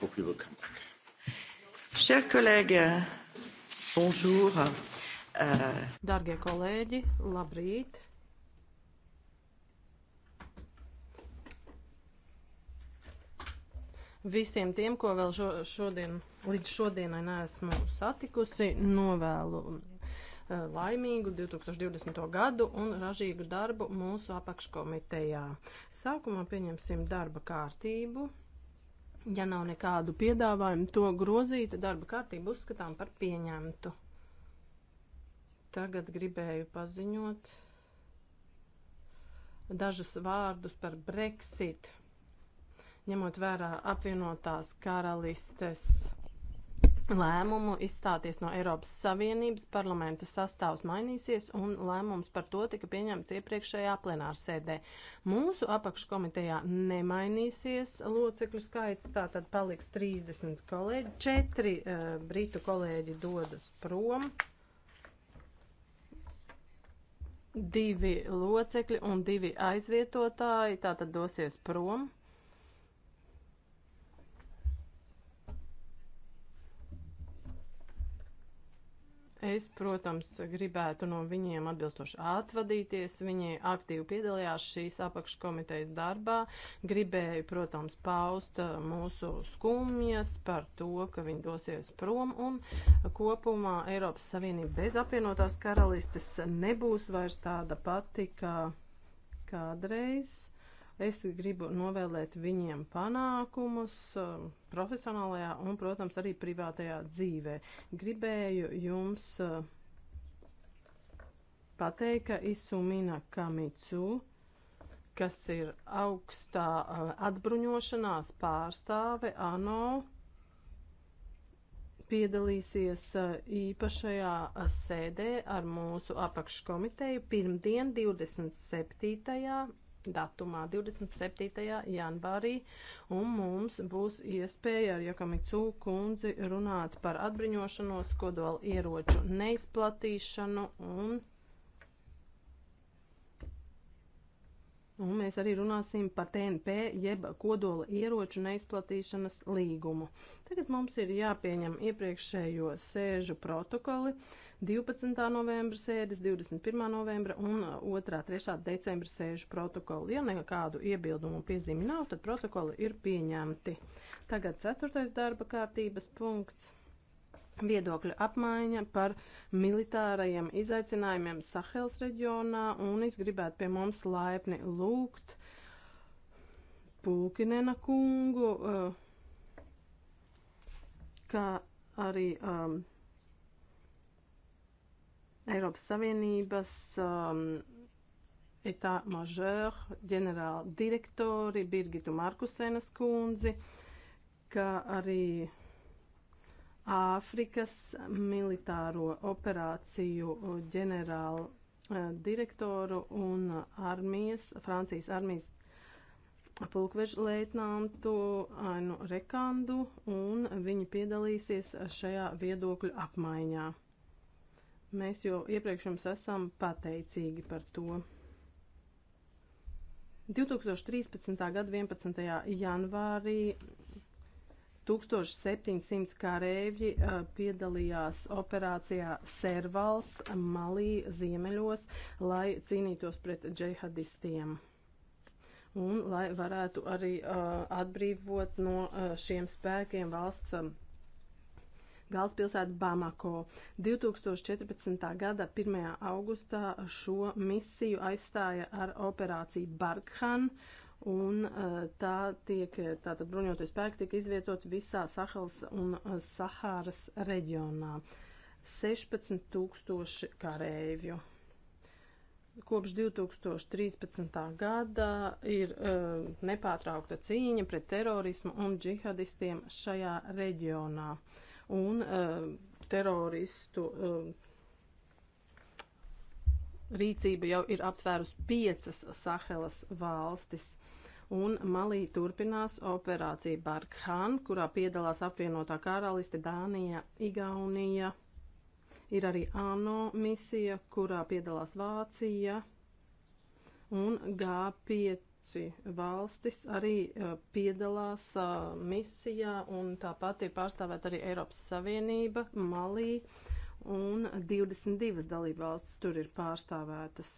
hope you will come back. Chers collègues, bonjour. Uh... Dargie kolēģi, labrīt! Visiem tiem, ko vēl šo, šodien, līdz šodienai neesmu satikusi, novēlu uh, laimīgu 2020. gadu un ražīgu darbu mūsu apakškomitejā. Sākumā pieņemsim darba kārtību. Ja nav nekādu piedāvājumu to grozīt, darba kārtību uzskatām par pieņemtu. Tagad gribēju paziņot dažus vārdus par Brexit, ņemot vērā apvienotās karalistes lēmumu izstāties no Eiropas Savienības, parlamenta sastāvs mainīsies un lēmums par to tika pieņemts iepriekšējā plenārsēdē. Mūsu apakškomitejā nemainīsies locekļu skaits, tātad paliks 30 kolēģi, 4 uh, eh, britu kolēģi dodas prom, 2 locekļi un 2 aizvietotāji, tātad dosies prom. Es, protams, gribētu no viņiem atbilstoši atvadīties. Viņi aktīvi piedalījās šīs apakškomitejas darbā. Gribēju, protams, paust uh, mūsu skumjas par to, ka viņi dosies prom un kopumā Eiropas Savienība bez apvienotās karalistes nebūs vairs tāda pati kā kādreiz. Es gribu novēlēt viņiem panākumus um, profesionālajā un, protams, arī privātajā dzīvē. Gribēju jums uh, pateikt, ka Isumina Kamicu, kas ir augstā uh, atbruņošanās pārstāve ANO, piedalīsies uh, īpašajā sēdē ar mūsu apakškomiteju pirmdien 27 datumā, 27. janvārī, un mums būs iespēja ar Jakamitsu kundzi runāt par atbriņošanos, kodola ieroču neizplatīšanu un. Un mēs arī runāsim par TNP jeb kodola ieroču neizplatīšanas līgumu. Tagad mums ir jāpieņem iepriekšējo sēžu protokoli. Uh, 12. novembra sēdes, 21. novembra un 2.3. Uh, decembra sēžu protokoli. Ja nekādu iebildumu piezīmi nav, tad protokoli ir pieņemti. Tagad 4. darba kārtības punkts. Viedokļu apmaiņa par militārajiem izaicinājumiem Sahels reģionā un es gribētu pie mums laipni lūgt Pulkinena kungu, uh, kā arī um, Eiropas Savienības um, etā mažēra ģenerāla direktori Birgitu Markusenas kundzi, kā arī Āfrikas militāro operāciju ģenerālu uh, eh, direktoru un armijas, Francijas armijas pulkveža leitnantu Ainu Rekandu, un viņi piedalīsies šajā viedokļu apmaiņā. Mēs jau iepriekš jums esam pateicīgi par to. 2013. gada 11. janvārī 1700 kārēvji piedalījās operācijā Servals Malī ziemeļos, lai cīnītos pret džihadistiem un lai varētu arī uh, atbrīvot no uh, šiem spēkiem valsts. Um, galvaspilsētu Bamako. 2014. gada 1. augustā šo misiju aizstāja ar operāciju Barkhan, un e, tā tiek, tātad bruņoties spēki tika izvietot visā Sahels un e, Sahāras reģionā. 16 tūkstoši karēvju kopš 2013. gada ir uh, nepārtraukta cīņa pret terorismu un džihadistiem šajā reģionā. Uh, un uh, teroristu. Uh, Rīcība jau ir aptvērus piecas Sahelas valstis un Malī turpinās operācija Barkhan, kurā piedalās apvienotā karaliste Dānija, Igaunija. Ir arī ANO misija, kurā piedalās Vācija un G5 Ārpusi valstis arī e, piedalās e, misijā un tāpat ir pārstāvēt arī Eiropas Savienība, Malī un 22 dalība valstis tur ir pārstāvētas.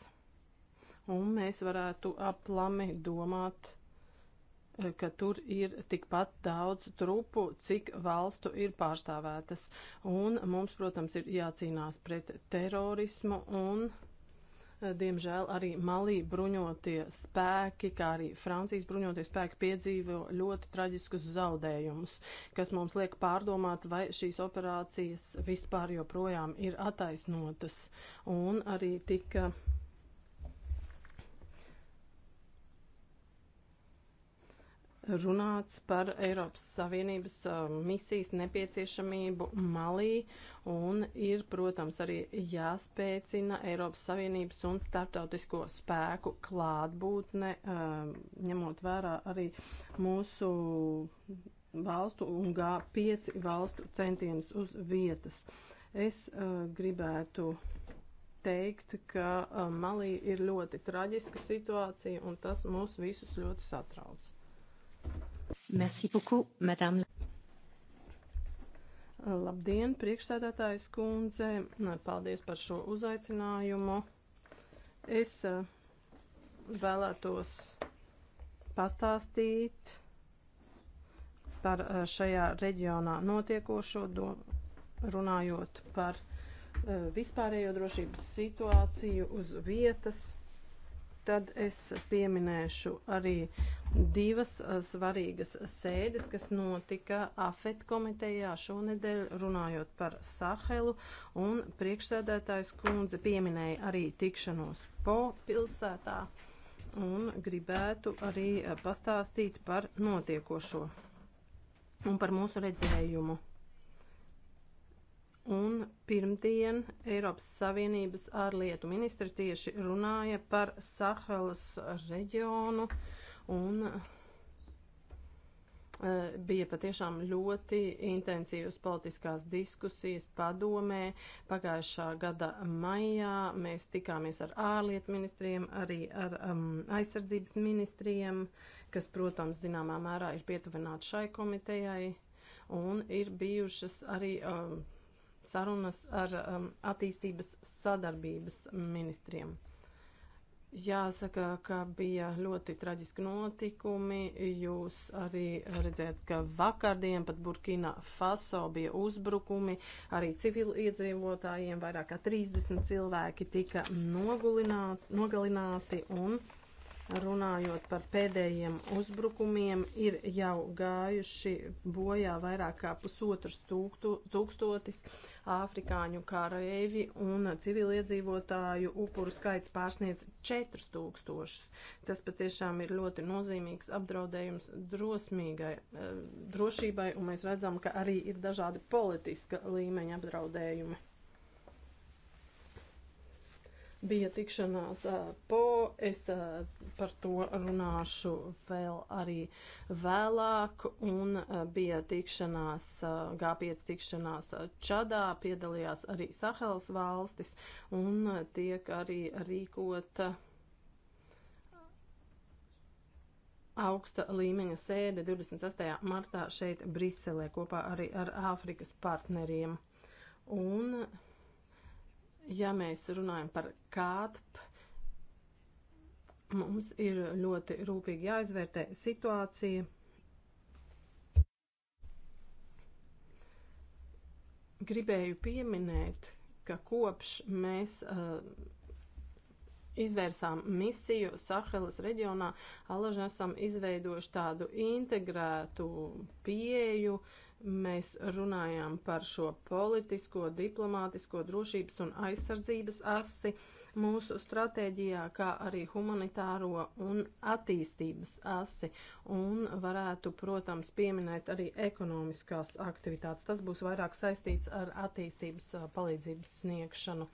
Un mēs varētu aplami domāt, e, ka tur ir tikpat daudz trupu, cik valstu ir pārstāvētas. Un mums, protams, ir jācīnās pret terorismu un Diemžēl arī Malī bruņotie spēki, kā arī Francijas bruņotie spēki piedzīvo ļoti traģiskus zaudējumus, kas mums liek pārdomāt, vai šīs operācijas vispār joprojām ir attaisnotas. Un arī tika runāts par Eiropas Savienības misijas nepieciešamību Malī un ir, protams, arī jāspēcina Eiropas Savienības un starptautisko spēku klātbūtne, ņemot vērā arī mūsu valstu un G5 valstu centienus uz vietas. Es gribētu teikt, ka Malī ir ļoti traģiska situācija un tas mūs visus ļoti satrauc. Merci beaucoup, madame. Labdien, priekšsēdētājs kundze. Paldies par šo uzaicinājumu. Es eh, vēlētos pastāstīt par eh, šajā reģionā notiekošo, do, runājot par eh, vispārējo drošības situāciju uz vietas tad es pieminēšu arī divas svarīgas sēdes, kas notika AFET komitejā šonedēļ, runājot par Sahelu, un priekšsēdētājs kundze pieminēja arī tikšanos Po pilsētā, un gribētu arī pastāstīt par notiekošo un par mūsu redzējumu. Un pirmdien Eiropas Savienības ārlietu ministri tieši runāja par Sahelas reģionu un e, bija patiešām ļoti intensīvas politiskās diskusijas padomē. Pagājušā gada maijā mēs tikāmies ar ārlietu ministriem, arī ar um, aizsardzības ministriem, kas, protams, zināmā mērā ir pietuvināti šai komitejai, un ir bijušas arī um, sarunas ar um, attīstības sadarbības ministriem. Jāsaka, ka bija ļoti traģiski notikumi. Jūs arī redzējāt, ka vakardien pat Burkina Faso bija uzbrukumi arī civiliedzīvotājiem. Vairāk kā 30 cilvēki tika nogalināti un runājot par pēdējiem uzbrukumiem, ir jau gājuši bojā vairāk kā pusotras tūktu, tūkstotis afrikāņu kareivi un civiliedzīvotāju upuru skaits pārsniedz 4000. Tas patiešām ir ļoti nozīmīgs apdraudējums drosmīgai eh, drošībai, un mēs redzam, ka arī ir dažādi politiska līmeņa apdraudējumi bija tikšanās po, es par to runāšu vēl arī vēlāk, un bija tikšanās, G5 tikšanās Čadā, piedalījās arī Sahels valstis, un tiek arī rīkota augsta līmeņa sēde 28. martā šeit Briselē kopā arī ar Āfrikas partneriem. Un Ja mēs runājam par kātpu, mums ir ļoti rūpīgi jāizvērtē situācija. Gribēju pieminēt, ka kopš mēs uh, izvērsām misiju Sahelas reģionā, alaži esam izveidojuši tādu integrētu pieju uh, mēs runājām par šo politisko, diplomātisko drošības un aizsardzības asi mūsu stratēģijā, kā arī humanitāro un attīstības asi, un varētu, protams, pieminēt arī ekonomiskās aktivitātes. Tas būs vairāk saistīts ar attīstības palīdzības sniegšanu.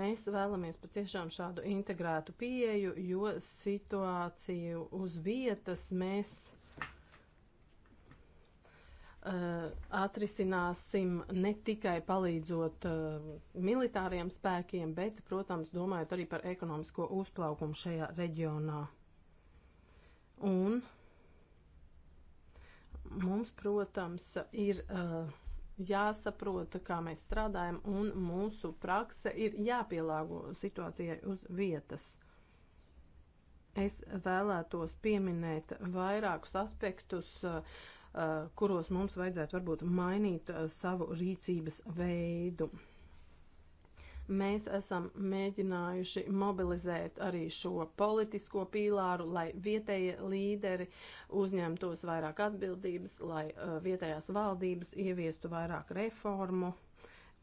Mēs vēlamies patiešām šādu integrētu pieeju, jo situāciju uz vietas mēs Eh, atrisināsim ne tikai palīdzot eh, militāriem spēkiem, bet, protams, domājot arī par ekonomisko uzplaukumu šajā reģionā. Un mums, protams, ir eh, jāsaprota, kā mēs strādājam, un mūsu prakse ir jāpielāgo situācijai uz vietas. Es vēlētos pieminēt vairākus aspektus, uh, kuros mums vajadzētu varbūt mainīt savu rīcības veidu mēs esam mēģinājuši mobilizēt arī šo politisko pīlāru, lai vietējie līderi uzņemtos vairāk atbildības, lai vietējās valdības ieviestu vairāk reformu.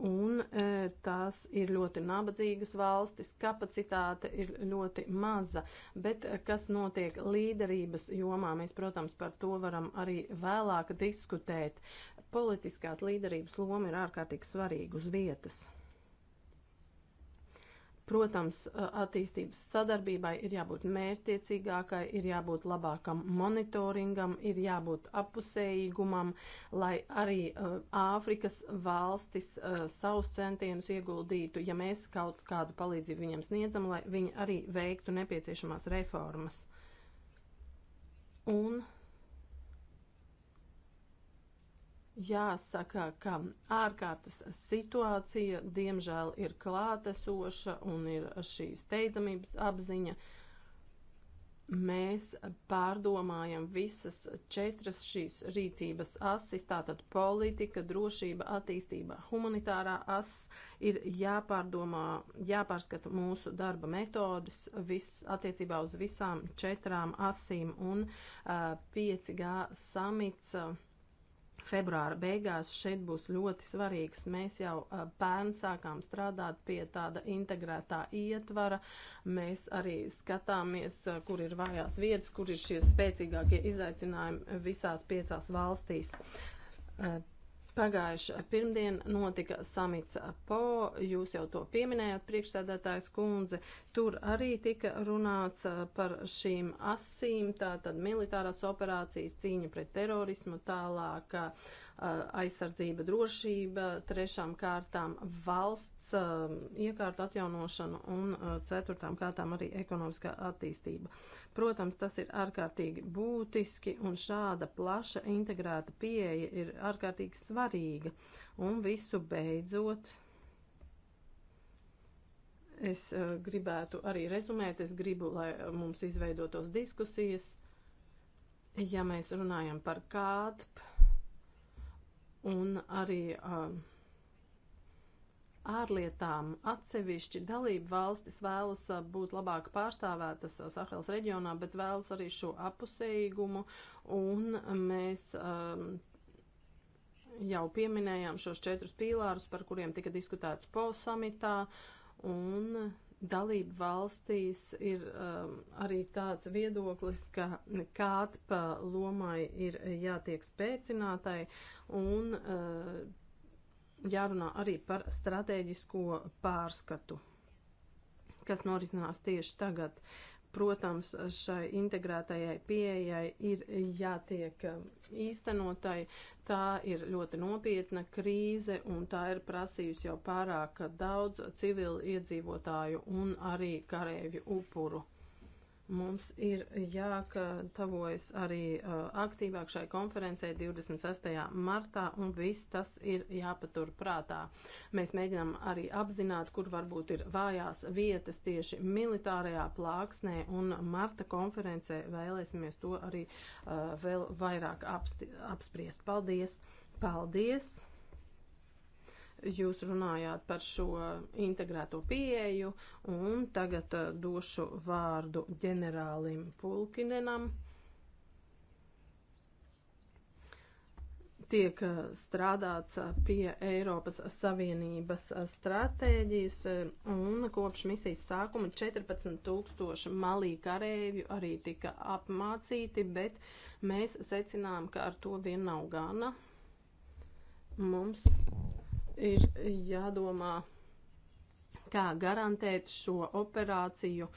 Un e, tās ir ļoti nabadzīgas valstis, kapacitāte ir ļoti maza, bet e, kas notiek līderības jomā, mēs, protams, par to varam arī vēlāk diskutēt. Politiskās līderības loma ir ārkārtīgi svarīga uz vietas. Protams, attīstības sadarbībai ir jābūt mērtiecīgākai, ir jābūt labākam monitoringam, ir jābūt apusējīgumam, lai arī Āfrikas valstis savus centienus ieguldītu, ja mēs kaut kādu palīdzību viņiem sniedzam, lai viņi arī veiktu nepieciešamās reformas. Un Jāsaka, ka ārkārtas situācija diemžēl ir klātesoša un ir šī steidzamības apziņa. Mēs pārdomājam visas četras šīs rīcības asis, tātad politika, drošība, attīstība, humanitārā asis. Ir jāpārdomā, jāpārskata mūsu darba metodas vis, attiecībā uz visām četrām asīm un uh, 5G samits. Uh, februāra beigās šeit būs ļoti svarīgs. Mēs jau pērn sākām strādāt pie tāda integrētā ietvara. Mēs arī skatāmies, kur ir vājās vietas, kur ir šie spēcīgākie izaicinājumi visās piecās valstīs. Pagājušā pirmdien notika samits PO, jūs jau to pieminējāt, priekšsēdētājs kundze. Tur arī tika runāts uh, par šīm asīm, tātad militārās operācijas, cīņa pret terorismu, tālāk uh, Eh, aizsardzība, drošība, trešām kārtām valsts eh, iekārtu atjaunošana un eh, ceturtām kārtām arī ekonomiskā attīstība. Protams, tas ir ārkārtīgi būtiski un šāda plaša integrēta pieeja ir ārkārtīgi svarīga. Un visu beidzot, es gribētu arī rezumēt, es gribu, lai mums izveidotos diskusijas. Ja mēs runājam par kādu un arī uh, ārlietām atsevišķi dalību valstis vēlas uh, būt labāk pārstāvētas uh, Sahels reģionā, bet vēlas arī šo apusējumu, un mēs um, jau pieminējām šos četrus pīlārus, par kuriem tika diskutēts PO samitā, un dalību valstīs ir um, arī tāds viedoklis, ka kātpa lomai ir jātiek spēcinātai un uh, jārunā arī par strateģisko pārskatu kas norisinās tieši tagad. Protams, šai integrētajai pieejai ir jātiek um, īstenotai. Tā ir ļoti nopietna krīze un tā ir prasījusi jau pārāk daudz civilu iedzīvotāju un arī karēju upuru. Mums ir jāgatavojas arī uh, aktīvāk šai konferencē 26. martā, un viss tas ir jāpatur prātā. Mēs mēģinām arī apzināt, kur varbūt ir vājās vietas tieši militārajā plāksnē, un marta konferencē vēlēsimies to arī uh, vēl vairāk apspriest. Paldies! Paldies! Jūs runājāt par šo integrēto pieeju, un tagad uh, došu vārdu ģenerālim Pulkinenam. Tiek uh, strādāts uh, pie Eiropas Savienības stratēģijas, un kopš misijas sākuma 14 tūkstoši malī karēvju arī tika apmācīti, bet mēs secinām, ka ar to vien nav gana. Mums ir jādomā, kā garantēt šo operāciju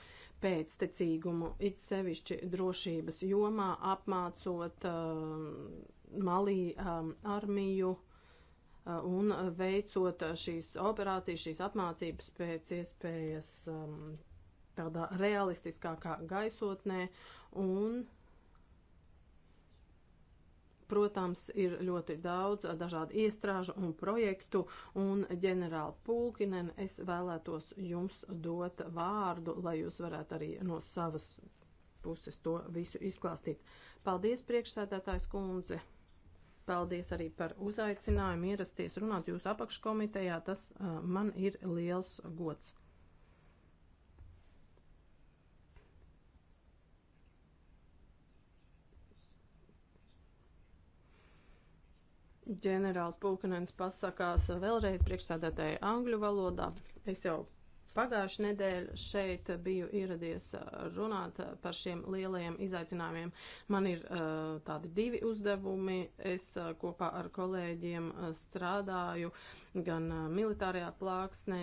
pēctecīgumu, it sevišķi drošības jomā, apmācot uh, um, malī um, armiju uh, un veicot šīs operācijas, šīs apmācības pēc iespējas um, tādā realistiskākā gaisotnē un uh, Protams, ir ļoti daudz dažādu iestrāžu un projektu, un ģenerāli Pulkinen es vēlētos jums dot vārdu, lai jūs varētu arī no savas puses to visu izklāstīt. Paldies, priekšsēdētājs kundze! Paldies arī par uzaicinājumu ierasties runāt jūsu apakškomitejā. Tas uh, man ir liels gods. ģenerālis Pūkanens pasakās vēlreiz priekšstādātāji angļu valodā. Es jau pagājuši nedēļu šeit biju ieradies uh, runāt par šiem lielajiem izaicinājumiem. Man ir uh, tādi divi uzdevumi. Es uh, kopā ar kolēģiem uh, strādāju gan uh, militārajā plāksnē,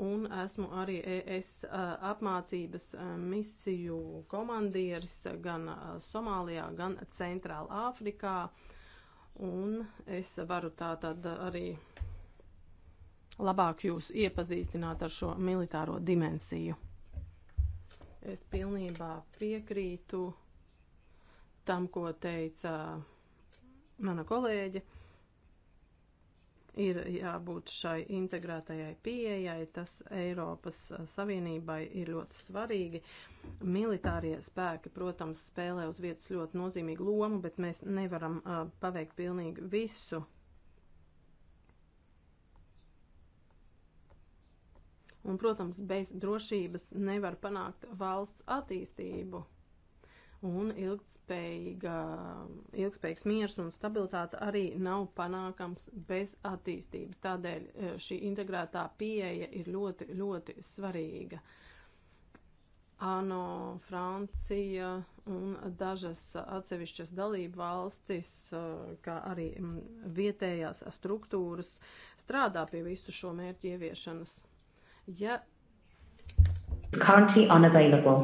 un esmu arī ES uh, apmācības uh, misiju komandieris gan Somālijā, gan Centrāla Āfrikā. Un es varu tā tad arī labāk jūs iepazīstināt ar šo militāro dimensiju. Es pilnībā piekrītu tam, ko teica mana kolēģe ir jābūt šai integrētajai pieejai, tas Eiropas Savienībai ir ļoti svarīgi. Militārie spēki, protams, spēlē uz vietas ļoti nozīmīgu lomu, bet mēs nevaram uh, paveikt pilnīgi visu. Un, protams, bez drošības nevar panākt valsts attīstību un ilgspējīgs miers un stabilitāte arī nav panākams bez attīstības. Tādēļ e, šī integrētā pieeja ir ļoti, ļoti svarīga. ANO, Francija un dažas atsevišķas dalību valstis, e, kā arī vietējās struktūras, strādā pie visu šo mērķu ieviešanas. Ja Currently unavailable.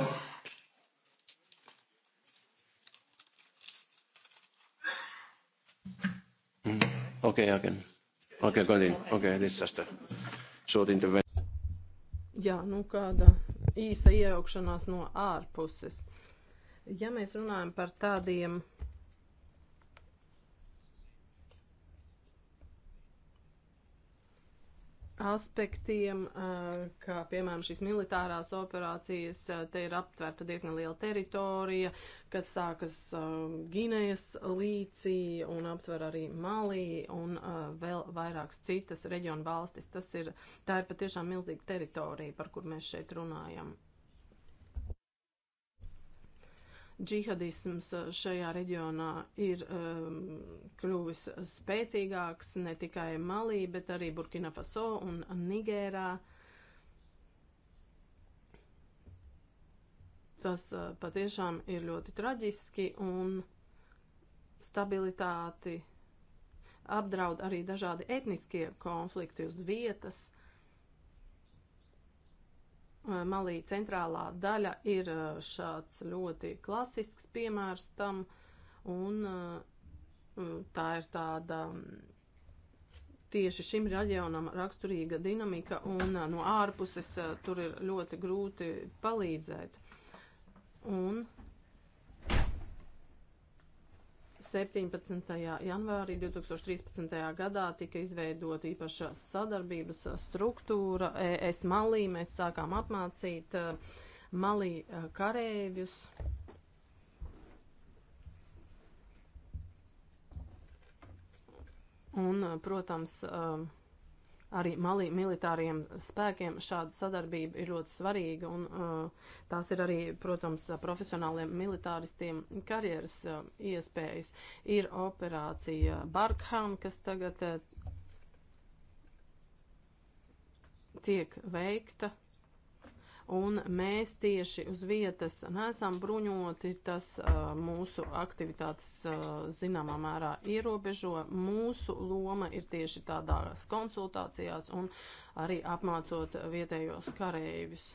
Okay, I can. Okay, continue. Okay, this is just a short intervention. Jā, nu kāda īsa iejaukšanās no ārpuses. Ja mēs runājam par tādiem aspektiem, kā piemēram šīs militārās operācijas, te ir aptverta diezgan liela teritorija, kas sākas Ginejas līcī un aptver arī Malī un vēl vairākas citas reģionu valstis. Tas ir, tā ir patiešām milzīga teritorija, par kur mēs šeit runājam. džihadisms eh, šajā reģionā ir um, kļuvis spēcīgāks ne tikai Malī, bet arī Burkina Faso un Nigērā. Tas uh, patiešām ir ļoti traģiski un stabilitāti apdraud arī dažādi etniskie konflikti uz vietas. Uh, Malī centrālā daļa ir uh, šāds ļoti klasisks piemērs tam, un uh, mm, tā ir tāda mm, tieši šim reģionam raksturīga dinamika, un no ārpuses tur ir ļoti grūti palīdzēt. Un 17. janvārī 2013. gadā tika izveidota īpaša sadarbības struktūra ES Malī. Mēs sākām apmācīt uh, Malī uh, karēļus. Un, uh, protams, uh, arī malī militāriem spēkiem šāda sadarbība ir ļoti svarīga, un uh, tās ir arī, protams, profesionāliem militāristiem karjeras uh, iespējas. Ir operācija Barkham, kas tagad uh, tiek veikta un mēs tieši uz vietas nesam bruņoti, tas uh, mūsu aktivitātes uh, zināmā mērā ierobežo. Mūsu loma ir tieši tādās konsultācijās un arī apmācot vietējos kareivjus.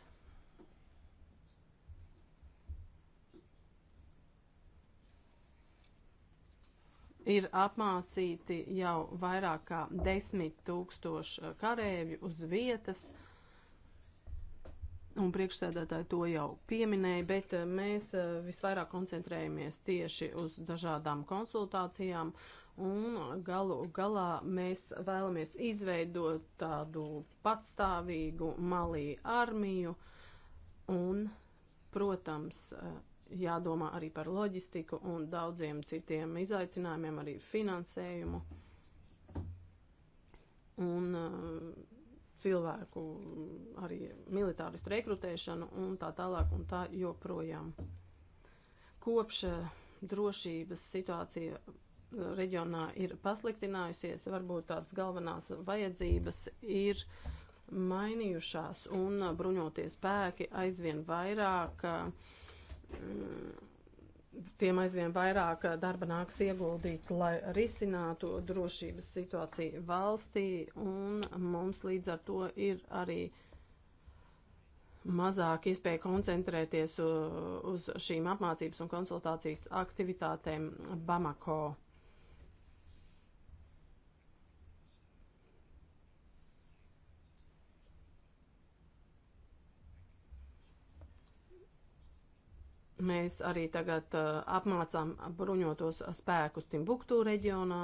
ir apmācīti jau vairāk kā desmit tūkstoši karēvi uz vietas, un priekšsēdētāji to jau pieminēja, bet eh, mēs eh, visvairāk koncentrējamies tieši uz dažādām konsultācijām, un galu galā mēs vēlamies izveidot tādu patstāvīgu malī armiju, un, protams, eh, jādomā arī par loģistiku un daudziem citiem izaicinājumiem, arī finansējumu. Un cilvēku arī militāristu rekrutēšanu un tā tālāk un tā joprojām. Kopš eh, drošības situācija eh, reģionā ir pasliktinājusies, varbūt tādas galvenās vajadzības ir mainījušās un bruņoties spēki aizvien vairāk. Mm, tiem aizvien vairāk eh, darba nāks ieguldīt, lai risinātu drošības situāciju valstī, un mums līdz ar to ir arī mazāk iespēja koncentrēties eh, uz šīm apmācības un konsultācijas aktivitātēm Bamako. Mēs arī tagad uh, apmācām bruņotos spēkus Timbuktu reģionā.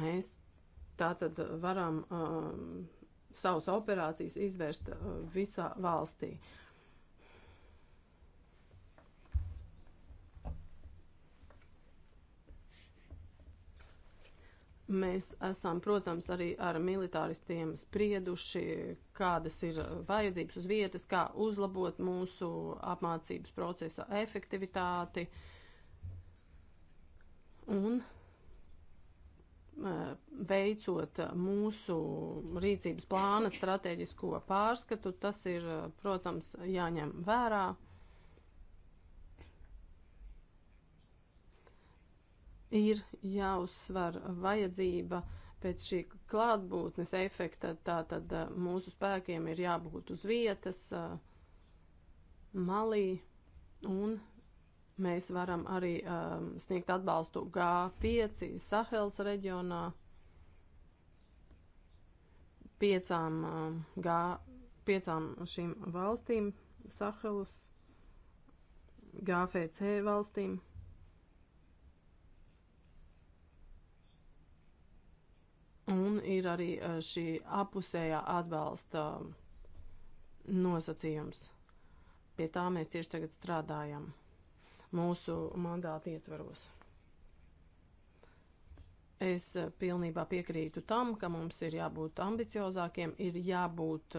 Mēs tātad varam uh, um, savas operācijas izvērst uh, visā valstī. Uh, Mēs esam, protams, arī ar militāristiem sprieduši, kādas ir vajadzības uz vietas, kā uzlabot mūsu apmācības procesa efektivitāti. Un eh, veicot mūsu rīcības plāna strateģisko pārskatu, tas ir, eh, protams, jāņem vērā. ir jāuzsver vajadzība pēc šī klātbūtnes efekta, tā tad eh, mūsu spēkiem ir jābūt uz vietas, eh, malī, un mēs varam arī eh, sniegt atbalstu G5 Sahels reģionā, piecām G, piecām šīm valstīm Sahelas, GFC valstīm. Un ir arī eh, šī apusējā atbalsta eh, nosacījums. Pie tā mēs tieši tagad strādājam mūsu mandāta ietvaros. Es eh, pilnībā piekrītu tam, ka mums ir jābūt ambiciozākiem, ir jābūt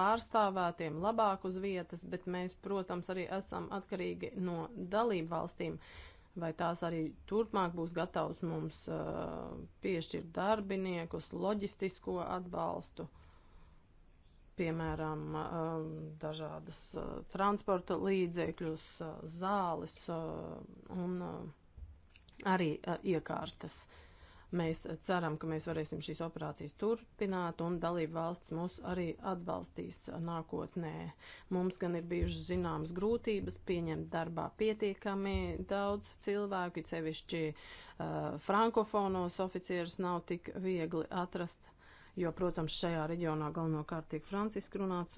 pārstāvētiem labāk uz vietas, bet mēs, protams, arī esam atkarīgi no dalību valstīm. Uh, vai tās arī turpmāk būs gatavs mums uh, piešķirt darbiniekus, loģistisko atbalstu, piemēram, uh, dažādas uh, transporta līdzekļus, uh, zāles uh, un uh, arī iekārtas. Uh, Mēs ceram, ka mēs varēsim šīs operācijas turpināt un dalību valsts mūs arī atbalstīs nākotnē. Mums gan ir bijušas zināmas grūtības pieņemt darbā pietiekami daudz cilvēku, it sevišķi uh, frankofonos oficierus nav tik viegli atrast, jo, protams, šajā reģionā galvenokārt tiek franciski runāts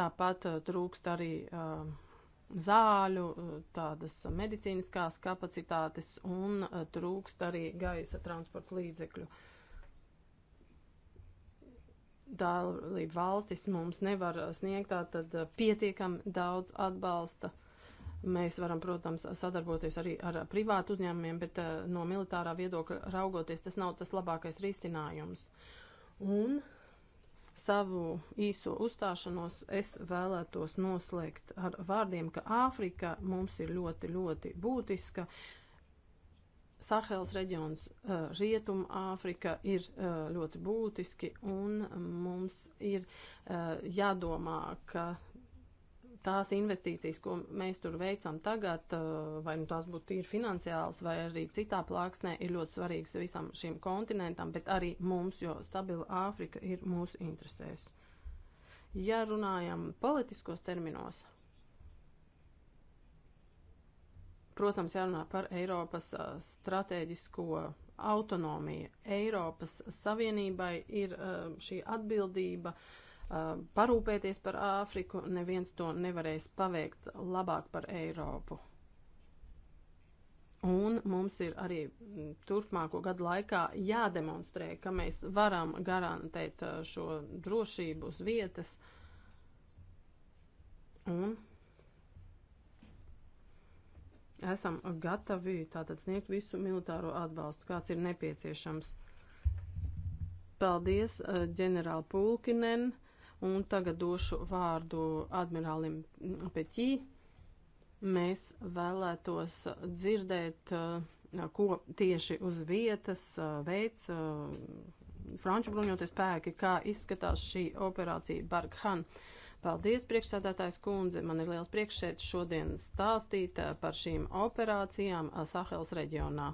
Tāpat uh, trūkst arī uh, zāļu, tādas medicīniskās kapacitātes un eh, trūkst arī gaisa transporta līdzekļu. Dalība valstis mums nevar sniegt tātad pietiekam daudz atbalsta. Mēs varam, protams, sadarboties arī ar privātu uzņēmumiem, bet eh, no militārā viedokļa raugoties, tas nav tas labākais risinājums. Un uh, savu īso uzstāšanos es vēlētos noslēgt ar vārdiem, ka Āfrika mums ir ļoti, ļoti būtiska. Sahels reģions, eh, Rietuma Āfrika ir eh, ļoti būtiski un mums ir eh, jādomā, ka tās investīcijas, ko mēs tur veicam tagad, vai nu tās būtu tīri finansiāls vai arī citā plāksnē, ir ļoti svarīgas visam šim kontinentam, bet arī mums, jo stabila Āfrika ir mūsu interesēs. Ja runājam politiskos terminos, protams, jārunā par Eiropas stratēģisko autonomiju. Eiropas Savienībai ir šī atbildība uh, Um, parūpēties par Āfriku, neviens to nevarēs paveikt labāk par Eiropu. Un mums ir arī turpmāko gadu laikā jādemonstrē, ka mēs varam garantēt uh, šo drošību uz vietas. Un esam gatavi tātad sniegt visu militāro atbalstu, kāds ir nepieciešams. Paldies, uh, ģenerāli Pulkinen! Un tagad došu vārdu admirālim Petī. Mēs vēlētos dzirdēt, uh, ko tieši uz vietas uh, veids uh, franču bruņoties spēki, kā izskatās šī operācija Barkhan. Paldies, priekšsēdētājs kundze. Man ir liels prieks šeit šodien stāstīt par šīm operācijām Sahels reģionā.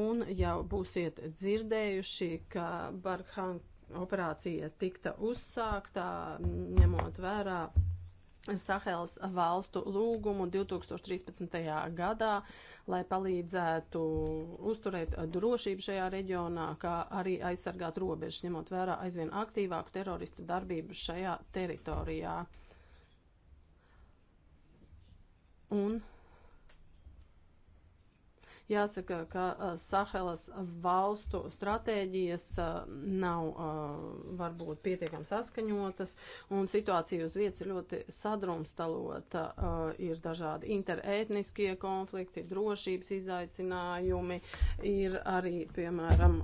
Un jau būsiet dzirdējuši, ka Barkhan operācija tikta uzsāktā, ņemot vērā Sahels valstu lūgumu 2013. gadā, lai palīdzētu uzturēt drošību šajā reģionā, kā arī aizsargāt robežas, ņemot vērā aizvien aktīvāku teroristu darbību šajā teritorijā. Un Jāsaka, ka Sahelas valstu stratēģijas nav varbūt pietiekami saskaņotas, un situācija uz vietas ir ļoti sadrumstalota. Ir dažādi interētniskie konflikti, drošības izaicinājumi, ir arī, piemēram,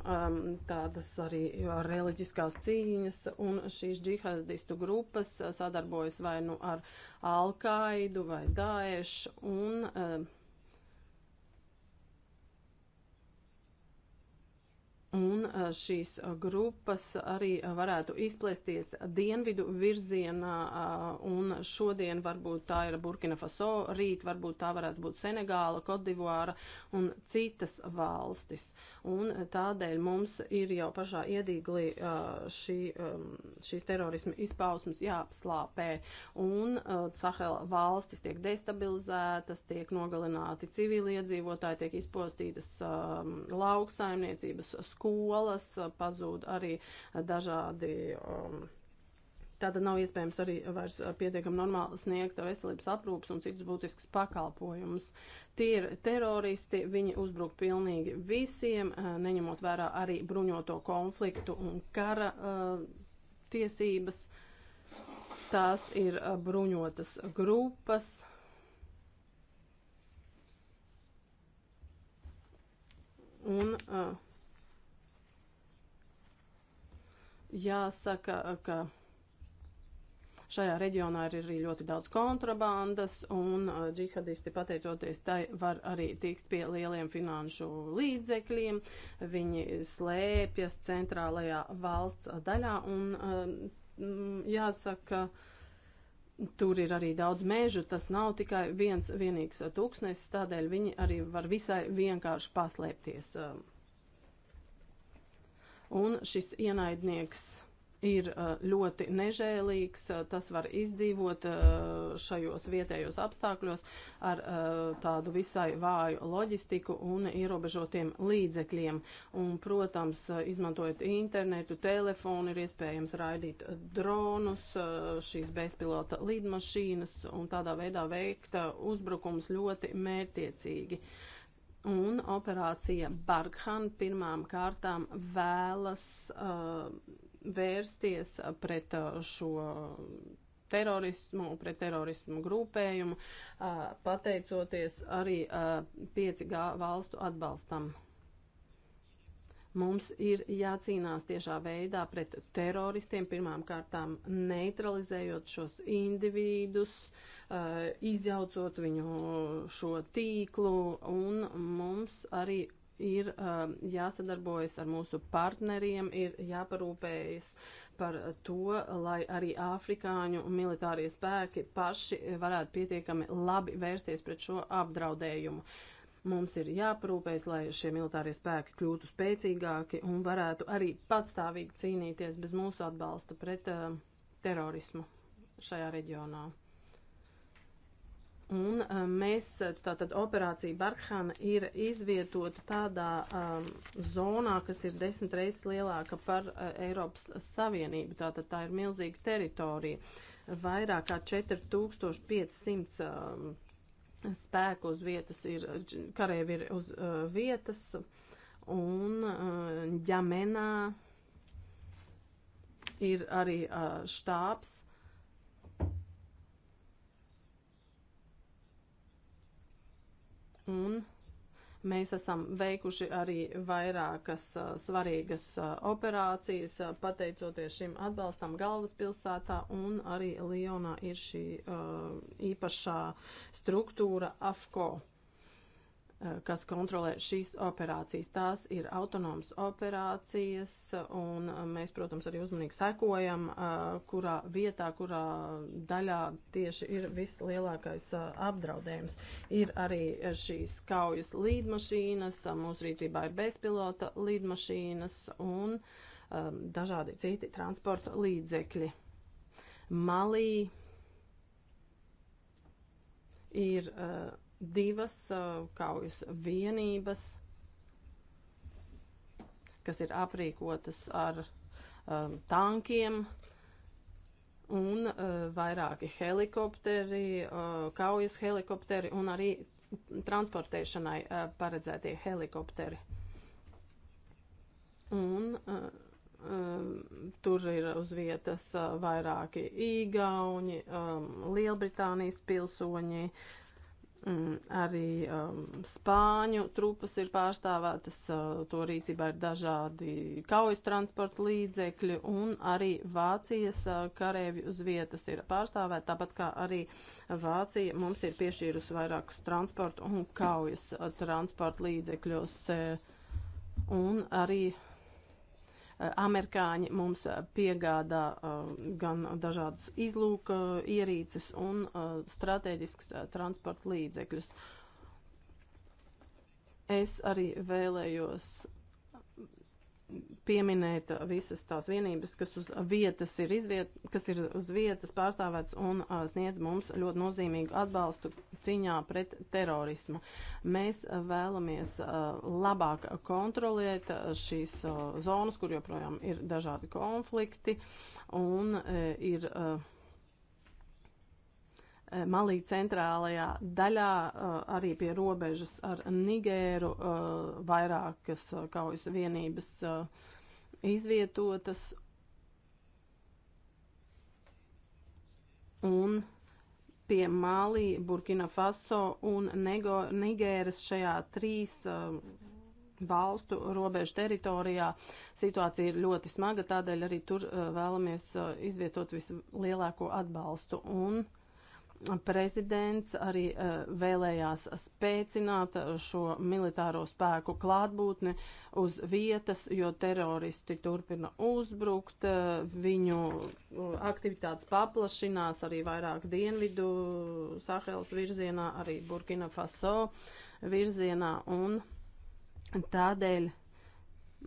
tādas arī reliģiskās cīņas, un šīs džihadistu grupas sadarbojas vai nu ar Alkaidu vai Daešu un Un uh, šīs uh, grupas arī uh, varētu izplēsties dienvidu virzienā, un šodien varbūt tā ir Burkina Faso, rīt varbūt tā varētu būt Senegāla, Kodivāra un citas valstis un tādēļ mums ir jau pašā iedīglī šī, šīs terorisma izpausmes jāapslāpē, un Sahela valstis tiek destabilizētas, tiek nogalināti civiliedzīvotāji, tiek izpostītas lauksaimniecības skolas, pazūd arī dažādi um, Tāda nav iespējams arī vairs pietiekami normāli sniegt veselības aprūpas un citus būtiskus pakalpojumus. Tie ir teroristi, viņi uzbruk pilnīgi visiem, neņemot vērā arī bruņoto konfliktu un kara uh, tiesības. Tās ir bruņotas grupas, Un, uh, jāsaka, ka Šajā reģionā ir arī ļoti daudz kontrabandas, un uh, džihadisti, pateicoties tai, var arī tikt pie lieliem finanšu līdzekļiem. Viņi slēpjas centrālajā valsts daļā, un uh, jāsaka, Tur ir arī daudz mežu, tas nav tikai viens vienīgs tūkstnesis, tādēļ viņi arī var visai vienkārši paslēpties. Uh. Un šis ienaidnieks ir uh, ļoti nežēlīgs, uh, tas var izdzīvot uh, šajos vietējos apstākļos ar tādu visai vāju loģistiku un ierobežotiem līdzekļiem. Un, protams, izmantojot internetu, telefonu, ir iespējams raidīt dronus, šīs bezpilota lidmašīnas un tādā veidā veikt uzbrukums ļoti mērtiecīgi un operācija Barkhan pirmām kārtām vēlas uh, vērsties pret uh, šo terorismu, pret terorismu grupējumu, uh, pateicoties arī 5G uh, valstu atbalstam. Mums ir jācīnās tiešā veidā pret teroristiem, pirmām kārtām neutralizējot šos individus, izjaucot viņu šo tīklu, un mums arī ir uh, jāsadarbojas ar mūsu partneriem, ir jāparūpējas par to, lai arī afrikāņu militārie spēki paši varētu pietiekami labi vērsties pret šo apdraudējumu. Mums ir jāparūpējas, lai šie militārie spēki kļūtu spēcīgāki un varētu arī patstāvīgi cīnīties bez mūsu atbalsta pret uh, terorismu šajā reģionā. Un eh, mēs, tātad operācija Barkhana ir izvietota tādā um, zonā, kas ir desmit reizes lielāka par uh, Eiropas Savienību. Tātad tā ir milzīga teritorija. Vairāk kā 4500 um, ehm, spēku uz vietas ir, karēvi ir uz uh, vietas. Un uh, ģamenā ir arī uh, štāps. un Mēs esam veikuši arī vairākas a, svarīgas a, operācijas, a, pateicoties šim atbalstam galvaspilsētā, un arī Lionā ir šī īpašā struktūra AFCO. Eh, kas kontrolē šīs operācijas. Tās ir autonomas operācijas, un eh, mēs, protams, arī uzmanīgi sekojam, eh, kurā vietā, kurā daļā tieši ir vislielākais apdraudējums. Ir arī šīs kaujas līdmašīnas, mūsu rīcībā ir bezpilota līdmašīnas un dažādi citi transporta līdzekļi. Malī ir uh, divas uh, kaujas vienības, kas ir aprīkotas ar um, tankiem un uh, vairāki helikopteri, uh, kaujas helikopteri un arī transportēšanai uh, paredzētie helikopteri. Un uh, um, tur ir uz vietas uh, vairāki īgauņi, um, Lielbritānijas pilsoņi, uh, Mm, arī um, spāņu trupas ir pārstāvētas, uh, to rīcībā ir dažādi kaujas transporta līdzekļi, un arī Vācijas uh, karēvi uz vietas ir pārstāvēti, tāpat kā arī Vācija mums ir piešķīrusi vairākus transporta un kaujas uh, transporta līdzekļos, uh, un arī uh, Amerikāņi mums eh, piegādā eh, gan dažādas izlūka eh, ierīces un strateģisks transporta līdzekļus. Es arī vēlējos pieminēt visas tās vienības, kas, uz vietas ir, izviet, kas ir uz vietas pārstāvēts un uh, sniedz mums ļoti nozīmīgu atbalstu ciņā pret terorismu. Mēs vēlamies uh, labāk kontrolēt šīs uh, zonas, kur joprojām ir dažādi konflikti un uh, ir. Uh, Eh, Malī centrālajā daļā, eh, arī pie robežas ar Nigēru, eh, vairākas kaujas vienības izvietotas. Un pie Malī, Burkina Faso un Nego, Nigēras šajā trīs valstu robežu teritorijā situācija ir ļoti smaga, tādēļ arī tur vēlamies izvietot vislielāko atbalstu. Un, uh, prezidents arī eh, vēlējās spēcināt eh, šo militāro spēku klātbūtni uz vietas, jo teroristi turpina uzbrukt, eh, viņu aktivitātes paplašinās arī vairāk dienvidu Sahels virzienā, arī Burkina Faso virzienā un tādēļ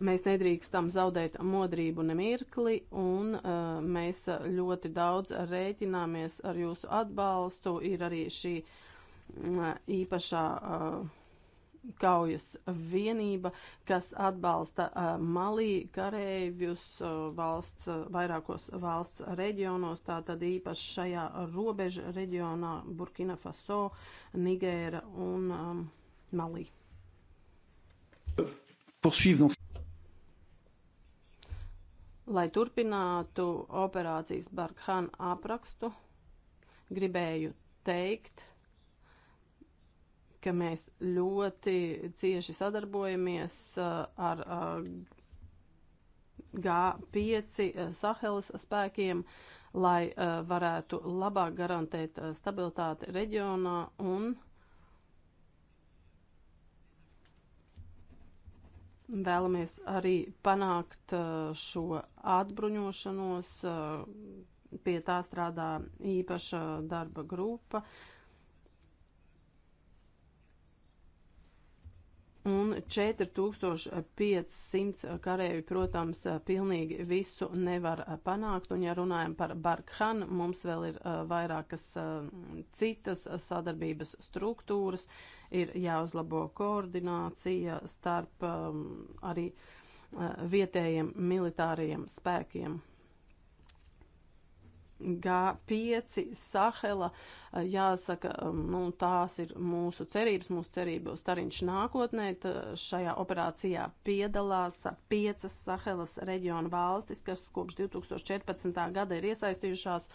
Mēs nedrīkstam zaudēt modrību nemirkli, un uh, mēs ļoti daudz rēķināmies ar jūsu atbalstu. Ir arī šī uh, īpašā uh, kaujas vienība, kas atbalsta uh, malī karēvjus uh, valsts, uh, vairākos valsts reģionos, tātad īpaši šajā robeža reģionā Burkina Faso, Nigēra un um, Malī. Poursuivre dans Lai turpinātu operācijas Barkhana aprakstu, gribēju teikt, ka mēs ļoti cieši sadarbojamies uh, ar uh, G5 uh, Sahelas spēkiem, lai varētu labāk garantēt stabilitāti reģionā un Vēlamies arī panākt uh, šo atbruņošanos, uh, pie tā strādā īpaša darba grupa. Un 4500 karēvi, protams, pilnīgi visu nevar panākt. Un, ja runājam par Barkhanu, mums vēl ir uh, vairākas citas sadarbības struktūras. Uh, ir jāuzlabo koordinācija starp um, arī uh, vietējiem militāriem spēkiem. G5 Sahela, uh, jāsaka, um, nu, tās ir mūsu cerības, mūsu cerību stariņš nākotnē. Tā šajā operācijā piedalās piecas Sahelas reģiona valstis, kas kopš 2014. gada ir iesaistījušās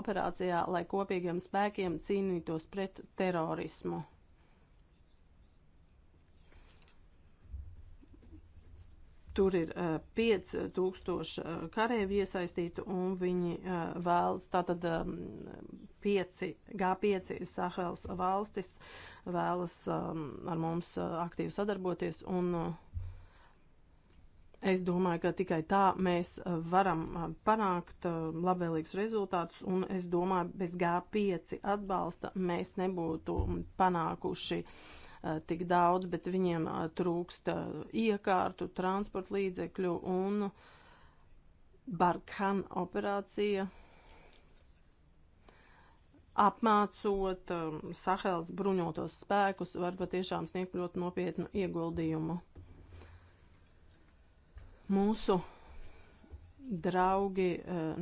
operācijā, lai kopīgiem spēkiem cīnītos pret terorismu. Tur ir uh, eh, 5000 eh, karēvi iesaistīti un viņi uh, vēlas, tātad um, 5, G5 Sahels valstis vēlas um, ar mums uh, aktīvi sadarboties un uh, Es domāju, ka tikai tā mēs varam panākt labvēlīgus rezultātus, un es domāju, bez G5 atbalsta mēs nebūtu panākuši uh, Eh, tik daudz, bet viņiem eh, trūksta eh, iekārtu, transporta līdzekļu un Barkhan operācija apmācot Sahels bruņotos spēkus var patiešām sniegt ļoti nopietnu ieguldījumu. Mūsu draugi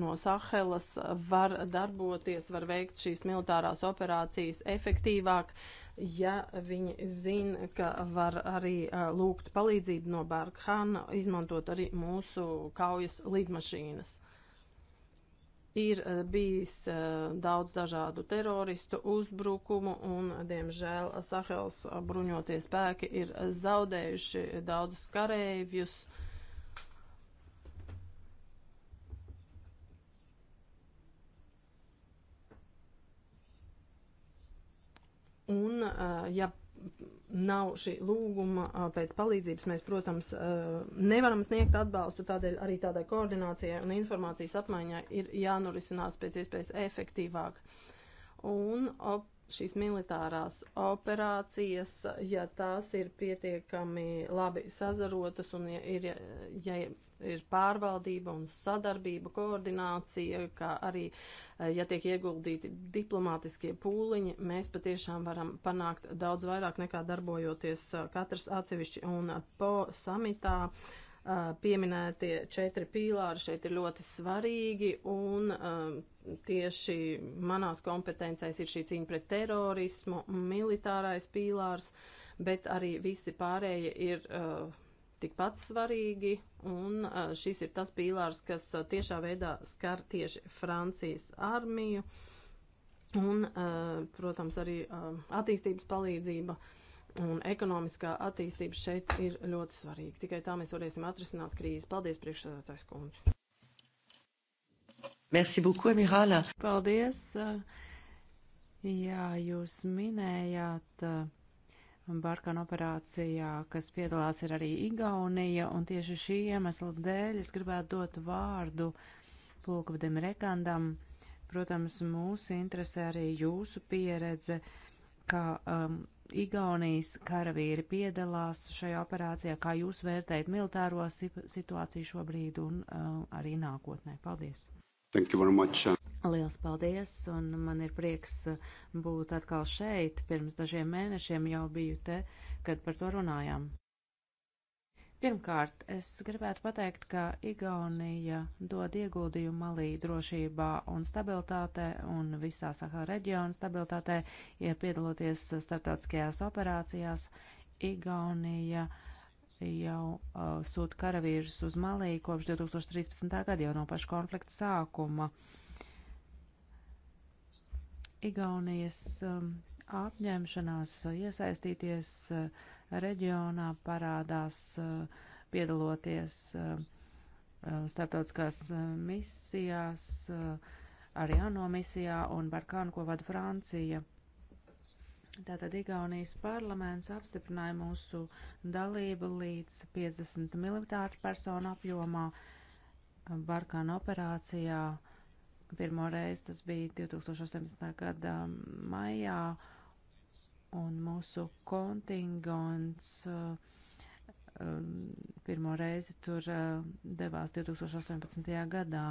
no Sahelas var darboties, var veikt šīs militārās operācijas efektīvāk, ja viņi zina, ka var arī lūgt palīdzību no Berghana, izmantot arī mūsu kaujas lidmašīnas ir bijis uh, daudz dažādu teroristu uzbrukumu un, diemžēl, Sahels bruņoties spēki ir zaudējuši daudzus karēvjus. Uh, Un, ja nav šī lūguma pēc palīdzības, mēs, protams, nevaram sniegt atbalstu, tādēļ arī tādai koordinācijai un informācijas apmaiņai ir jānorisinās pēc iespējas efektīvāk. Un op šīs militārās operācijas, ja tās ir pietiekami labi sazarotas un ja ir, ja ir pārvaldība un sadarbība, koordinācija, kā arī, ja tiek ieguldīti diplomātiskie pūliņi, mēs patiešām varam panākt daudz vairāk nekā darbojoties katrs atsevišķi un po samitā. Uh, pieminētie četri pīlāri šeit ir ļoti svarīgi, un tieši manās kompetencēs ir šī cīņa pret terorismu, militārais pīlārs, bet arī visi pārējie ir tikpat svarīgi, un šis ir tas pīlārs, kas tiešā veidā skar tieši Francijas armiju, un, protams, arī attīstības palīdzība. Un ekonomiskā attīstība šeit ir ļoti svarīga. Tikai tā mēs varēsim atrisināt krīzi. Paldies, priekšsēdētājs kundze. Merci beaucoup, Mirāla. Paldies. Jā, jūs minējāt. Uh, Barkana operācijā, kas piedalās ir arī Igaunija, un tieši šī iemesla dēļ es gribētu dot vārdu Pulkvadim Rekandam. Protams, mūs interesē arī jūsu pieredze, kā um, Igaunijas karavīri piedalās šajā operācijā, kā jūs vērtējat militāro situāciju šobrīd un uh, arī nākotnē. Paldies! Thank you very much. Liels paldies, un man ir prieks uh, būt atkal šeit. Pirms dažiem mēnešiem jau biju te, kad par to runājām. Pirmkārt, es gribētu pateikt, ka Igaunija dod ieguldījumu malī drošībā un stabilitātē un visā Sahara reģiona stabilitātē, ja piedaloties starptautiskajās operācijās. Igaunija jau uh, sūta karavīrus uz malī kopš 2013. gada jau no paša konflikta sākuma. Igaunijas um, apņemšanās iesaistīties uh, reģionā parādās eh, piedaloties eh, eh, starptautiskās misijās, arī ANO misijā un Barkānu, ko vada Francija. Tātad Igaunijas parlaments apstiprināja mūsu dalību līdz 50 militāru personu apjomā Barkāna operācijā. Pirmo reizi tas bija 2018. gada maijā un mūsu kontingons uh, um, pirmo reizi tur uh, devās 2018. gadā.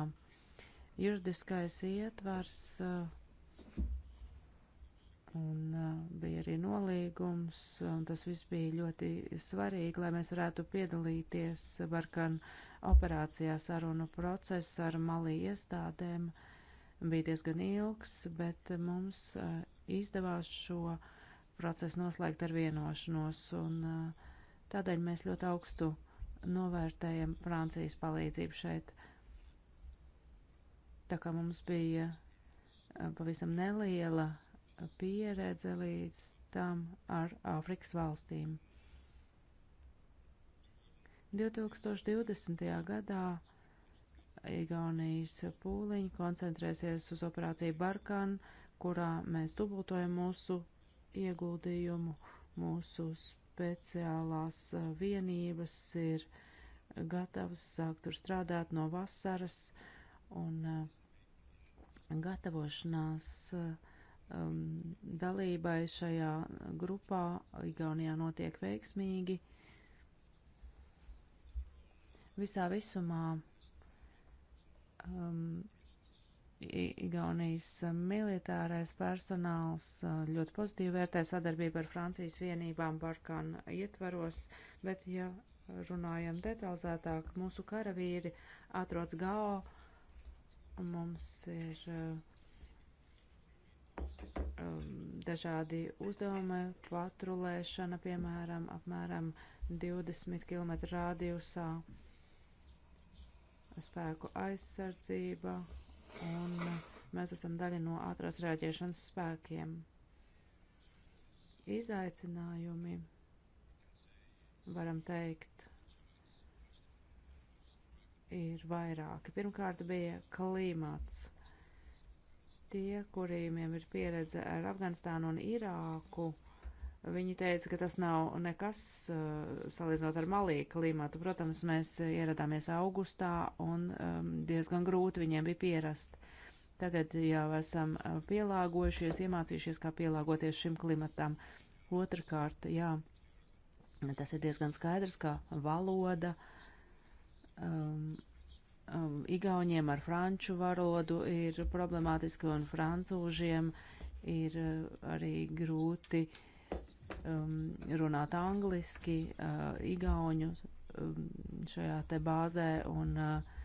Juridiskais ietvars uh, un bija arī nolīgums, un tas viss bija ļoti svarīgi, lai mēs varētu piedalīties Barkan operācijā sarunu procesu ar malī iestādēm. Bija diezgan ilgs, bet mums izdevās šo uh, procesu noslēgt ar vienošanos, un tādēļ mēs ļoti augstu novērtējam Francijas palīdzību šeit. Tā kā mums bija pavisam neliela pieredze līdz tam ar Āfrikas valstīm. 2020. gadā Igaunijas pūliņi koncentrēsies uz operāciju Barkan, kurā mēs dubultojam mūsu ieguldījumu. Mūsu speciālās vienības ir gatavas sākt tur strādāt no vasaras un gatavošanās um, dalībai šajā grupā Igaunijā notiek veiksmīgi. Visā visumā um, Igaunijas uh, militārais personāls uh, ļoti pozitīvi vērtē sadarbību ar Francijas vienībām Barkana ietvaros, bet, ja runājam detalizētāk, mūsu karavīri atrodas Gao, mums ir uh, um, dažādi uzdevumi, patrulēšana, piemēram, apmēram 20 km rādījusā, spēku aizsardzība, un eh, mēs esam daļa no ātrās rēģēšanas spēkiem. Izaicinājumi, varam teikt, ir vairāki. Pirmkārt bija klimats. Tie, kuriem ir pieredze ar Afganistānu un Irāku, Viņi teica, ka tas nav nekas eh, salīdzinot ar malī klimatu. Protams, mēs eh, ieradāmies augustā un ehm, diezgan grūti viņiem bija pierast. Tagad jau esam eh, pielāgojušies, iemācījušies, kā pielāgoties šim klimatam. Otrakārt, jā, tas ir diezgan skaidrs, ka valoda um, um, igauņiem ar franču valodu ir problemātiski un francūžiem ir arī grūti uh, um, runāt angliski, uh, igauņu um, šajā te bāzē, un uh,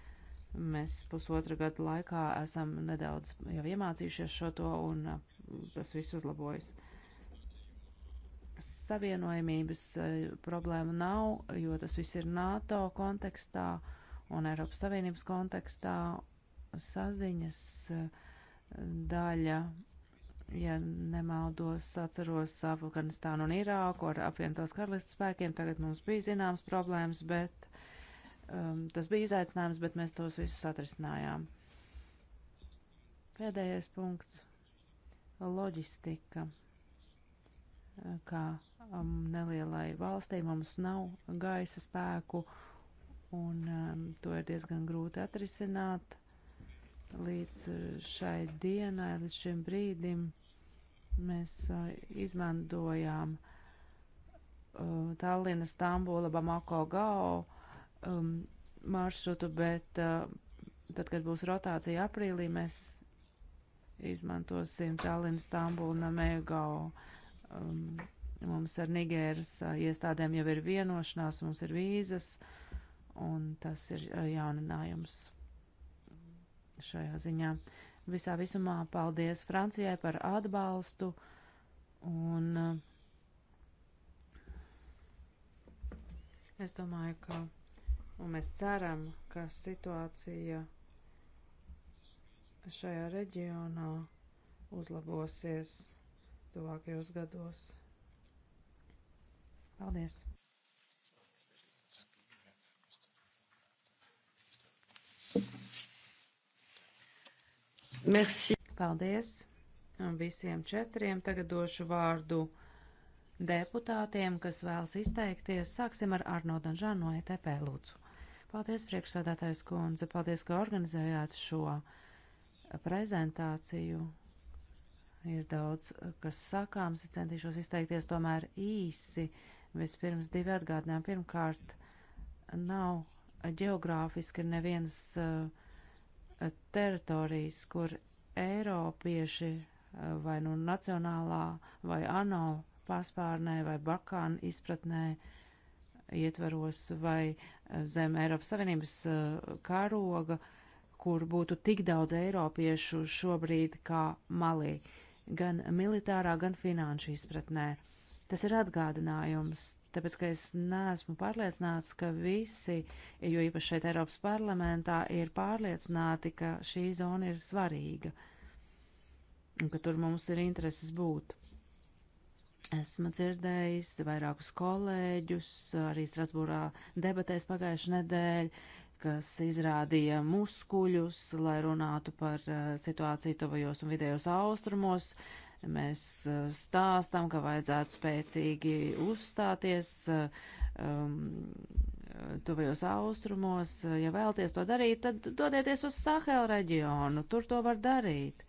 mēs pusotra gadu laikā esam nedaudz jau iemācījušies šo to, un uh, tas viss uzlabojas. Savienojamības uh, problēma nav, jo tas viss ir NATO kontekstā un Eiropas Savienības kontekstā saziņas uh, daļa ja nemaldos, atceros Afganistānu un Irāku ar apvienotās karalistas spēkiem. Tagad mums bija zināms problēmas, bet um, tas bija izaicinājums, bet mēs tos visus atrisinājām. Pēdējais punkts - loģistika. Kā um, nelielai valstī mums nav gaisa spēku, un um, to ir diezgan grūti atrisināt Līdz eh, šai dienai, līdz šim brīdim mēs uh, izmantojām uh, eh, Tallina, Stambula, Bamako, Gao um, maršrutu, bet uh, tad, kad būs rotācija aprīlī, mēs izmantosim Tallinu, Stambulu, Namegao. Um, mums ar Nigēras uh, iestādēm jau ir vienošanās, mums ir vīzas, un tas ir uh, jauninājums šajā ziņā. Visā visumā paldies Francijai par atbalstu un eh, es domāju, ka un mēs ceram, ka situācija šajā reģionā uzlabosies tuvākajos gados. Paldies! Merci. Paldies visiem četriem. Tagad došu vārdu deputātiem, kas vēlas izteikties. Sāksim ar Arno Danžānu no ETP lūdzu. Paldies, priekšsādātājs kundze. Paldies, ka organizējāt šo prezentāciju. Ir daudz, kas sakāms, centīšos izteikties tomēr īsi. Vispirms divi atgādinājumi. Pirmkārt, nav ģeogrāfiski nevienas uh, teritorijas, kur Eiropieši eh, vai nu nacionālā vai ANO paspārnē vai Bakāna izpratnē ietvaros vai eh, zem Eiropas Savienības eh, karoga, kur būtu tik daudz Eiropiešu šobrīd kā malī, gan militārā, gan finanšu izpratnē. Uh, Tas ir atgādinājums, tāpēc, ka es neesmu pārliecināts, ka visi, jo īpaši šeit Eiropas parlamentā, ir pārliecināti, ka šī zona ir svarīga un ka tur mums ir intereses būt. Esmu dzirdējis vairākus kolēģus, arī Strasbūrā debatēs pagājušajā nedēļā, kas izrādīja muskuļus, lai runātu par eh, situāciju tuvajos un vidējos austrumos. Mēs eh, stāstam, ka vajadzētu spēcīgi uzstāties eh, um, eh, tuvajos austrumos. Ja vēlties to darīt, tad dodieties uz Sahel reģionu, tur to var darīt.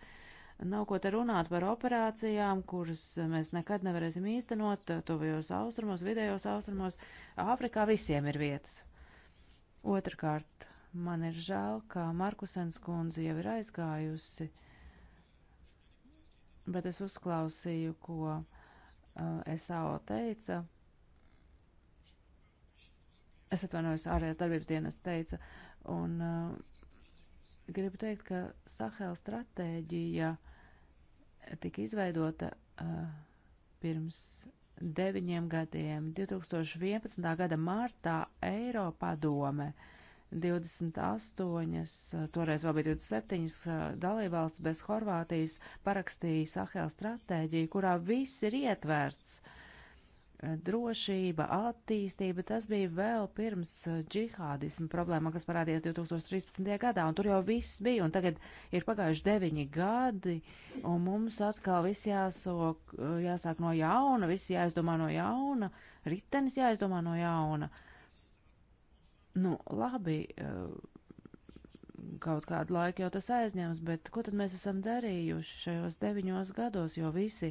Nav ko te runāt par operācijām, kuras mēs nekad nevarēsim īstenot tuvajos austrumos, vidējos austrumos. Āfrikā visiem ir vietas. Otrakārt, man ir žēl, ka Markusens kundze jau ir aizgājusi. Uh, bet es uzklausīju, ko uh, eh, SAO teica. Es atvainojos, ārējās darbības dienas teica, un uh, gribu teikt, ka Sahela stratēģija tika izveidota uh, pirms deviņiem gadiem. 2011. gada martā Eiropadome uh, 28, eh, toreiz vēl bija 27 eh, dalībvalsts bez Horvātijas, parakstīja Sahel stratēģiju, kurā viss ir ietverts. Eh, drošība, attīstība, tas bija vēl pirms džihādismu problēma, kas parādījās 2013. gadā, un tur jau viss bija, un tagad ir pagājuši deviņi gadi, un mums atkal viss jāsok, jāsāk no jauna, viss jāizdomā no jauna, ritenis jāizdomā no jauna. Uh, Nu, labi, eh, kaut kādu laiku jau tas aizņems, bet ko tad mēs esam darījuši šajos deviņos gados, jo visi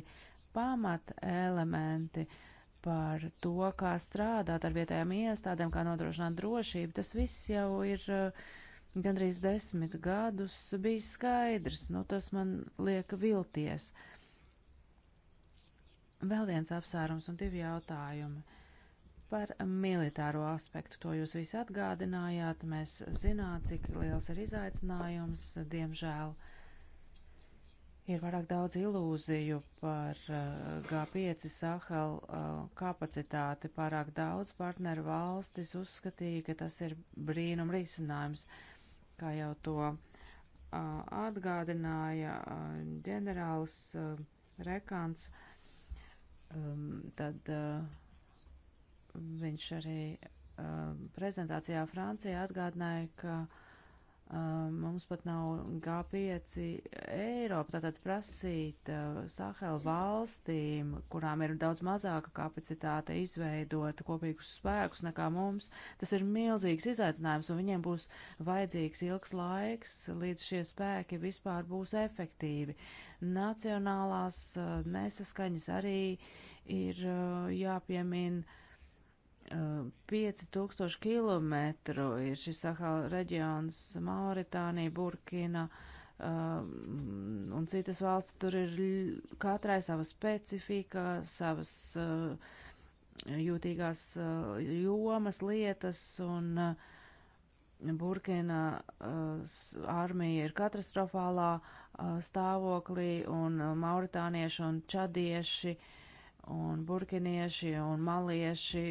pamata elementi par to, kā strādāt ar vietējām iestādēm, kā nodrošināt drošību, tas viss jau ir eh, gandrīz desmit gadus bijis skaidrs. Nu, tas man liek vilties. Vēl viens apsvērums un divi jautājumi. Par militāro aspektu to jūs visi atgādinājāt. Mēs zinām, cik liels ir izaicinājums, diemžēl. Ir vairāk daudz ilūziju par eh, G5 Sahel eh, kapacitāti. Pārāk daudz partneru valstis uzskatīja, ka tas ir brīnum risinājums, kā jau to eh, atgādināja ģenerālis Rekants. Um, tad Viņš arī um, prezentācijā Francijā atgādināja, ka um, mums pat nav G5 Eiropa, tātad prasīt uh, Sahel valstīm, kurām ir daudz mazāka kapacitāte izveidot kopīgus spēkus nekā mums. Tas ir milzīgs izaicinājums, un viņiem būs vajadzīgs ilgs laiks, līdz šie spēki vispār būs efektīvi. Nacionālās uh, nesaskaņas arī ir uh, jāpiemina 5000 km ir šis Sahara reģions, Mauritānija, Burkina uh, un citas valsts. Tur ir katrai sava specifika, savas uh, jūtīgās uh, jomas, lietas un uh, Burkina uh, armija ir katastrofālā uh, stāvoklī un mauritānieši un čadieši uh, un burkinieši un malieši,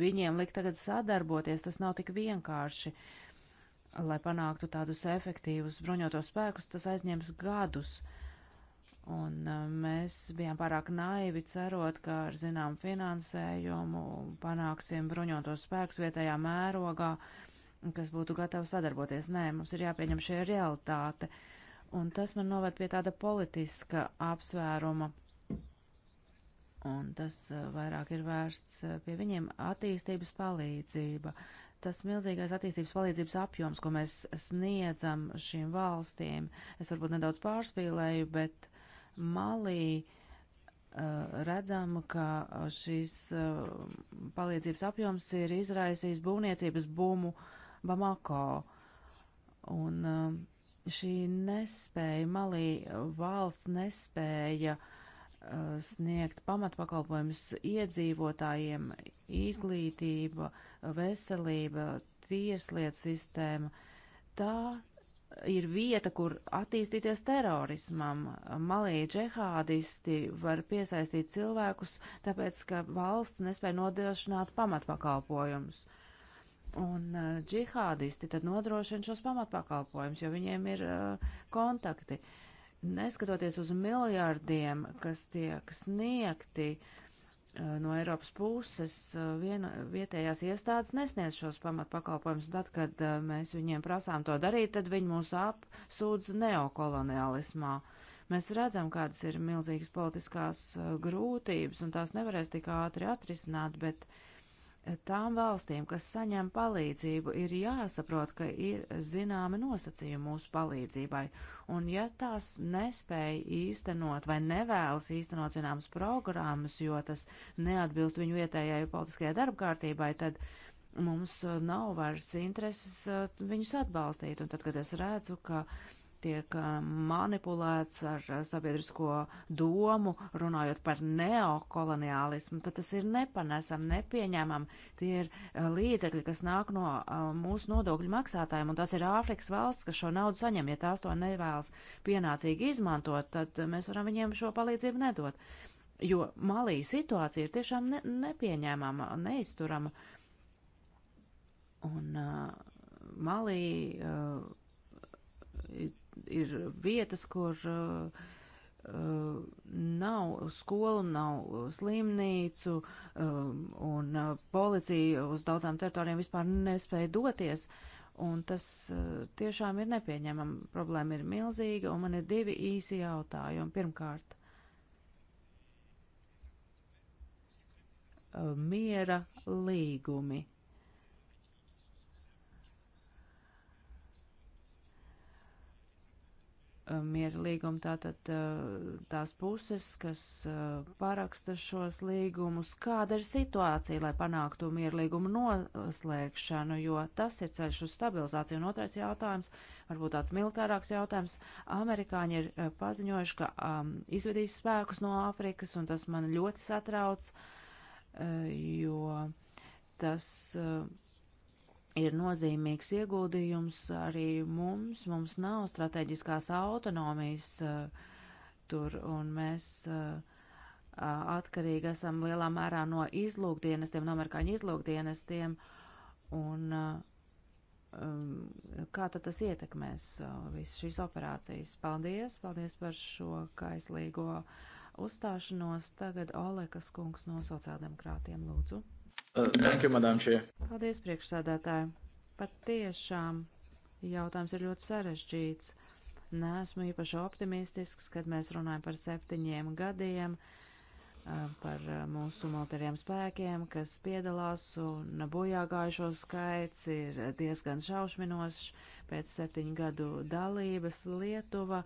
viņiem likt tagad sadarboties, tas nav tik vienkārši. Lai panāktu tādus efektīvus bruņotos spēkus, tas aizņems gadus. Un uh, mēs bijām pārāk naivi cerot, ka ar zinām finansējumu panāksim bruņotos spēkus vietējā mērogā, kas būtu gatavs sadarboties. Nē, mums ir jāpieņem šī realitāte. Un tas man noved pie tāda politiska apsvēruma un tas eh, vairāk ir vērsts eh, pie viņiem attīstības palīdzība. Tas milzīgais attīstības palīdzības apjoms, ko mēs sniedzam šīm valstīm, es varbūt nedaudz pārspīlēju, bet malī uh, redzam, ka šīs uh, palīdzības apjoms ir izraisījis būvniecības bumu Bamako. Un uh, šī nespēja, malī valsts nespēja uh, sniegt pamatpakalpojumus iedzīvotājiem, izglītība, veselība, tieslietu sistēma. Tā ir vieta, kur attīstīties terorismam. Malī džehādisti var piesaistīt cilvēkus, tāpēc, ka valsts nespēja nodrošināt pamatpakalpojumus. Un uh, džihādisti tad nodrošina šos pamatpakalpojumus, jo viņiem ir uh, kontakti. Uh, neskatoties uz miljārdiem, kas tiek sniegti eh, no Eiropas puses, eh, viena, vietējās iestādes nesniedz šos pamatpakalpojumus. Tad, kad eh, mēs viņiem prasām to darīt, tad viņi mūs apsūdz neokolonialismā. Mēs redzam, kādas ir milzīgas politiskās grūtības, un tās nevarēs tik ātri atrisināt, bet uh, tām valstīm, kas saņem palīdzību, ir jāsaprot, ka ir zināmi nosacījumi mūsu palīdzībai, un ja tās nespēja īstenot vai nevēlas īstenot zināmas programmas, jo tas neatbilst viņu vietējai politiskajai darbkārtībai, tad mums nav vairs intereses uh, viņus atbalstīt, un tad, kad es redzu, ka uh, tiek manipulēts ar sabiedrisko domu, runājot par neokoloniālismu, tad tas ir nepanesam, nepieņemam. Tie ir līdzekļi, kas nāk no mūsu nodokļu maksātājiem, un tas ir Āfrikas valsts, kas šo naudu saņem. Ja tās to nevēlas pienācīgi izmantot, tad mēs varam viņiem šo palīdzību nedot. Jo malī situācija ir tiešām ne, nepieņēmama, neizturama. Un uh, malī uh, ir vietas, kur uh, Uh, nav skolu, nav slimnīcu, um, un uh, policija uz daudzām teritorijām vispār nespēja doties. Un tas uh, tiešām ir nepieņemama. Problēma ir milzīga, un man ir divi īsi jautājumi. Pirmkārt, uh, miera līgumi. Eh, miera līgumu, tātad eh, tās puses, kas eh, paraksta šos līgumus, kāda ir situācija, lai panāktu miera līgumu noslēgšanu, jo tas ir ceļš uz stabilizāciju. Un otrais jautājums, varbūt tāds militārāks jautājums, amerikāņi ir paziņojuši, ka um, izvedīs spēkus no Āfrikas, un tas man ļoti satrauc, jo tas. Uh, ir nozīmīgs ieguldījums arī mums. Mums nav strateģiskās autonomijas uh, tur, un mēs uh, atkarīgi esam lielā mērā no izlūkdienestiem, no amerikāņu izlūkdienestiem. Un, uh, um, kā tad tas ietekmēs uh, visas šīs operācijas? Paldies, paldies par šo kaislīgo uzstāšanos. Tagad Olekas kungs no sociāldemokrātiem lūdzu. Danke, uh, madām šie. Paldies, priekšsādātāji. Pat tiešām jautājums ir ļoti sarežģīts. Nesmu īpaši optimistisks, kad mēs runājam par septiņiem gadiem, uh, par uh, mūsu militāriem spēkiem, kas piedalās un bojā gājušo skaits ir diezgan šaušminošs pēc septiņu gadu dalības Lietuva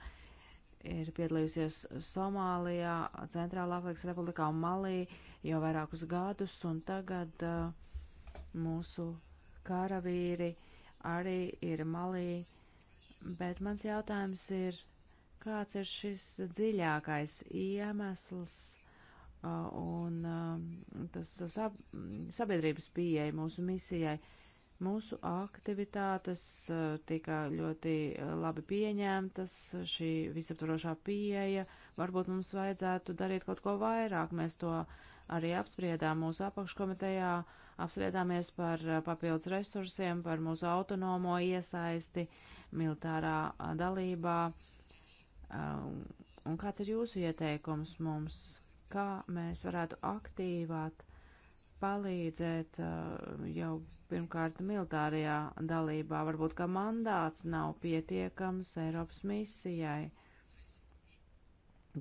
ir piedalījusies Somālijā, Centrāla Afrikas Republikā un Malī jau vairākus gadus, un tagad uh, mūsu karavīri arī ir Malī. Bet mans jautājums ir, kāds ir šis dziļākais iemesls uh, un uh, tas sab sabiedrības pieeja mūsu misijai? Uh, Mūsu aktivitātes eh, tika ļoti eh, labi pieņemtas, šī visaptvarošā pieeja. Varbūt mums vajadzētu darīt kaut ko vairāk. Mēs to arī apspriedām mūsu apakškomitejā, apspriedāmies par eh, papildus resursiem, par mūsu autonomo iesaisti militārā dalībā. Un kāds ir jūsu ieteikums mums? Kā mēs varētu aktīvāt, palīdzēt jau Pirmkārt, militārajā dalībā varbūt kā mandāts nav pietiekams Eiropas misijai,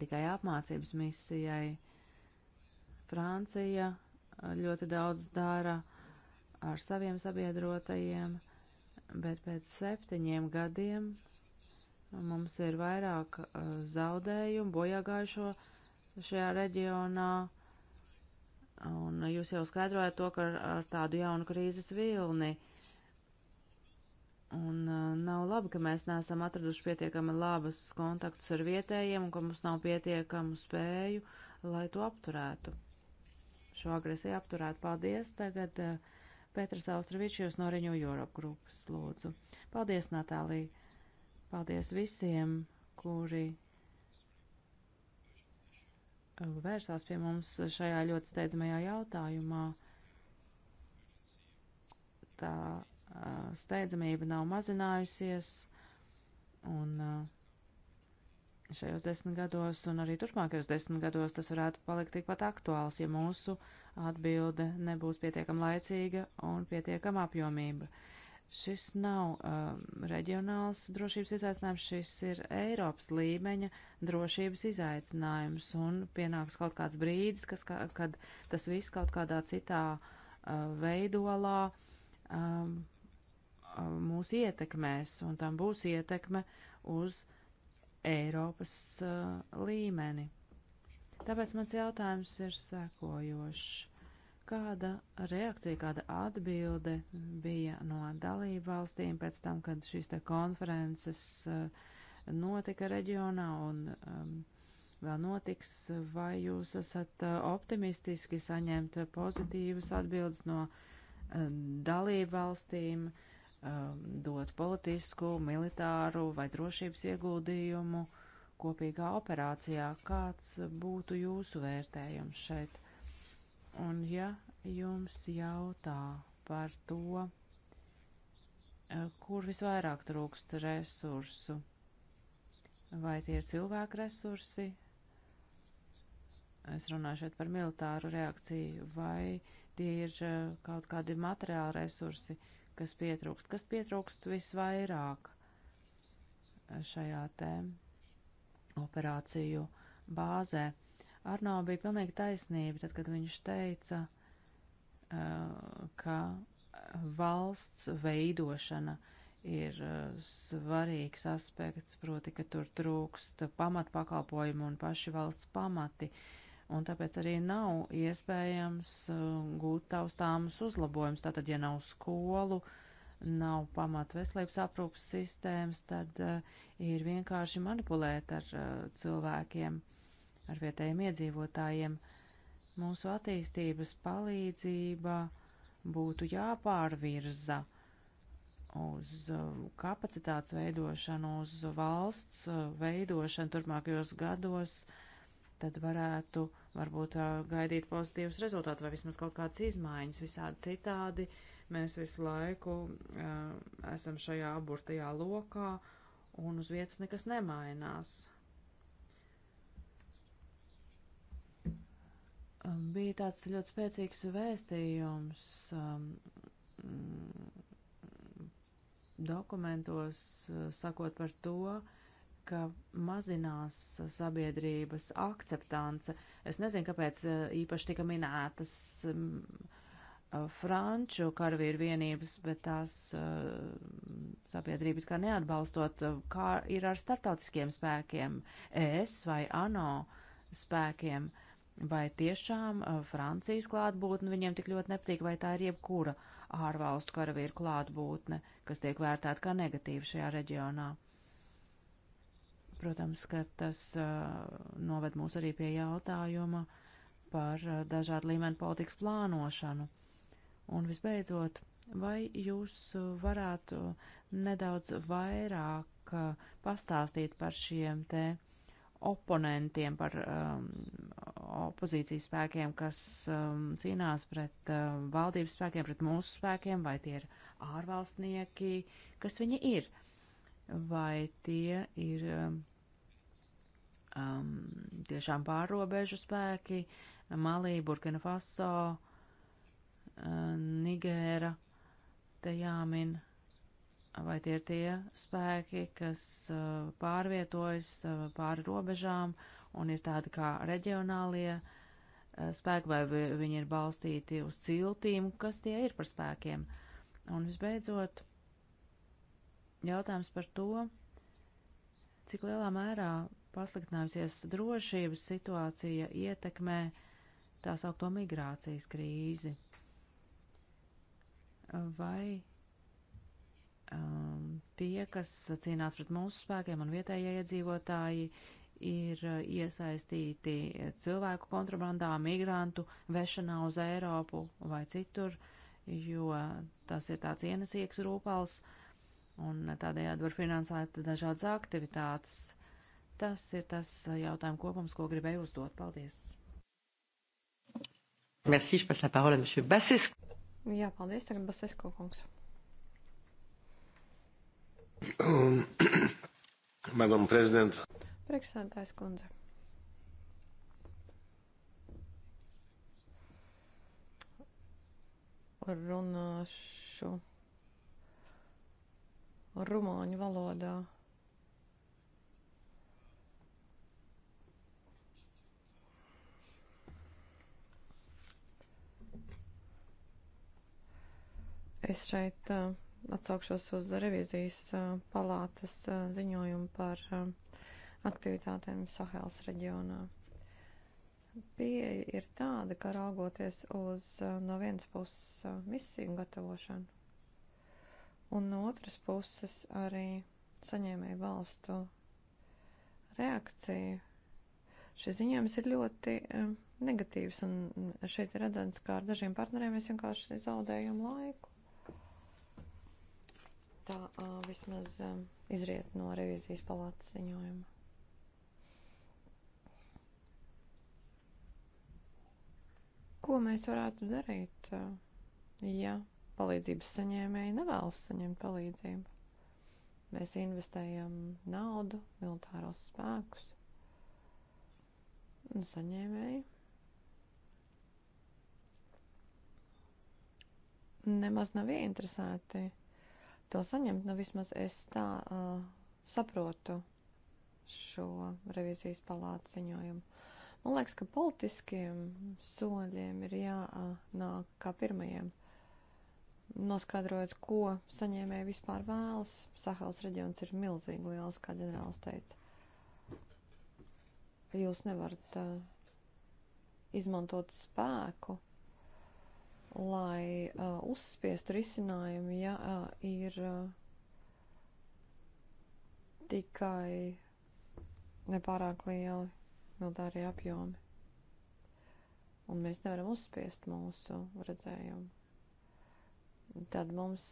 tikai apmācības misijai. Francija eh, ļoti daudz dara ar saviem sabiedrotajiem, bet pēc septiņiem gadiem mums ir vairāk eh, zaudējumu bojāgājušo šajā reģionā Un jūs jau skaidrojat to, ka ar, ar tādu jaunu krīzes vilni. Un uh, nav labi, ka mēs neesam atraduši pietiekami labus kontaktus ar vietējiem un ka mums nav pietiekamu spēju, lai to apturētu. Šo agresiju apturētu. Paldies. Tagad uh, Pēters Austravičs no Riņu Europe grupas lūdzu. Paldies, Natālija. Paldies visiem, kuri vērsās pie mums šajā ļoti steidzamajā jautājumā. Tā steidzamība nav mazinājusies, un šajos desmit gados, un arī turpmākajos desmit gados tas varētu palikt tikpat aktuāls, ja mūsu atbilde nebūs pietiekam laicīga un pietiekam apjomība. Uh, Šis nav um, reģionāls drošības izaicinājums, šis ir Eiropas līmeņa drošības izaicinājums, un pienāks kaut kāds brīdis, kas, ka, kad tas viss kaut kādā citā uh, veidolā um, uh, mūs ietekmēs, un tam būs ietekme uz Eiropas uh, līmeni. Tāpēc mans jautājums ir sekojošs Kāda reakcija, kāda atbilde bija no dalību valstīm pēc tam, kad šīs te konferences eh, notika reģionā un um, vēl notiks, vai jūs esat eh, optimistiski saņemt pozitīvas atbildes no eh, dalību valstīm, ehm, dot politisku, militāru vai drošības ieguldījumu kopīgā operācijā? Kāds būtu jūsu vērtējums šeit? Un ja jums jautā par to, eh, kur visvairāk trūkst resursu, vai tie ir cilvēku resursi, es runāju šeit par militāru reakciju, vai tie ir eh, kaut kādi materiāli resursi, kas pietrūkst, kas pietrūkst visvairāk eh, šajā tēmā operāciju bāzē. Arno bija pilnīgi taisnība, tad, kad viņš teica, ka valsts veidošana ir svarīgs aspekts, proti, ka tur trūkst pamatpakalpojumu un paši valsts pamati, un tāpēc arī nav iespējams gūt taustāmus uzlabojumus. Tātad, ja nav skolu, nav pamat veselības aprūpas sistēmas, tad ir vienkārši manipulēt ar cilvēkiem. Uh, ar vietējiem iedzīvotājiem. Mūsu attīstības palīdzība būtu jāpārvirza uz uh, kapacitātes veidošanu, uz valsts uh, veidošanu turpmākajos gados, tad varētu varbūt uh, gaidīt pozitīvus rezultātus vai vismaz kaut kādas izmaiņas visādi citādi. Mēs visu laiku uh, esam šajā aburtajā lokā un uz vietas nekas nemainās. Um, bija tāds ļoti spēcīgs vēstījums um, mm, dokumentos, uh, sakot par to, ka mazinās sabiedrības akceptance. Es nezinu, kāpēc uh, īpaši tika minētas um, uh, franču karavīru vienības, bet tās uh, sabiedrības kā neatbalstot, kā ir ar starptautiskiem spēkiem, ES vai ANO spēkiem. Uh, Vai tiešām uh, Francijas klātbūtne viņiem tik ļoti nepatīk, vai tā ir jebkura ārvalstu karavīru klātbūtne, kas tiek vērtēta kā negatīva šajā reģionā? Protams, ka tas uh, noved mūs arī pie jautājuma par uh, dažādu līmeni politikas plānošanu. Un visbeidzot, vai jūs uh, varētu nedaudz vairāk uh, pastāstīt par šiem te oponentiem, par um, opozīcijas spēkiem, kas um, cīnās pret uh, valdības spēkiem, pret mūsu spēkiem, vai tie ir ārvalstnieki, kas viņi ir, vai tie ir um, um tiešām pārrobežu spēki, Malī, Burkina Faso, uh, Nigēra, te jāmin, vai tie ir tie spēki, kas uh, pārvietojas uh, pāri robežām, uh, un ir tādi kā reģionālie eh, spēki, vai viņi ir balstīti uz ciltīm, kas tie ir par spēkiem. Un visbeidzot, jautājums par to, cik lielā mērā pasliktinājusies drošības situācija ietekmē tā saukto migrācijas krīzi. Vai um, tie, kas cīnās pret mūsu spēkiem un vietējie iedzīvotāji, ir uh, iesaistīti cilvēku kontrabandā, migrantu vešanā uz Eiropu vai citur, jo tas ir tāds ienesīgs rūpals un tādējādi var finansēt dažādas aktivitātes. Tas ir tas uh, jautājums kopums, ko gribēju uzdot. Paldies! Merci, je passe la parole à monsieur Basescu. Jā, paldies, tagad Basescu kungs. Madam President. Priekšsēdētājs kundze. Runāšu rumāņu valodā. Es šeit uh, atsaukšos uz revizijas uh, palātas uh, ziņojumu par uh, aktivitātēm Sahels reģionā. Pieeja ir tāda, ka raugoties uz eh, no vienas puses eh, misiju gatavošanu un no otras puses arī saņēmēju valstu reakciju, šis ziņojums ir ļoti eh, negatīvs, un šeit ir redzams, kā ar dažiem partneriem mēs vienkārši zaudējam laiku. Tā vismaz izriet no revizijas palātas ziņojuma. Ko mēs varētu darīt, ja palīdzības saņēmēji nevēlas saņemt palīdzību? Mēs investējam naudu, militāros spēkus un saņēmēji. Nemaz nav ieinteresēti to saņemt. Nu, vismaz es tā uh, saprotu šo revizijas palātas ziņojumu. Man liekas, ka politiskiem soļiem ir jānāk kā pirmajiem, noskaidrojot, ko saņēmēji vispār vēlas. Sahels reģions ir milzīgi liels, kā ģenerālis teica. Jūs nevarat uh, izmantot spēku lai uh, uzspiestu risinājumu, ja uh, ir uh, tikai nepārāk lieli militārie apjomi. Un mēs nevaram uzspiest mūsu redzējumu. Tad mums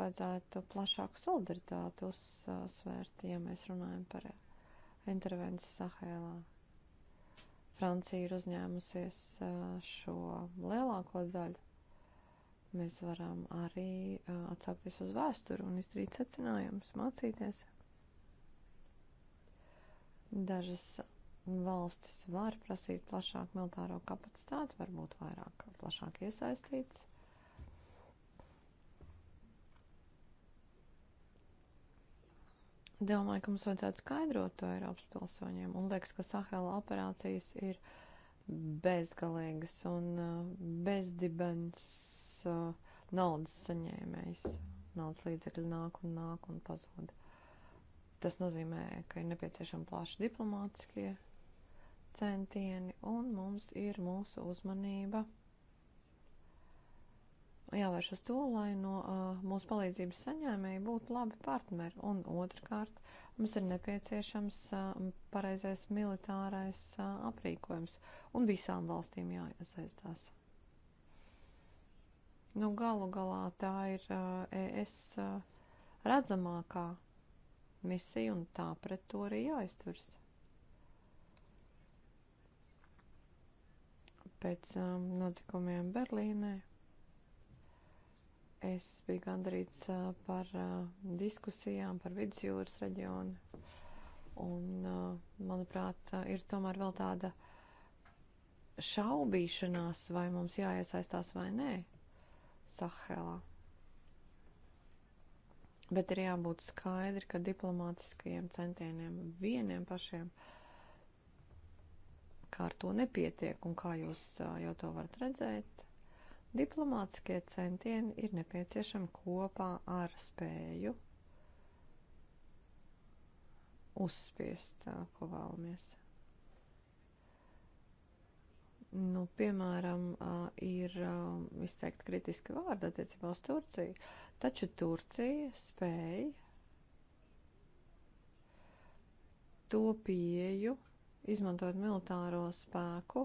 vajadzētu plašāku solidaritāti uzsvērt, ja mēs runājam par intervenci Sahēlā. Francija ir uzņēmusies šo lielāko daļu. Mēs varam arī atsaukties uz vēsturi un izdarīt secinājumus, mācīties. Dažas valstis var prasīt plašāku militāro kapacitāti, varbūt vairāk plašāk iesaistīts. Domāju, ka mums vajadzētu skaidrot to Eiropas pilsoņiem. Un liekas, ka Sahela operācijas ir bezgalīgas un uh, bezdibens uh, naudas saņēmējs. Naudas līdzekļi nāk un nāk un pazūda. Tas nozīmē, ka ir nepieciešama plaša diplomātiskie centieni un mums ir mūsu uzmanība jāvērš uz to, lai no uh, mūsu palīdzības saņēmēji būtu labi partneri. Un otrkārt, mums ir nepieciešams uh, pareizais militārais uh, aprīkojums, un visām valstīm jāiesaistās. Nu, galu galā tā ir uh, ES uh, redzamākā misija, un tā pret to arī jāizturas. pēc um, notikumiem Berlīnē. Es biju gandarīts uh, par uh, diskusijām par vidusjūras reģionu. Un, uh, manuprāt, uh, ir tomēr vēl tāda šaubīšanās, vai mums jāiesaistās vai nē Sahelā. Bet ir jābūt skaidri, ka diplomātiskajiem centieniem vieniem pašiem uh, ka ar to nepietiek, un kā jūs jau to varat redzēt, diplomātskie centieni ir nepieciešami kopā ar spēju uzspiest, ko vēlamies. Nu, piemēram, ir izteikti kritiski vārdi attiecībā uz Turciju, taču Turcija spēja to pieju izmantojot militāro spēku,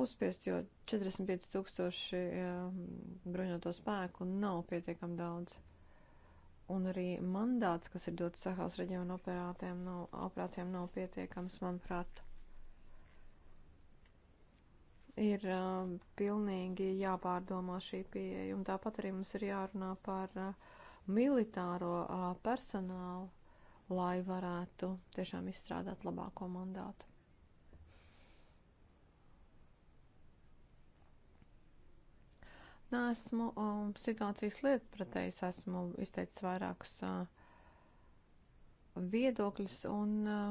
uzspiest, jo 45 tūkstoši um, bruņoto spēku nav pietiekami daudz. Un arī mandāts, kas ir dots Sahās reģiona operācijām, nav, operācijām nav pietiekams, manuprāt. Ir uh, pilnīgi jāpārdomā šī pieeja, un tāpat arī mums ir jārunā par uh, militāro uh, personālu lai varētu tiešām izstrādāt labāko mandātu. Nesmu um, situācijas lietpratējs, esmu izteicis vairākus uh, viedokļus un uh,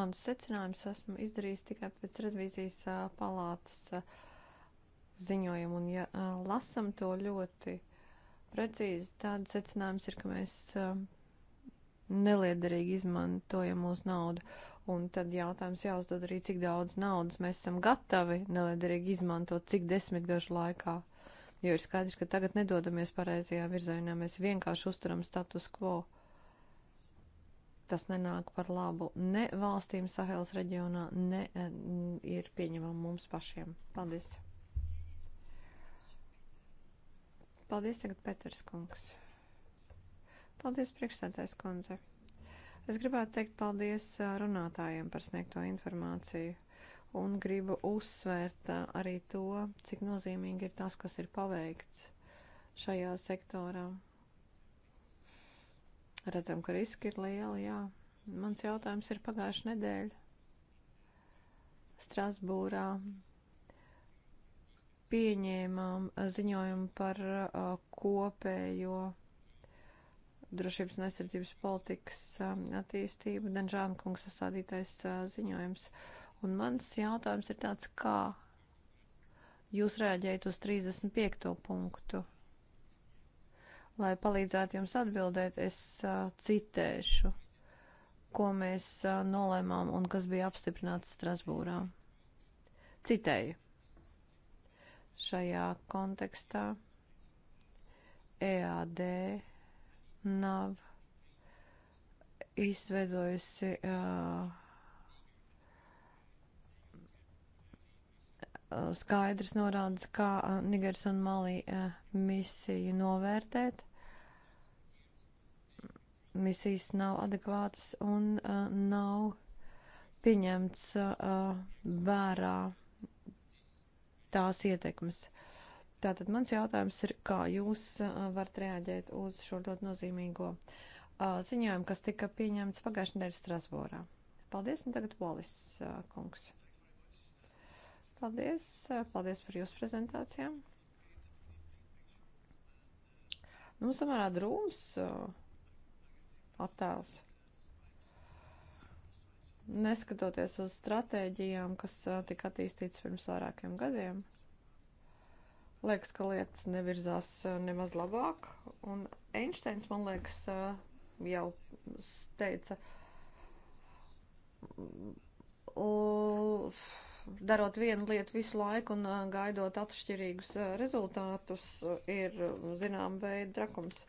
mans secinājums esmu izdarījis tikai pēc revīzijas uh, palātas uh, ziņojumu. Un, ja uh, lasam to ļoti precīzi, tad secinājums ir, ka mēs uh, neliederīgi izmantojam mūsu naudu. Un tad jautājums jāuzdod arī, cik daudz naudas mēs esam gatavi neliederīgi izmantot, cik desmitgažu laikā. Jo ir skaidrs, ka tagad nedodamies pareizajā virzienā, mēs vienkārši uzturam status quo. Tas nenāk par labu ne valstīm Sahels reģionā, ne eh, ir pieņemam mums pašiem. Paldies! Paldies tagad Peters kungs! Paldies, priekšstādājs kundze. Es gribētu teikt paldies runātājiem par sniegto informāciju un gribu uzsvērt arī to, cik nozīmīgi ir tas, kas ir paveikts šajā sektorā. Redzam, ka riski ir lieli, jā. Mans jautājums ir pagājuši nedēļa Strasbūrā pieņēmām ziņojumu par kopējo drošības un aizsardzības politikas um, attīstību, Danžāna kungs sastādītais uh, ziņojums. Un mans jautājums ir tāds, kā jūs reaģējat uz 35. punktu? Lai palīdzētu jums atbildēt, es uh, citēšu, ko mēs uh, nolēmām un kas bija apstiprināts Strasbūrā. Citēju šajā kontekstā EAD nav izveidojusi uh, skaidrs norādes, kā uh, Nigers un Malī uh, misiju novērtēt. Misijas nav adekvātas un uh, nav pieņemts uh, vērā tās ietekmes. Tātad mans jautājums ir, kā jūs varat reaģēt uz šo ļoti nozīmīgo ziņojumu, kas tika pieņemts pagājušajā nedēļā Strasbūrā. Paldies, un tagad Volis kungs. Paldies, paldies par jūsu prezentācijām. Nu, samērā drūms attēls. Neskatoties uz stratēģijām, kas tika attīstītas pirms vairākiem gadiem. Liekas, ka lietas nevirzās eh, nemaz labāk, un Einsteins, man liekas, eh, jau teica, darot vienu lietu visu laiku un eh, gaidot atšķirīgus rezultātus, ir zinām veida trakums.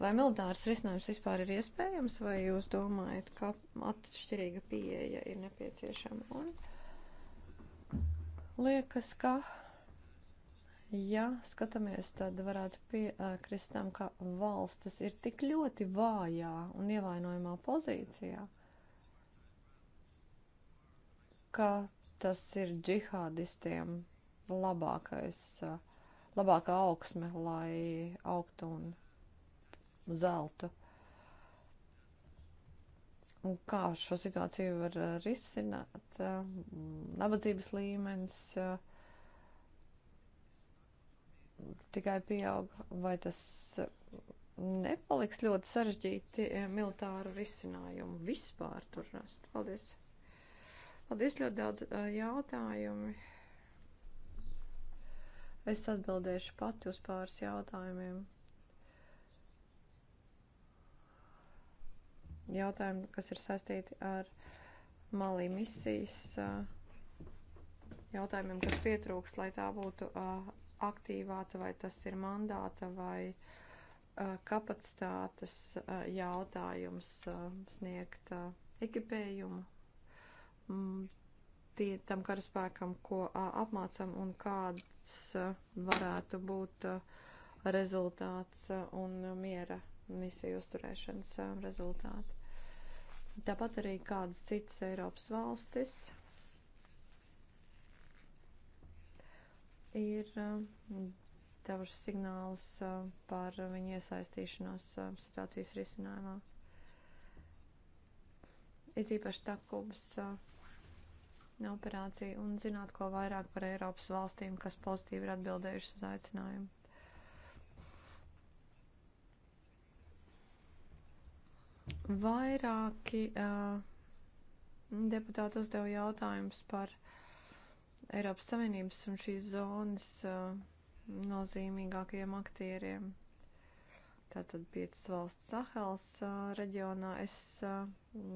Vai militārs risinājums vispār ir iespējams, vai jūs domājat, ka atšķirīga pieeja ir nepieciešama? Un liekas, ka Ja skatāmies, tad varētu piekrist tam, ka valstis ir tik ļoti vājā un ievainojumā pozīcijā, ka tas ir džihādistiem labākais, labākā augsme, lai augtu un zeltu. Un kā šo situāciju var risināt? Nabadzības līmenis. Uh, tikai pieaug, vai tas nepaliks ļoti sarežģīti eh, militāru risinājumu vispār tur rast. Paldies! Paldies ļoti daudz eh, jautājumu. Es atbildēšu pati uz pāris jautājumiem. Jautājumi, kas ir saistīti ar malī misijas eh, jautājumiem, kas pietrūks, lai tā būtu aktīvāta, vai tas ir mandāta vai eh, kapacitātes eh, jautājums eh, sniegt ekipējumu mm, tie, tam karaspēkam, ko apmācam un kāds varētu būt rezultāts un miera misiju uzturēšanas rezultāti. Tāpat arī kādas citas Eiropas valstis ir eh, devuši signālus eh, par viņu iesaistīšanos eh, situācijas risinājumā. Ir īpaši Takubas operācija un zināt, ko vairāk par Eiropas valstīm, kas pozitīvi ir atbildējušas uz aicinājumu. Vairāki uh, deputāti uzdeva jautājumus par uh, Eiropas Savienības un šīs zonas uh, nozīmīgākajiem aktieriem. Tātad piecas valsts Sahels uh, reģionā. Es uh,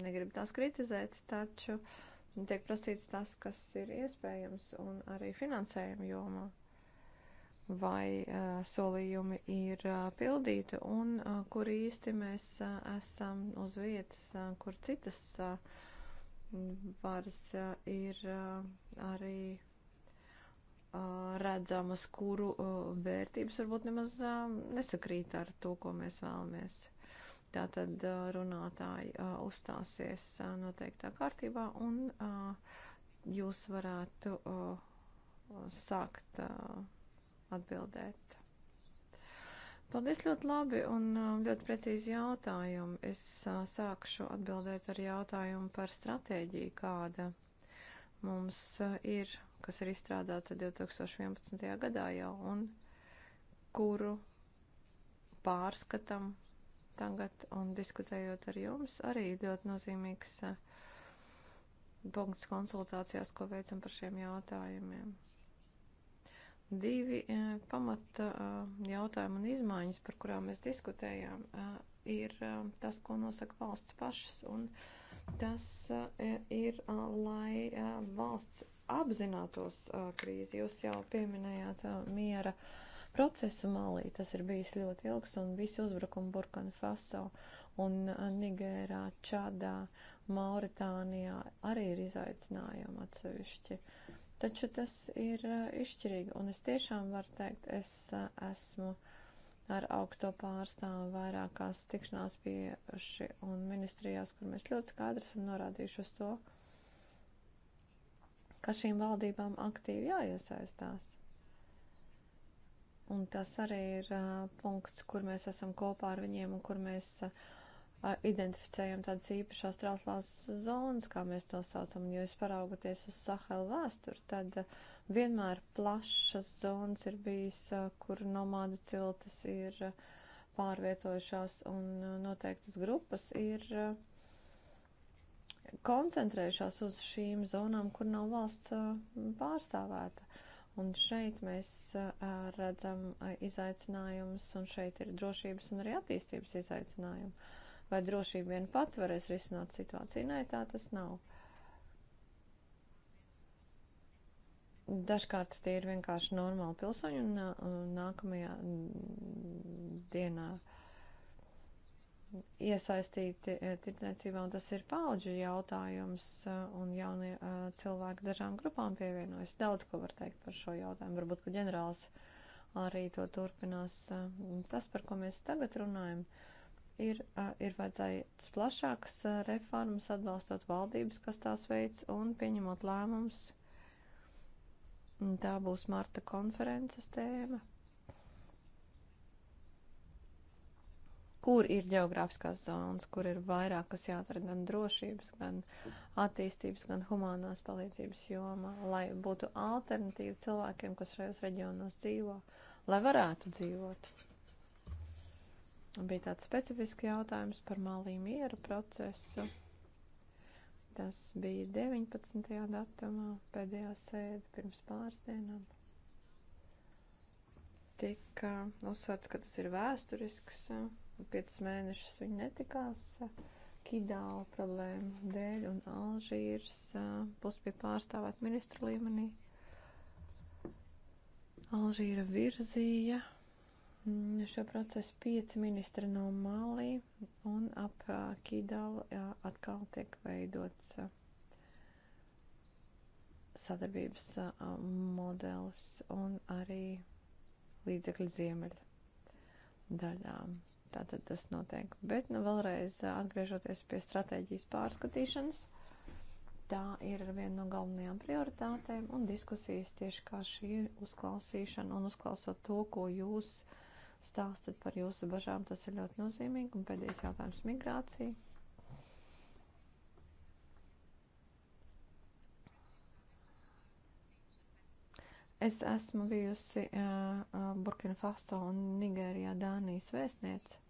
negribu tās kritizēt, taču tiek prasīts tas, kas ir iespējams un arī finansējuma jomā. Vai uh, solījumi ir uh, pildīti un uh, kur īsti mēs uh, esam uz vietas, uh, kur citas. Uh, varas ir arī redzamas, kuru vērtības varbūt nemaz nesakrīt ar to, ko mēs vēlamies. Tātad runātāji uzstāsies noteiktā kārtībā un jūs varētu sākt atbildēt. Paldies ļoti labi un um, ļoti precīzi jautājumi. Es uh, sākšu atbildēt ar jautājumu par stratēģiju, kāda mums uh, ir, kas ir izstrādāta 2011. gadā jau un kuru pārskatam tagad un diskutējot ar jums arī ļoti nozīmīgs uh, punkts konsultācijās, ko veicam par šiem jautājumiem. Divi e, pamata e, jautājumi un izmaiņas, par kurām mēs diskutējām, e, ir tas, ko nosaka valsts pašas, un tas ir, lai valsts apzinātos krīzi. Jūs jau pieminējāt miera procesu malī, tas ir bijis ļoti ilgs, un visi uzbrukumi Burkina Faso un Nigērā, Čadā, Mauritānijā arī ir izaicinājumi atsevišķi. Uh, Taču tas ir eh, izšķirīgi, un es tiešām varu teikt, es eh, esmu ar augsto pārstāvu vairākās tikšanās bieži un ministrijās, kur mēs ļoti skaidri esam norādījuši uz to, ka šīm valdībām aktīvi jāiesaistās. Un tas arī ir uh, punkts, kur mēs esam kopā ar viņiem un kur mēs uh, identificējam tādas īpašās trauslās zonas, kā mēs to saucam, jo es paraugoties uz Sahelu vēsturi, tad vienmēr plašas zonas ir bijis, kur nomādu ciltis ir pārvietojušās un noteiktas grupas ir koncentrējušās uz šīm zonām, kur nav valsts pārstāvēta. Un šeit mēs redzam izaicinājumus, un šeit ir drošības un arī attīstības izaicinājumi. Uh, Vai drošība vien pat varēs risināt situāciju? Nē, tā tas nav. Dažkārt tie ir vienkārši normāli pilsoņi un uh, nākamajā mm, dienā iesaistīti uh, tirdzniecībā, un tas ir paudžu jautājums, uh, un jaunie cilvēki dažām grupām pievienojas. Daudz ko var teikt par šo jautājumu, varbūt, ka ģenerālis arī to turpinās. Tas, par ko mēs tagad runājam, ir ir, ir vajadzēts plašākas reformas, atbalstot valdības, kas tās veids, un pieņemot lēmums. Tā būs Marta konferences tēma. Kur ir geogrāfiskās zonas, kur ir vairāk, kas jādara gan drošības, gan attīstības, gan humanās palīdzības jomā, lai būtu alternatīva cilvēkiem, kas šajos reģionos dzīvo, lai varētu dzīvot. Bija tāds specifisks jautājums par malī miera procesu. Tas bija 19. datumā, pēdējā sēde pirms pāris dienām. Tika uzsvērts, ka tas ir vēsturisks. Piecus mēnešus viņi netikās Kidāla problēmu dēļ un Alžīrs būs pie pārstāvēt ministru līmenī. Alžīra virzīja Mm, šo procesu pieci ministri no Malī un ap Kīdalu atkal tiek veidots sadarbības modelis un arī līdzekļu ziemeļu daļām. Tātad tas notiek. Bet nu, vēlreiz atgriežoties pie stratēģijas pārskatīšanas, tā ir viena no galvenajām prioritātēm un diskusijas tieši kā šī uzklausīšana un uzklausot to, ko jūs uh, stāstat par jūsu bažām, tas ir ļoti nozīmīgi. Un pēdējais jautājums - migrācija. Es esmu bijusi uh, Burkina Faso un Nigērijā Dānijas vēstniece.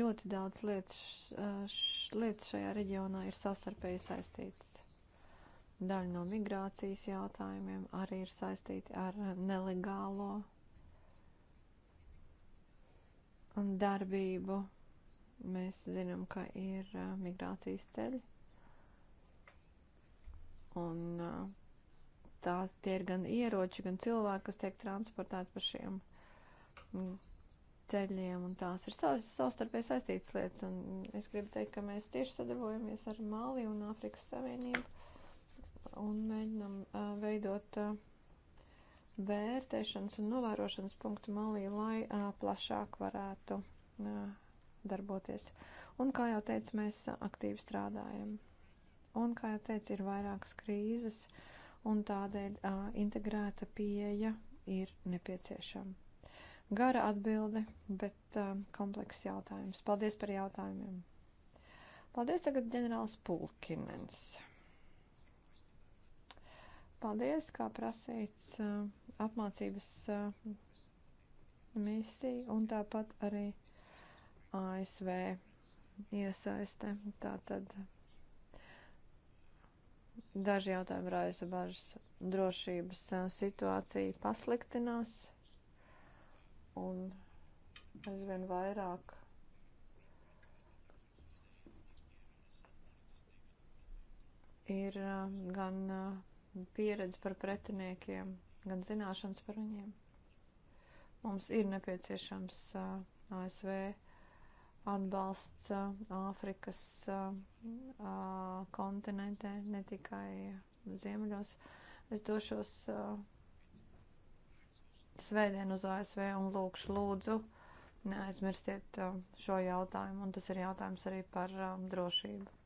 Ļoti daudz lietas, š, š, lietas šajā reģionā ir savstarpēji saistītas. Daļa no migrācijas jautājumiem arī ir saistīti ar nelegālo darbību. Mēs zinām, ka ir uh, migrācijas ceļi. Un uh, tā, tie ir gan ieroči, gan cilvēki, kas tiek transportēti pa šiem ceļiem. Un tās ir savstarpēji saistītas lietas. Un es gribu teikt, ka mēs tieši sadarbojamies ar Mali un Āfrikas Savienību un mēģinam uh, veidot. Uh, vērtēšanas un novērošanas punktu malī, lai uh, plašāk varētu uh, darboties. Un, kā jau teicu, mēs aktīvi strādājam. Un, kā jau teicu, ir vairākas krīzes, un tādēļ uh, integrēta pieeja ir nepieciešama. Gara atbilde, bet uh, komplekss jautājums. Paldies par jautājumiem. Paldies tagad ģenerālis Pulkinens. Paldies, kā prasīts, apmācības misija un tāpat arī ASV iesaiste. Tātad daži jautājumi raisa bažas. Drošības situācija pasliktinās un aizvien vairāk ir gan pieredze par pretiniekiem, gan zināšanas par viņiem. Mums ir nepieciešams uh, ASV atbalsts uh, Āfrikas uh, kontinentē, ne tikai ziemeļos. Es došos uh, svētdien uz ASV un lūkšu lūdzu, neaizmirstiet uh, šo jautājumu, un tas ir jautājums arī par uh, drošību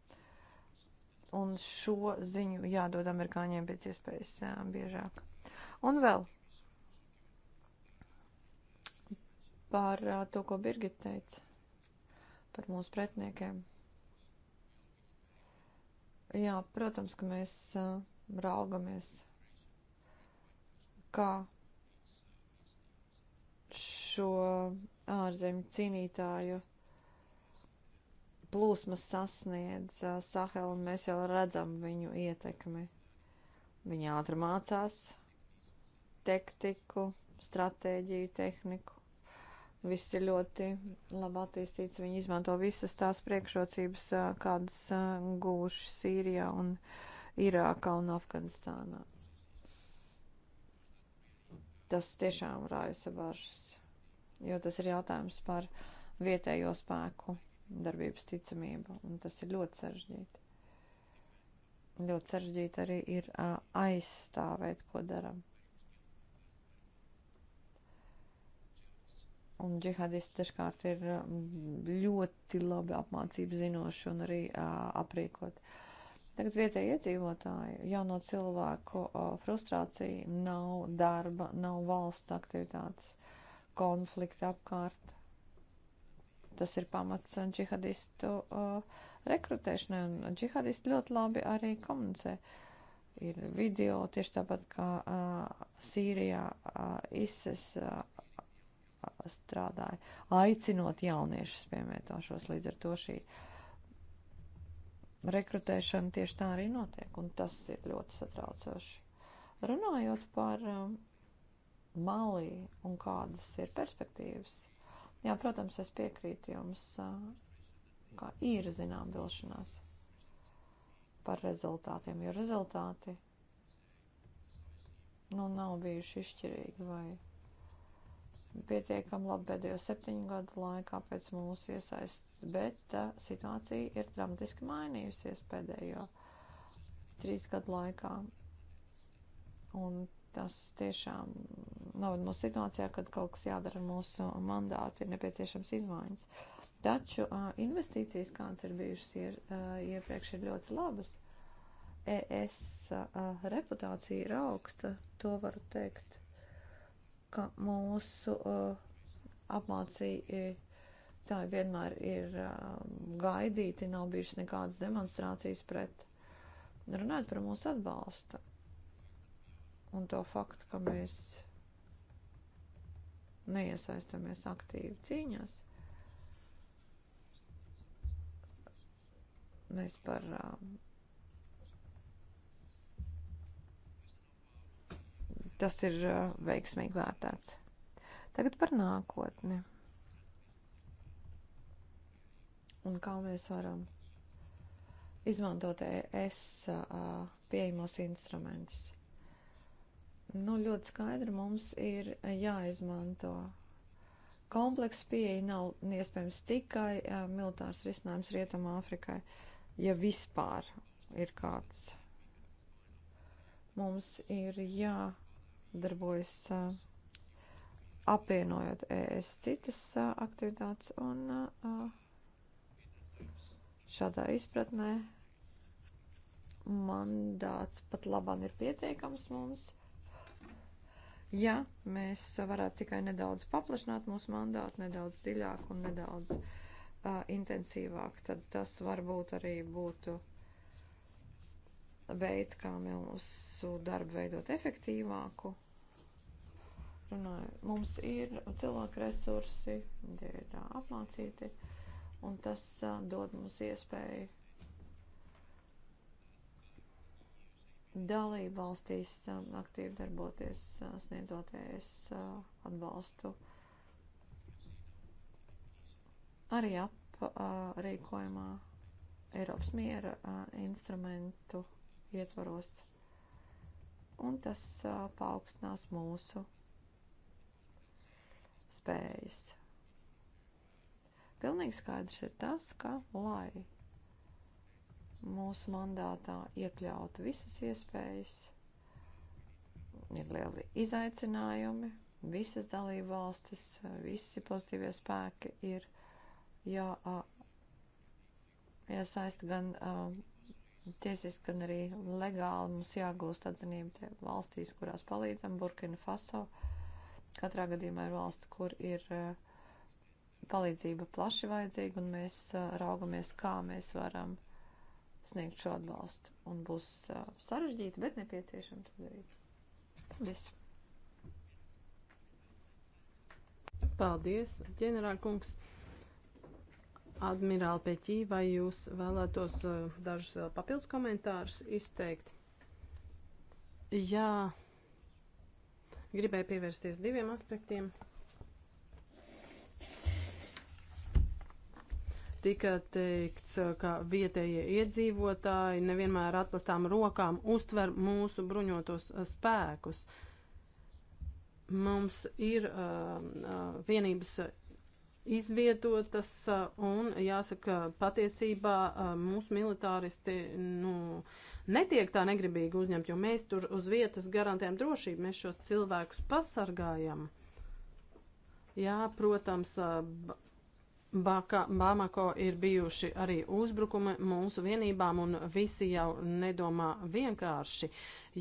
un šo ziņu jādod amerikāņiem pēc iespējas jā, biežāk. Un vēl par to, ko Birgit teica par mūsu pretniekiem. Jā, protams, ka mēs uh, raugamies, kā šo ārzemju cīnītāju plūsmas sasniedz Sahelu, un mēs jau redzam viņu ietekmi. Viņi ātri mācās tektiku, stratēģiju, tehniku. Viss ir ļoti labi attīstīts. Viņi izmanto visas tās priekšrocības, kādas gūši Sīrijā un Irākā un Afganistānā. Tas tiešām rāja bažas, jo tas ir jautājums par vietējo spēku darbības ticamību, un tas ir ļoti sarežģīti. Ļoti sarežģīti arī ir uh, aizstāvēt, ko daram. Un džihadisti dažkārt ir ļoti labi apmācību zinoši un arī uh, aprīkot. Tagad vietēji iedzīvotāji, jauno cilvēku uh, frustrācija, nav darba, nav valsts aktivitātes, konflikti apkārt Tas ir pamats džihadistu uh, rekrutēšanai, un džihadisti ļoti labi arī komunicē. Ir video tieši tāpat kā uh, Sīrijā uh, ISIS uh, strādāja, aicinot jauniešus piemētošos līdz ar to šī rekrutēšana tieši tā arī notiek, un tas ir ļoti satraucoši. Runājot par uh, um, Malī un kādas ir perspektīvas Jā, protams, es piekrītu jums, ka ir zinām vilšanās par rezultātiem, jo rezultāti nu, nav bijuši izšķirīgi vai pietiekami labi pēdējo septiņu gadu laikā pēc mūsu iesaists, bet uh, situācija ir dramatiski mainījusies pēdējo trīs gadu laikā. Un tas tiešām noved mūsu situācijā, kad kaut kas jādara mūsu mandātu, ir nepieciešams izmaiņas. Taču investīcijas, kādas ir bijušas ir, iepriekš, ir ļoti labas. ES reputācija ir augsta, to varu teikt, ka mūsu apmācīja tā vienmēr ir gaidīti, nav bijušas nekādas demonstrācijas pret. Runājot par mūsu atbalstu, un to faktu, ka mēs neiesaistamies aktīvi cīņās. Mēs par um, tas ir uh, veiksmīgi vērtēts. Tagad par nākotni. Un kā mēs varam izmantot ES uh, pieejamos instrumentus nu, ļoti skaidri mums ir jāizmanto. Kompleks pieeja nav iespējams tikai uh, militārs risinājums Rietumā Afrikai, ja vispār ir kāds. Mums ir jādarbojas uh, apvienojot ES citas uh, aktivitātes un uh, šādā izpratnē mandāts pat labāk ir pietiekams mums ja mēs varētu tikai nedaudz paplašināt mūsu mandātu, nedaudz dziļāk un nedaudz uh, intensīvāk, tad tas varbūt arī būtu veids, kā mūsu darbu veidot efektīvāku. Runāju, mums ir cilvēku resursi, tie ir apmācīti, un tas uh, dod mums iespēju dalību valstīs um, aktīvi darboties, uh, sniedzot ES uh, atbalstu. Arī aprīkojumā uh, Eiropas miera instrumentu ietvaros. Un tas paaugstinās mūsu spējas. Pilnīgi skaidrs ir tas, ka lai mūsu mandātā iekļaut visas iespējas. Ir lieli izaicinājumi, visas dalību valstis, visi pozitīvie spēki ir jā, jāsaista gan uh, tiesiski, gan arī legāli. Mums jāgūst atzinība tie valstīs, kurās palīdzam, Burkina Faso. Katrā gadījumā ir valsts, kur ir uh, palīdzība plaši vajadzīga, un mēs uh, raugamies, kā mēs varam sniegt šo atbalstu. Un būs uh, sarežģīti, bet nepieciešams to darīt. Paldies! Paldies, ģenerālkungs! Admirāli Pēķī, vai jūs vēlētos uh, dažus vēl papildus komentārus izteikt? Jā, gribēju pievērsties diviem aspektiem. tika teikts, eh, ka vietējie iedzīvotāji nevienmēr atklātām rokām uztver mūsu bruņotos eh, spēkus. Mums ir uh, vienības izvietotas, un jāsaka, patiesībā mūsu militāristi nu, netiek tā negribīgi uzņemt, jo mēs tur uz vietas garantējam drošību, mēs šos cilvēkus pasargājam. Jā, protams, Baka, Bamako ir bijuši arī uzbrukumi mūsu vienībām, un visi jau nedomā vienkārši.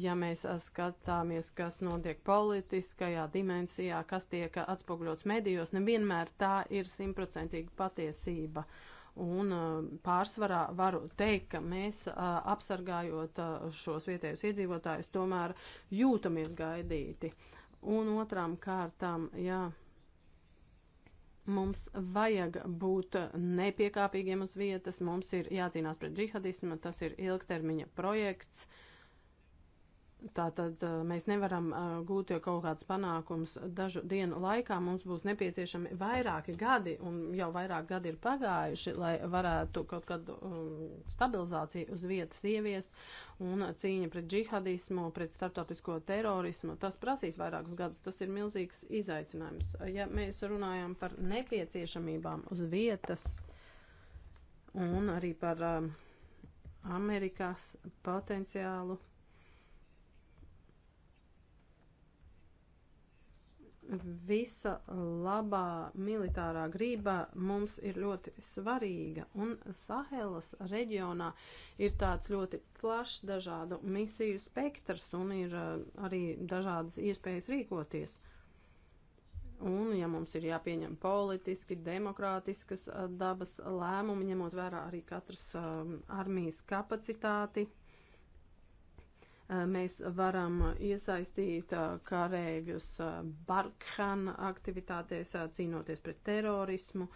Ja mēs skatāmies, kas notiek politiskajā dimensijā, kas tiek atspoguļots medijos, nevienmēr tā ir simtprocentīga patiesība. Un uh, pārsvarā varu teikt, ka mēs uh, apsargājot uh, šos vietējos iedzīvotājus, tomēr jūtamies gaidīti. Un otrām kārtām, jā. Ja, Mums vajag būt nepiekāpīgiem uz vietas, mums ir jācīnās pret džihadismu, tas ir ilgtermiņa projekts. Uh, Tātad eh, mēs nevaram eh, gūt jau kaut kādus panākumus dažu dienu laikā. Mums būs nepieciešami vairāki gadi, un jau vairāk gadi ir pagājuši, lai varētu kaut kādu eh, stabilizāciju uz vietas ieviest. Un cīņa pret džihadismu, pret startautisko terorismu, tas prasīs vairākus gadus. Tas ir milzīgs izaicinājums. Ja mēs runājam par nepieciešamībām uz vietas un arī par Amerikas potenciālu visa labā militārā grība mums ir ļoti svarīga, un Sahelas reģionā ir tāds ļoti plašs dažādu misiju spektrs, un ir eh, arī dažādas iespējas rīkoties. Un, ja mums ir jāpieņem politiski, demokrātiskas eh, dabas lēmumi, ņemot vērā arī katras um, armijas kapacitāti, uh, Eh, mēs varam iesaistīt eh, karēģus eh, Barkhana aktivitātēs, cīnoties pret terorismu.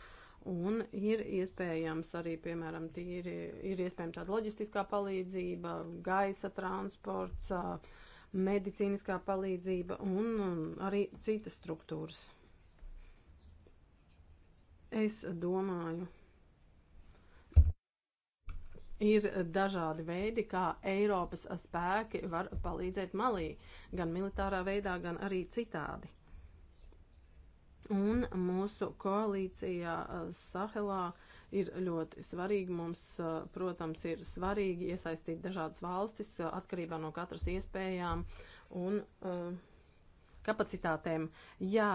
Un ir iespējams arī, piemēram, tīri, ir iespējama tāda loģistiskā palīdzība, gaisa transports, medicīniskā palīdzība un um, arī citas struktūras. Es domāju, ir dažādi veidi, kā Eiropas spēki var palīdzēt Malī, gan militārā veidā, gan arī citādi. Un mūsu koalīcijā Sahelā ir ļoti svarīgi. Mums, protams, ir svarīgi iesaistīt dažādas valstis atkarībā no katras iespējām un uh, kapacitātēm. Jā,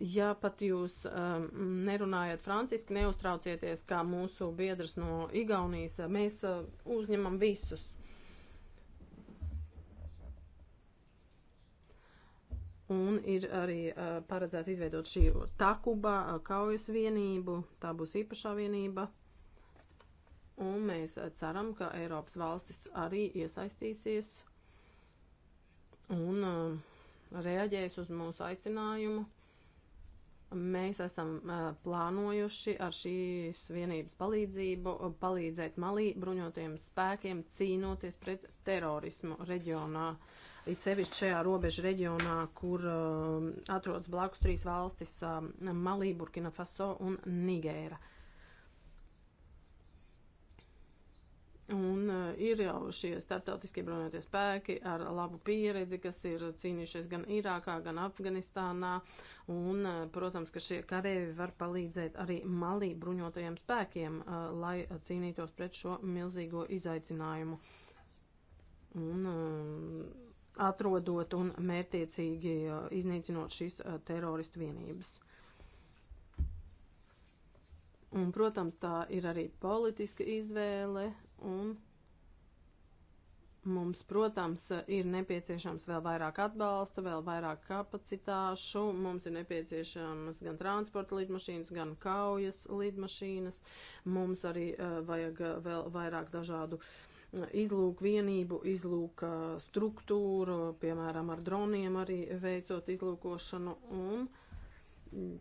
ja pat jūs um, nerunājat franciski, neuztraucieties, kā mūsu biedrs no Igaunijas, mēs uh, uzņemam visus. Un ir arī uh, paredzēts izveidot šī takuba uh, kaujas vienību, tā būs īpašā vienība. Un mēs uh, ceram, ka Eiropas valstis arī iesaistīsies un uh, reaģējis uz mūsu aicinājumu. Mēs esam uh, plānojuši ar šīs vienības palīdzību palīdzēt Malī bruņotajiem spēkiem cīnoties pret terorismu reģionā. It sevišķi šajā robežu reģionā, kur uh, atrodas blakus trīs valstis uh, - Malī, Burkina Faso un Nigēra. Uh, Un uh, ir jau šie startautiskie bruņotie spēki ar labu pieredzi, kas ir cīnījušies gan Irākā, gan Afganistānā. Un, uh, protams, ka šie karievi var palīdzēt arī malī bruņotajiem spēkiem, uh, lai cīnītos pret šo milzīgo izaicinājumu. Un, uh, atrodot un mērtiecīgi uh, iznīcinot šīs uh, teroristu vienības. Un, protams, tā ir arī politiska izvēle, un mums, protams, ir nepieciešams vēl vairāk atbalsta, vēl vairāk kapacitāšu, mums ir nepieciešamas gan transporta līdmašīnas, gan kaujas līdmašīnas, mums arī uh, vajag eh, vēl vairāk dažādu uh, eh, izlūk vienību, izlūk struktūru, piemēram, ar droniem arī veicot izlūkošanu un mm,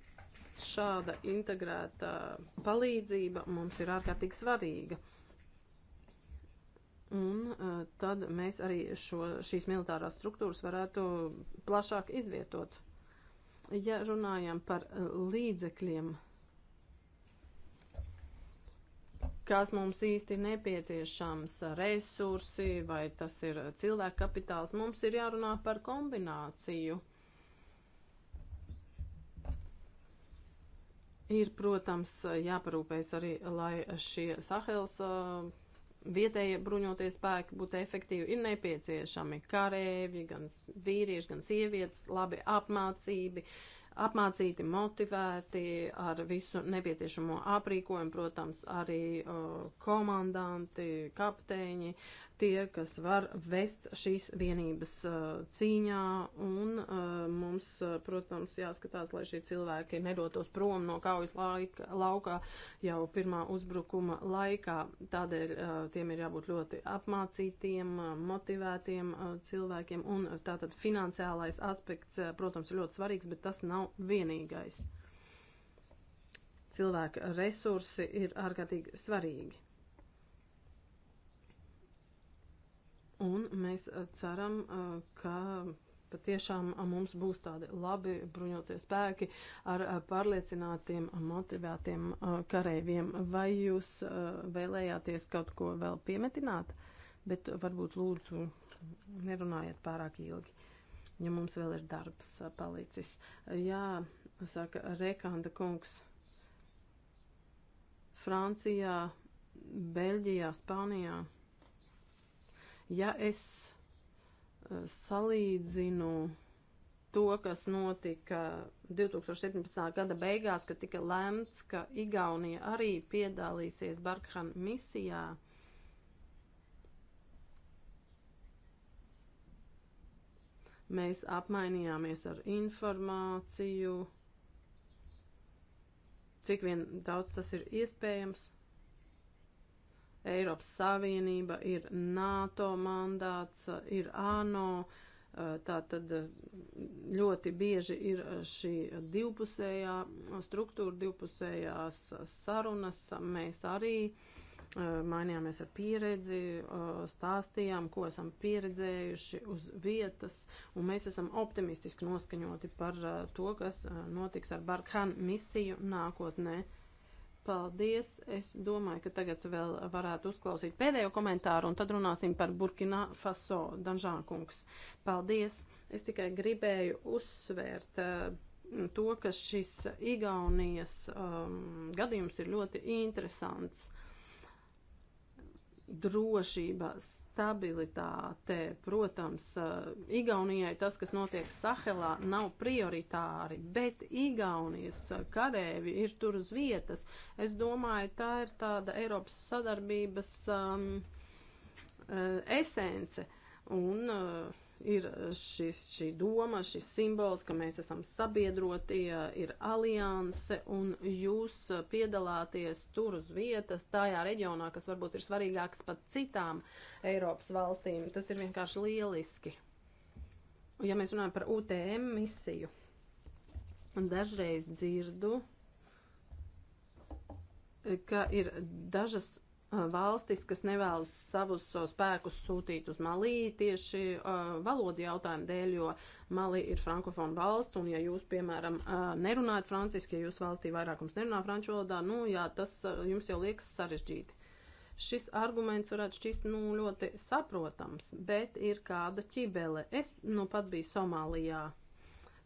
šāda integrēta palīdzība mums ir ārkārtīgi svarīga. Un uh, tad mēs arī šo, šīs militārās struktūras varētu plašāk izvietot. Ja runājam par uh, līdzekļiem, kas mums īsti nepieciešams, resursi vai tas ir cilvēka kapitāls, mums ir jārunā par kombināciju. Uh, Ir, protams, jāparūpējas arī, lai šie Sahels uh, vietējie bruņotie spēki būtu efektīvi, ir nepieciešami karēvi, gan vīrieši, gan sievietes, labi apmācībi, apmācīti, motivēti ar visu nepieciešamo aprīkojumu, protams, arī uh, komandanti, kapteiņi, tie, kas var vest šīs vienības uh, cīņā, un uh, mums, uh, protams, jāskatās, lai šie cilvēki nedotos prom no kaujas laika, laukā jau pirmā uzbrukuma laikā. Tādēļ uh, tiem ir jābūt ļoti apmācītiem, uh, motivētiem uh, cilvēkiem, un uh, tātad finansiālais aspekts, uh, protams, ir ļoti svarīgs, bet tas nav vienīgais. Cilvēka resursi ir ārkārtīgi svarīgi. Un mēs uh, ceram, uh, ka patiešām uh, mums būs tādi labi bruņotie spēki ar pārliecinātiem, motivētiem kareiviem. Vai jūs vēlējāties kaut ko vēl piemetināt, bet varbūt lūdzu nerunājiet pārāk ilgi, ja mums vēl ir darbs palicis. Jā, saka Rekanda kungs. Francijā, Beļģijā, Spānijā. Ja es eh, salīdzinu to, kas notika 2017. gada beigās, kad tika lemts, ka Igaunija arī piedalīsies Barkhan misijā, mēs apmainījāmies ar informāciju, cik vien daudz tas ir iespējams. Eiropas Savienība, ir NATO mandāts, ir ANO. Eh, Tā tad eh, ļoti bieži ir eh, šī divpusējā struktūra, divpusējās sarunas. Mēs arī mainījāmies ar pieredzi, stāstījām, ko esam pieredzējuši uz vietas, un mēs esam optimistiski noskaņoti par to, kas notiks ar Barkhan misiju nākotnē. Paldies. Es domāju, ka tagad vēl varētu uzklausīt pēdējo komentāru un tad runāsim par Burkina Faso, Danžānkungs. Paldies. Es tikai gribēju uzsvērt uh, to, ka šis Igaunijas um, gadījums ir ļoti interesants. Drošības stabilitāte. Protams, Igaunijai tas, kas notiek Sahelā, nav prioritāri, bet Igaunijas karēvi ir tur uz vietas. Es domāju, tā ir tāda Eiropas sadarbības um, esence. Un, uh, ir šis, šī doma, šis simbols, ka mēs esam sabiedrotie, ir alianse, un jūs piedalāties tur uz vietas, tajā reģionā, kas varbūt ir svarīgāks pat citām Eiropas valstīm. Tas ir vienkārši lieliski. Ja mēs runājam par UTM misiju, un dažreiz dzirdu, ka ir dažas Uh, valstis, kas nevēlas savus uh, spēkus sūtīt uz Malī tieši uh, valodu jautājumu dēļ, jo Malī ir frankofona valsts, un ja jūs, piemēram, uh, nerunājat franciski, ja jūs valstī vairākums nerunā franču valodā, nu jā, tas uh, jums jau liekas sarežģīti. Šis arguments varētu šķist nu, ļoti saprotams, bet ir kāda ķibele. Es nu pat biju Somālijā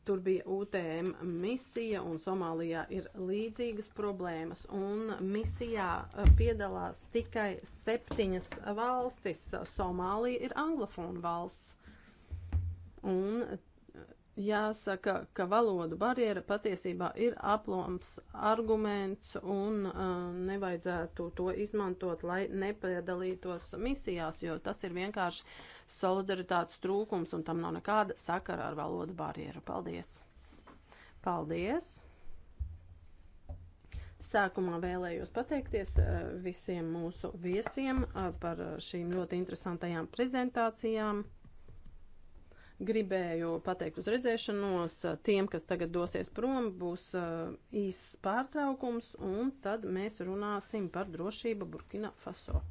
Tur bija UTM misija, un Somālijā ir līdzīgas problēmas. Un misijā eh, piedalās tikai septiņas valstis. Somālija ir anglofona valsts. Un Jāsaka, ka valodu barjera patiesībā ir aploms arguments un uh, nevajadzētu to izmantot, lai nepiedalītos misijās, jo tas ir vienkārši solidaritātes trūkums un tam nav nekāda sakara ar valodu barjeru. Paldies! Paldies! Sākumā vēlējos pateikties uh, visiem mūsu viesiem uh, par uh, šīm ļoti interesantajām prezentācijām. Gribēju pateikt uz redzēšanos tiem, kas tagad dosies prom, būs īsts pārtraukums, un tad mēs runāsim par drošību Burkina Faso.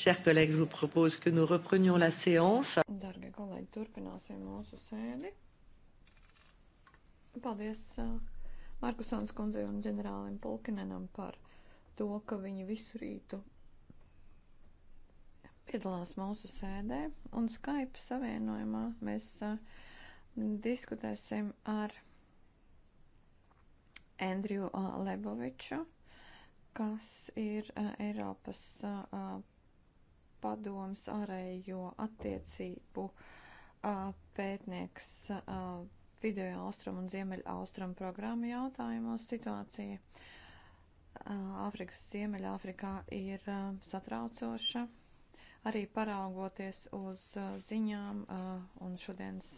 Chers collègues, je vous propose que nous reprenions la séance. Dargie kolēģi, turpināsim mūsu sēdi. Paldies eh, Markusons kundzei un ģenerālim Pulkinenam par to, ka viņi visu rītu piedalās mūsu sēdē un Skype savienojumā mēs eh, diskutēsim ar Andriju eh, Leboviču, kas ir Eiropas padomas ārējo attiecību pētnieks video austrumu un ziemeļa austrumu programmu jautājumos situācija. Āfrikas ziemeļa Āfrikā ir satraucoša. Arī paraugoties uz ziņām un šodienas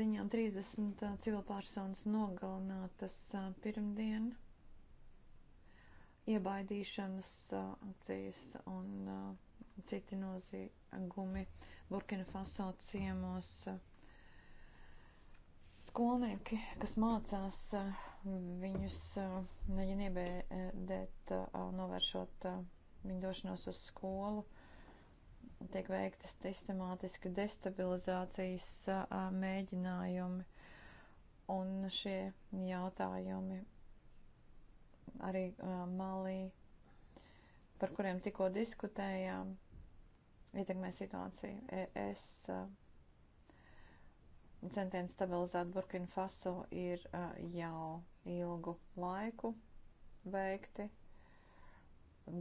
ziņām 30 civilpersonas nogalinātas pirmdien iebaidīšanas uh, akcijas un uh, citi noziegumi Burkina Faso ciemos. Uh, skolnieki, kas mācās, viņus neģina iebēdēt, novēršot viņu došanos uz skolu tiek veikta sistemātiska destabilizācijas mēģinājumi, un šie jautājumi arī uh, Malī, par kuriem tikko diskutējām, ietekmē situāciju. Es uh, centienu stabilizēt Burkina Faso ir uh, jau ilgu laiku veikti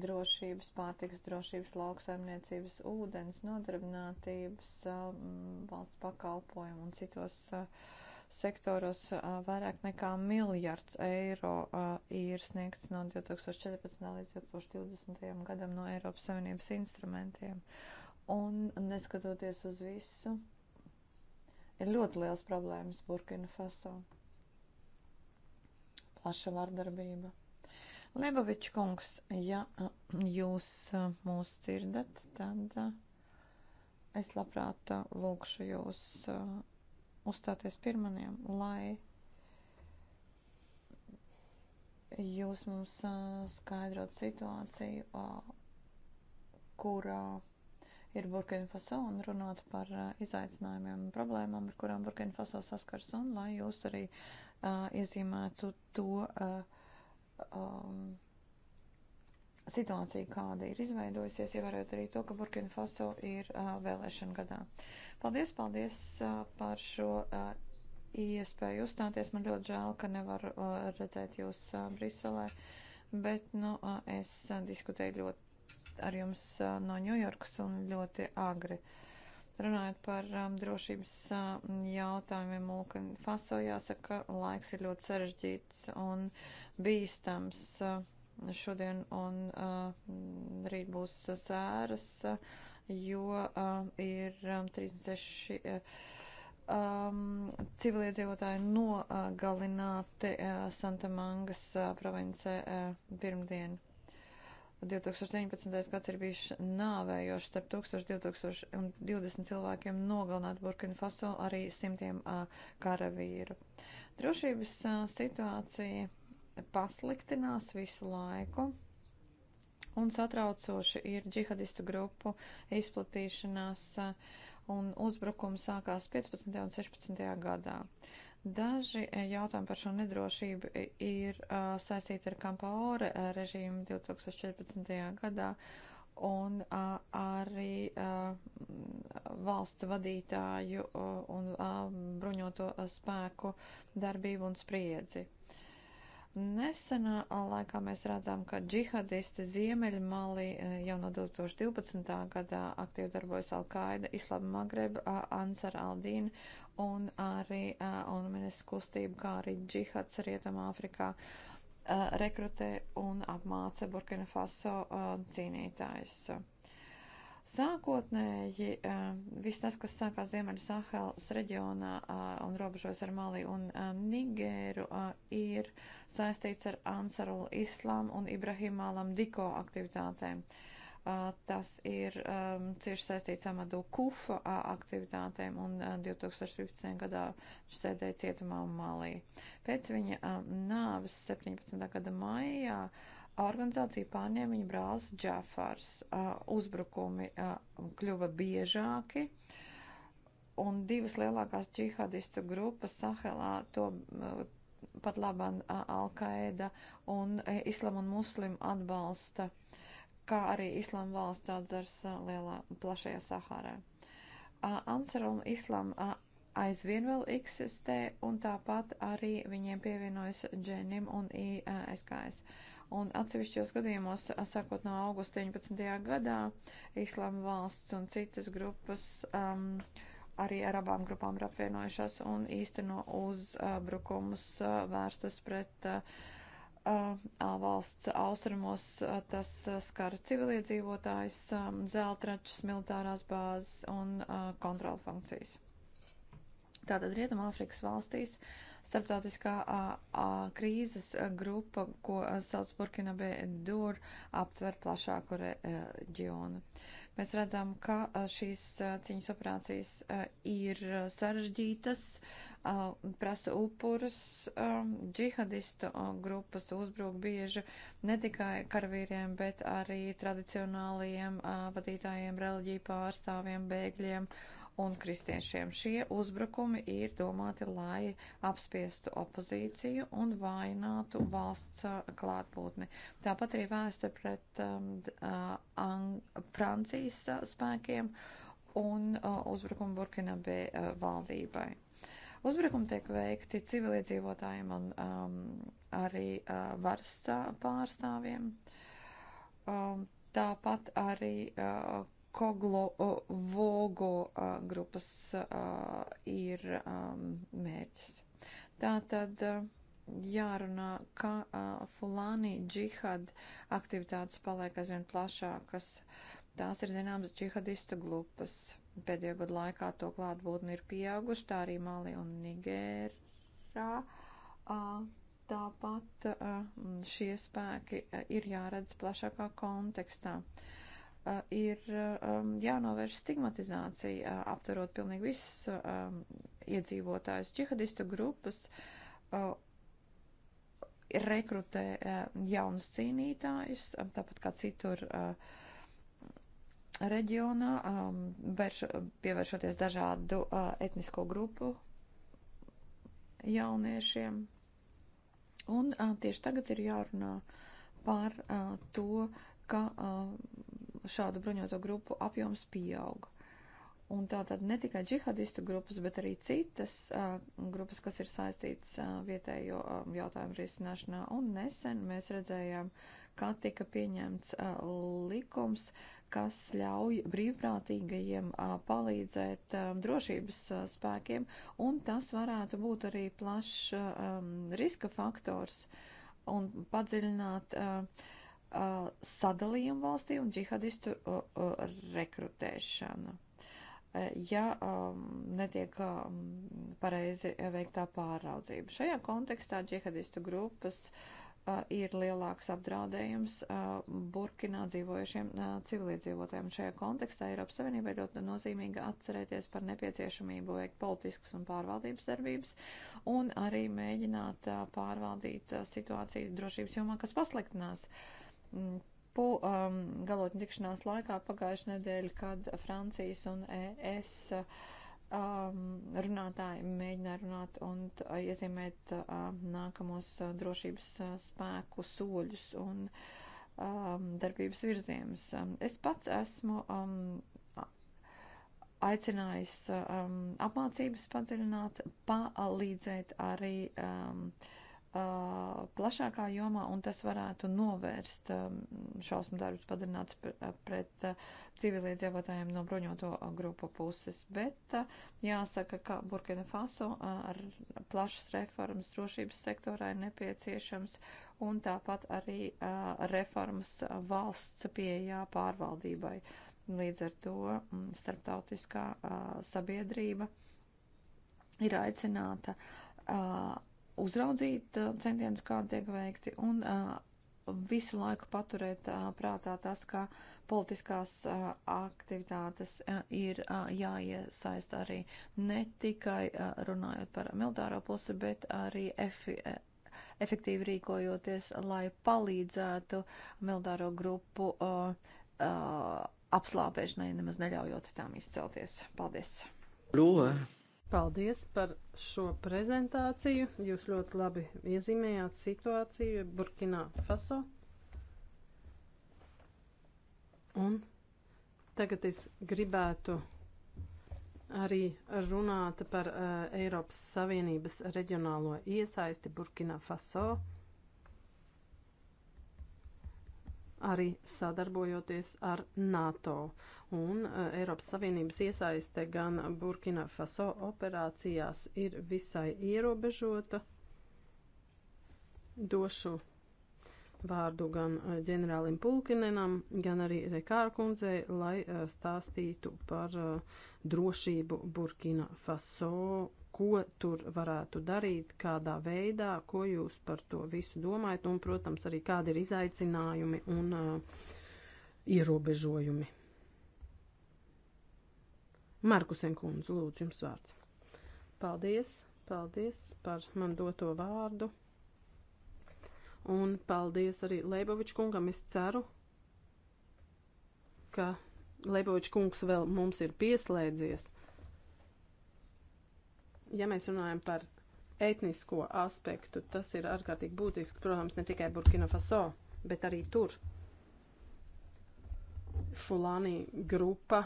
drošības, pārtiks drošības, lauksaimniecības, ūdens, nodarbinātības, um, valsts pakalpojumu un citos uh, sektoros vairāk nekā miljards eiro ir sniegts no 2014. līdz 2020. gadam no Eiropas Savienības instrumentiem. Un neskatoties uz visu, ir ļoti liels problēmas Burkina Faso. Plaša vardarbība. Lebavičs kungs, ja jūs mūs dzirdat, tad es labprāt lūkšu jūs uzstāties pirmaniem, lai jūs mums skaidrot situāciju, kurā ir Burkina Faso un runāt par izaicinājumiem un problēmām, ar kurām Burkina Faso saskars, un lai jūs arī iezīmētu to um, situācija, kāda ir izveidojusies, ievērot arī to, ka Burkina Faso ir uh, vēlēšana gadā. Paldies, paldies uh, par šo uh, iespēju uzstāties. Man ļoti žēl, ka nevaru uh, redzēt jūs uh, Briselē, bet nu, uh, es uh, diskutēju ļoti ar jums uh, no Ņujorkas un ļoti agri. Runājot par um, drošības uh, jautājumiem, Mulkan Faso jāsaka, laiks ir ļoti sarežģīts un bīstams. Uh, Šodien un uh, rīt būs sēras, jo uh, ir 36 um, uh, um, civiliedzīvotāji nogalināti uh, Santa Mangas uh, provincē uh, pirmdien. 2019. gads ir bijis nāvējošs starp 1000 un 20 cilvēkiem nogalināt Burkina Faso arī simtiem uh, karavīru. Drošības uh, situācija pasliktinās visu laiku. Un satraucoši ir džihadistu grupu izplatīšanās eh, un uzbrukums sākās 15. un 16. gadā. Daži eh, jautājumi par šo nedrošību ir uh, saistīti ar Kampaore režīmu 2014. gadā un uh, arī uh, valsts vadītāju uh, un uh, bruņoto spēku darbību un spriedzi. Nesenā laikā mēs redzam, ka džihadisti Ziemeļmalī eh, jau no 2012. gadā aktīvi darbojas Al-Qaida, Islama Magreba, Ansar Aldīna un arī UNMINES kustība, kā arī džihads Rietumāfrikā rekrutē un apmāca Burkina Faso cīnītājus. Sākotnēji eh, viss tas, kas sākās Ziemeļa Sahels reģionā eh, un robežos ar Mali un eh, Nigēru, ir saistīts ar Ansarul Islam un Ibrahimālam Diko aktivitātēm. Tas ir cieši saistīts Amadu Kufa aktivitātēm un 2013. gadā viņš sēdēja cietumā Malī. Pēc viņa nāves 17. gada maijā organizācija pārņēma viņa brālis Džafars. Uzbrukumi kļuva biežāki, un divas lielākās džihadistu grupas Sahelā to pat labāk Alkaida un Islam un Muslim atbalsta, kā arī Islam valsts atzars lielā, plašajā Sahārā. Ansar un Islam aizvien vēl eksistē, un tāpat arī viņiem pievienojas Dženim un ISKS. Uh, Un atsevišķos gadījumos, sākot no augusta 19. gadā, Islāma valsts un citas grupas um, arī ar abām grupām ir apvienojušās un īsteno uzbrukumus uh, vērstus pret uh, valsts austrumos. Uh, tas skar civiliedzīvotājs, um, zeltračus, militārās bāzes un uh, kontrolfunkcijas. Tātad Rietumāfrikas valstīs uh, Starptautiskā a, a, krīzes grupa, ko sauc Burkinabē Dur, aptver plašāku reģionu. Mēs redzam, ka a, šīs a, ciņas operācijas a, ir sarežģītas, a, prasa upurus, a, džihadistu a, grupas uzbruk bieži ne tikai karavīriem, bet arī tradicionālajiem a, vadītājiem, reliģiju pārstāvjiem, bēgļiem. A, un kristiešiem. Šie uzbrukumi ir domāti, lai apspiestu opozīciju un vainātu valsts uh, klātbūtni. Tāpat arī vēsta pret um, uh, Francijas uh, spēkiem un uh, uzbrukumu Burkinabē uh, valdībai. Uzbrukumi tiek veikti civiliedzīvotājiem un um, arī uh, varas uh, pārstāvjiem. Um, tāpat arī uh, Koglo Vogo grupas ir mērķis. Tātad jārunā, ka Fulāni džihad aktivitātes paliek aizvien plašākas. Tās ir zināmas džihadistu grupas. Pēdējo gadu laikā to klātbūtni ir pieauguši, tā arī Mali un Nigērā. Tāpat šie spēki ir jāredz plašākā kontekstā. Uh, ir um, jānovērš stigmatizācija, uh, aptverot pilnīgi visus um, iedzīvotājus. Džihadistu grupas uh, rekrutē uh, jaunus cīnītājus, um, tāpat kā citur uh, reģionā, um, vērš, pievēršoties dažādu uh, etnisko grupu jauniešiem. Un uh, tieši tagad ir jārunā par uh, to, ka uh, šādu bruņoto grupu apjoms pieaug. Un tā tad ne tikai džihadistu grupas, bet arī citas uh, grupas, kas ir saistītas uh, vietējo um, jautājumu risināšanā. Un nesen mēs redzējām, kā tika pieņemts uh, likums, kas ļauj brīvprātīgajiem uh, palīdzēt uh, drošības uh, spēkiem, un tas varētu būt arī plašs uh, um, riska faktors un padziļināt. Uh, uh, sadalījumu valstī un džihadistu uh, uh, rekrutēšanu. Uh, ja um, netiek um, pareizi veiktā pāraudzība. Šajā kontekstā džihadistu grupas uh, ir lielāks apdraudējums uh, Burkinā dzīvojušiem uh, civiliedzīvotājiem. Šajā kontekstā Eiropas Savienībai ļoti nozīmīgi atcerēties par nepieciešamību veikt politiskas un pārvaldības darbības un arī mēģināt uh, pārvaldīt uh, situāciju drošības jomā, kas pasliktinās. Uh, Mm, pu um, galotņu tikšanās laikā pagājušajā nedēļā, kad Francijas un ES um, runātāji mēģināja runāt un uh, iezīmēt uh, nākamos uh, drošības uh, spēku soļus un um, darbības virzienus. Um, es pats esmu um, aicinājis um, apmācības padziļināt, palīdzēt arī um, uh, uh, plašākā jomā, un tas varētu novērst um, šausmu darbus padarināts uh, pret uh, civiliedzīvotājiem no bruņoto uh, grupu puses. Bet uh, jāsaka, ka Burkina Faso uh, ar plašas reformas drošības sektorā ir nepieciešams, un tāpat arī uh, reformas valsts pieejā pārvaldībai. Līdz ar to um, starptautiskā uh, sabiedrība ir aicināta uh, uzraudzīt centienus, kādi tiek veikti, un visu laiku paturēt prātā tas, ka politiskās aktivitātes ir jāiesaist arī ne tikai runājot par militāro pusi, bet arī efi, efektīvi rīkojoties, lai palīdzētu militāro grupu apslāpēšanai, nemaz neļaujot tām izcelties. Paldies! Lūdzu! Paldies par šo prezentāciju. Jūs ļoti labi iezīmējāt situāciju Burkinā Faso. Un tagad es gribētu arī runāt par uh, Eiropas Savienības reģionālo iesaisti Burkinā Faso. Uh, arī sadarbojoties ar NATO. Un uh, Eiropas Savienības iesaiste gan Burkina Faso operācijās ir visai ierobežota. Došu vārdu gan e, ģenerālim Pulkinenam, gan arī Rekārkundzei, lai uh, stāstītu par uh, drošību Burkina Faso ko tur varētu darīt, kādā veidā, ko jūs par to visu domājat, un, protams, arī kādi ir izaicinājumi un uh, ierobežojumi. Markusen kundze, lūdzu, jums vārds. Paldies, paldies par man doto vārdu. Un paldies arī Leibovičs kungam. Es ceru, ka Leibovičs kungs vēl mums ir pieslēdzies ja mēs runājam par etnisko aspektu, tas ir ārkārtīgi būtisks, protams, ne tikai Burkina Faso, bet arī tur. Fulāni grupa,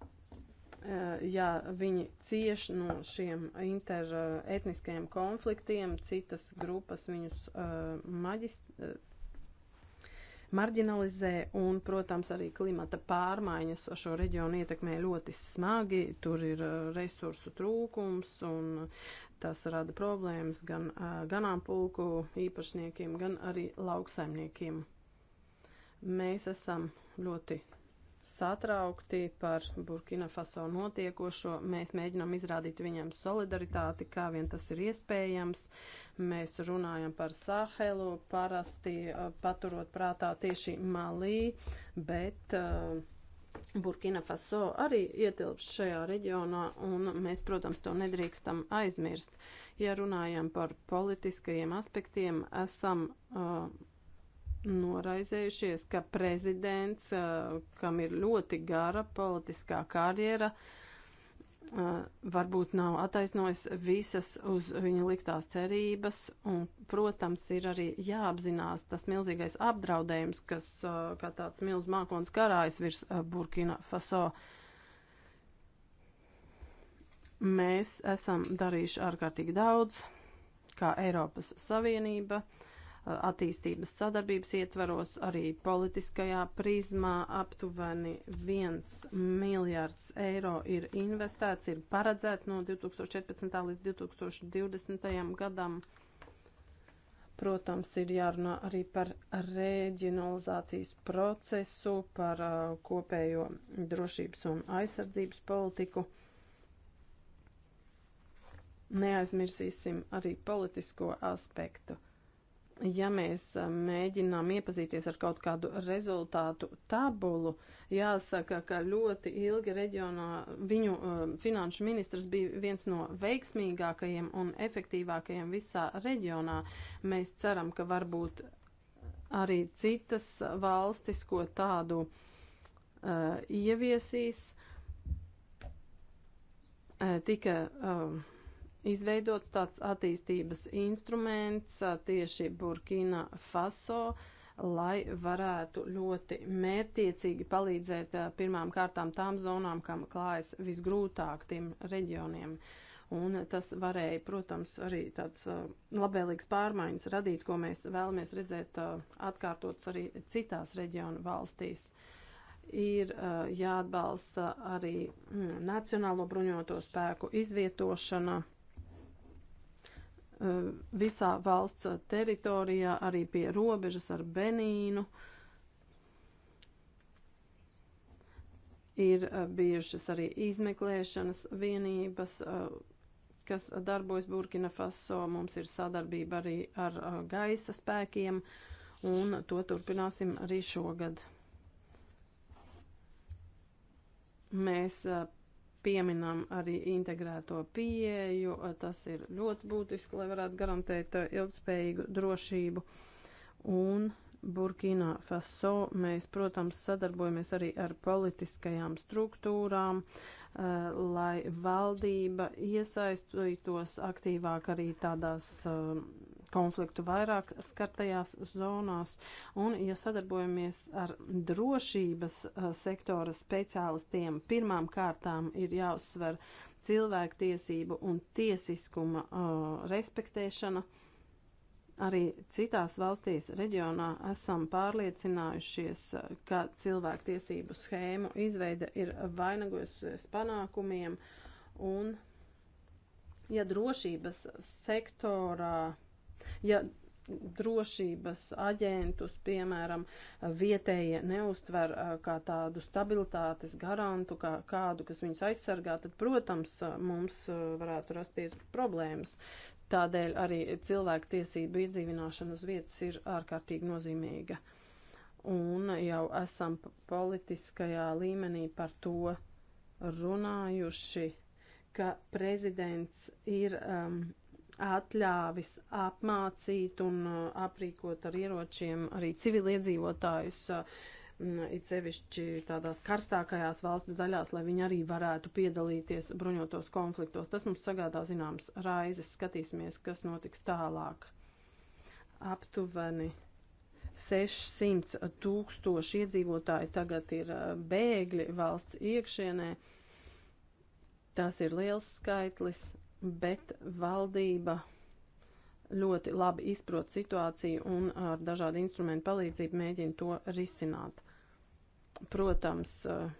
eh, ja viņi cieš no šiem interetniskajiem eh, konfliktiem, citas grupas viņus eh, maģist, marginalizē, un, protams, arī klimata pārmaiņas šo reģionu ietekmē ļoti smagi. Tur ir uh, resursu trūkums, un uh, tas rada problēmas gan uh, ganāmpulku īpašniekiem, gan arī lauksaimniekiem. Mēs esam ļoti satraukti par Burkina Faso notiekošo. Mēs mēģinām izrādīt viņiem solidaritāti, kā vien tas ir iespējams. Mēs runājam par Sahelu, parasti uh, paturot prātā tieši Malī, bet. Uh, Burkina Faso arī ietilpst šajā reģionā, un mēs, protams, to nedrīkstam aizmirst. Ja runājam par politiskajiem aspektiem, esam uh, noraizējušies, ka prezidents, kam ir ļoti gara politiskā karjera, varbūt nav attaisnojis visas uz viņa liktās cerības, un, protams, ir arī jāapzinās tas milzīgais apdraudējums, kas kā tāds milz mākons karājas virs Burkina Faso. Mēs esam darījuši ārkārtīgi daudz, kā Eiropas Savienība. Uh, attīstības sadarbības ietvaros, arī politiskajā prizmā aptuveni 1 miljārds eiro ir investēts, ir paredzēts no 2014. līdz 2020. gadam. Protams, ir jārunā arī par reģionalizācijas procesu, par uh, kopējo drošības un aizsardzības politiku. Neaizmirsīsim arī politisko aspektu ja mēs mēģinām iepazīties ar kaut kādu rezultātu tabulu, jāsaka, ka ļoti ilgi reģionā viņu uh, finanšu ministrs bija viens no veiksmīgākajiem un efektīvākajiem visā reģionā. Mēs ceram, ka varbūt arī citas valstis, ko tādu uh, ieviesīs, uh, tika. Uh, izveidots tāds attīstības instruments tieši Burkina Faso, lai varētu ļoti mērtiecīgi palīdzēt pirmām kārtām tām zonām, kam klājas visgrūtāk tiem reģioniem. Un tas varēja, protams, arī tāds labvēlīgs pārmaiņas radīt, ko mēs vēlamies redzēt atkārtots arī citās reģionu valstīs ir uh, jāatbalsta arī mm, Nacionālo bruņoto spēku izvietošana Eh, visā valsts teritorijā, arī pie robežas ar Benīnu. Ir eh, bijušas arī izmeklēšanas vienības, eh, kas darbojas Burkina Faso. Mums ir sadarbība arī ar gaisa spēkiem, un to turpināsim arī šogad. Mēs pieminam arī integrēto pieeju, tas ir ļoti būtiski, lai varētu garantēt eh, ilgspējīgu drošību. Un Burkina Faso mēs, protams, sadarbojamies arī ar politiskajām struktūrām, eh, lai valdība iesaistītos aktīvāk arī tādās eh, konfliktu vairāk skartajās zonās. Un, ja sadarbojamies ar drošības eh, sektora speciālistiem, pirmām kārtām ir jāuzsver cilvēktiesību un tiesiskuma uh, respektēšana. Arī citās valstīs reģionā esam pārliecinājušies, eh, ka cilvēktiesību schēmu izveida ir vainagojusies panākumiem un ja drošības sektorā Ja drošības aģentus, piemēram, vietējie neustver eh, kā tādu stabilitātes garantu, kā kādu, kas viņus aizsargā, tad, protams, eh, mums eh, varētu rasties problēmas. Tādēļ arī cilvēku tiesību iedzīvināšana uz vietas ir ārkārtīgi nozīmīga. Un jau esam politiskajā līmenī par to runājuši, ka prezidents ir um, atļāvis apmācīt un uh, aprīkot ar ieročiem arī civiliedzīvotājus, uh, mm, it sevišķi tādās karstākajās valsts daļās, lai viņi arī varētu piedalīties bruņotos konfliktos. Tas mums sagādā zināms raizes, skatīsimies, kas notiks tālāk. Aptuveni 600 tūkstoši iedzīvotāji tagad ir uh, bēgļi valsts iekšienē. Tas ir liels skaitlis, bet valdība ļoti labi izprot situāciju un ar dažādu instrumentu palīdzību mēģina to risināt. Protams, eh,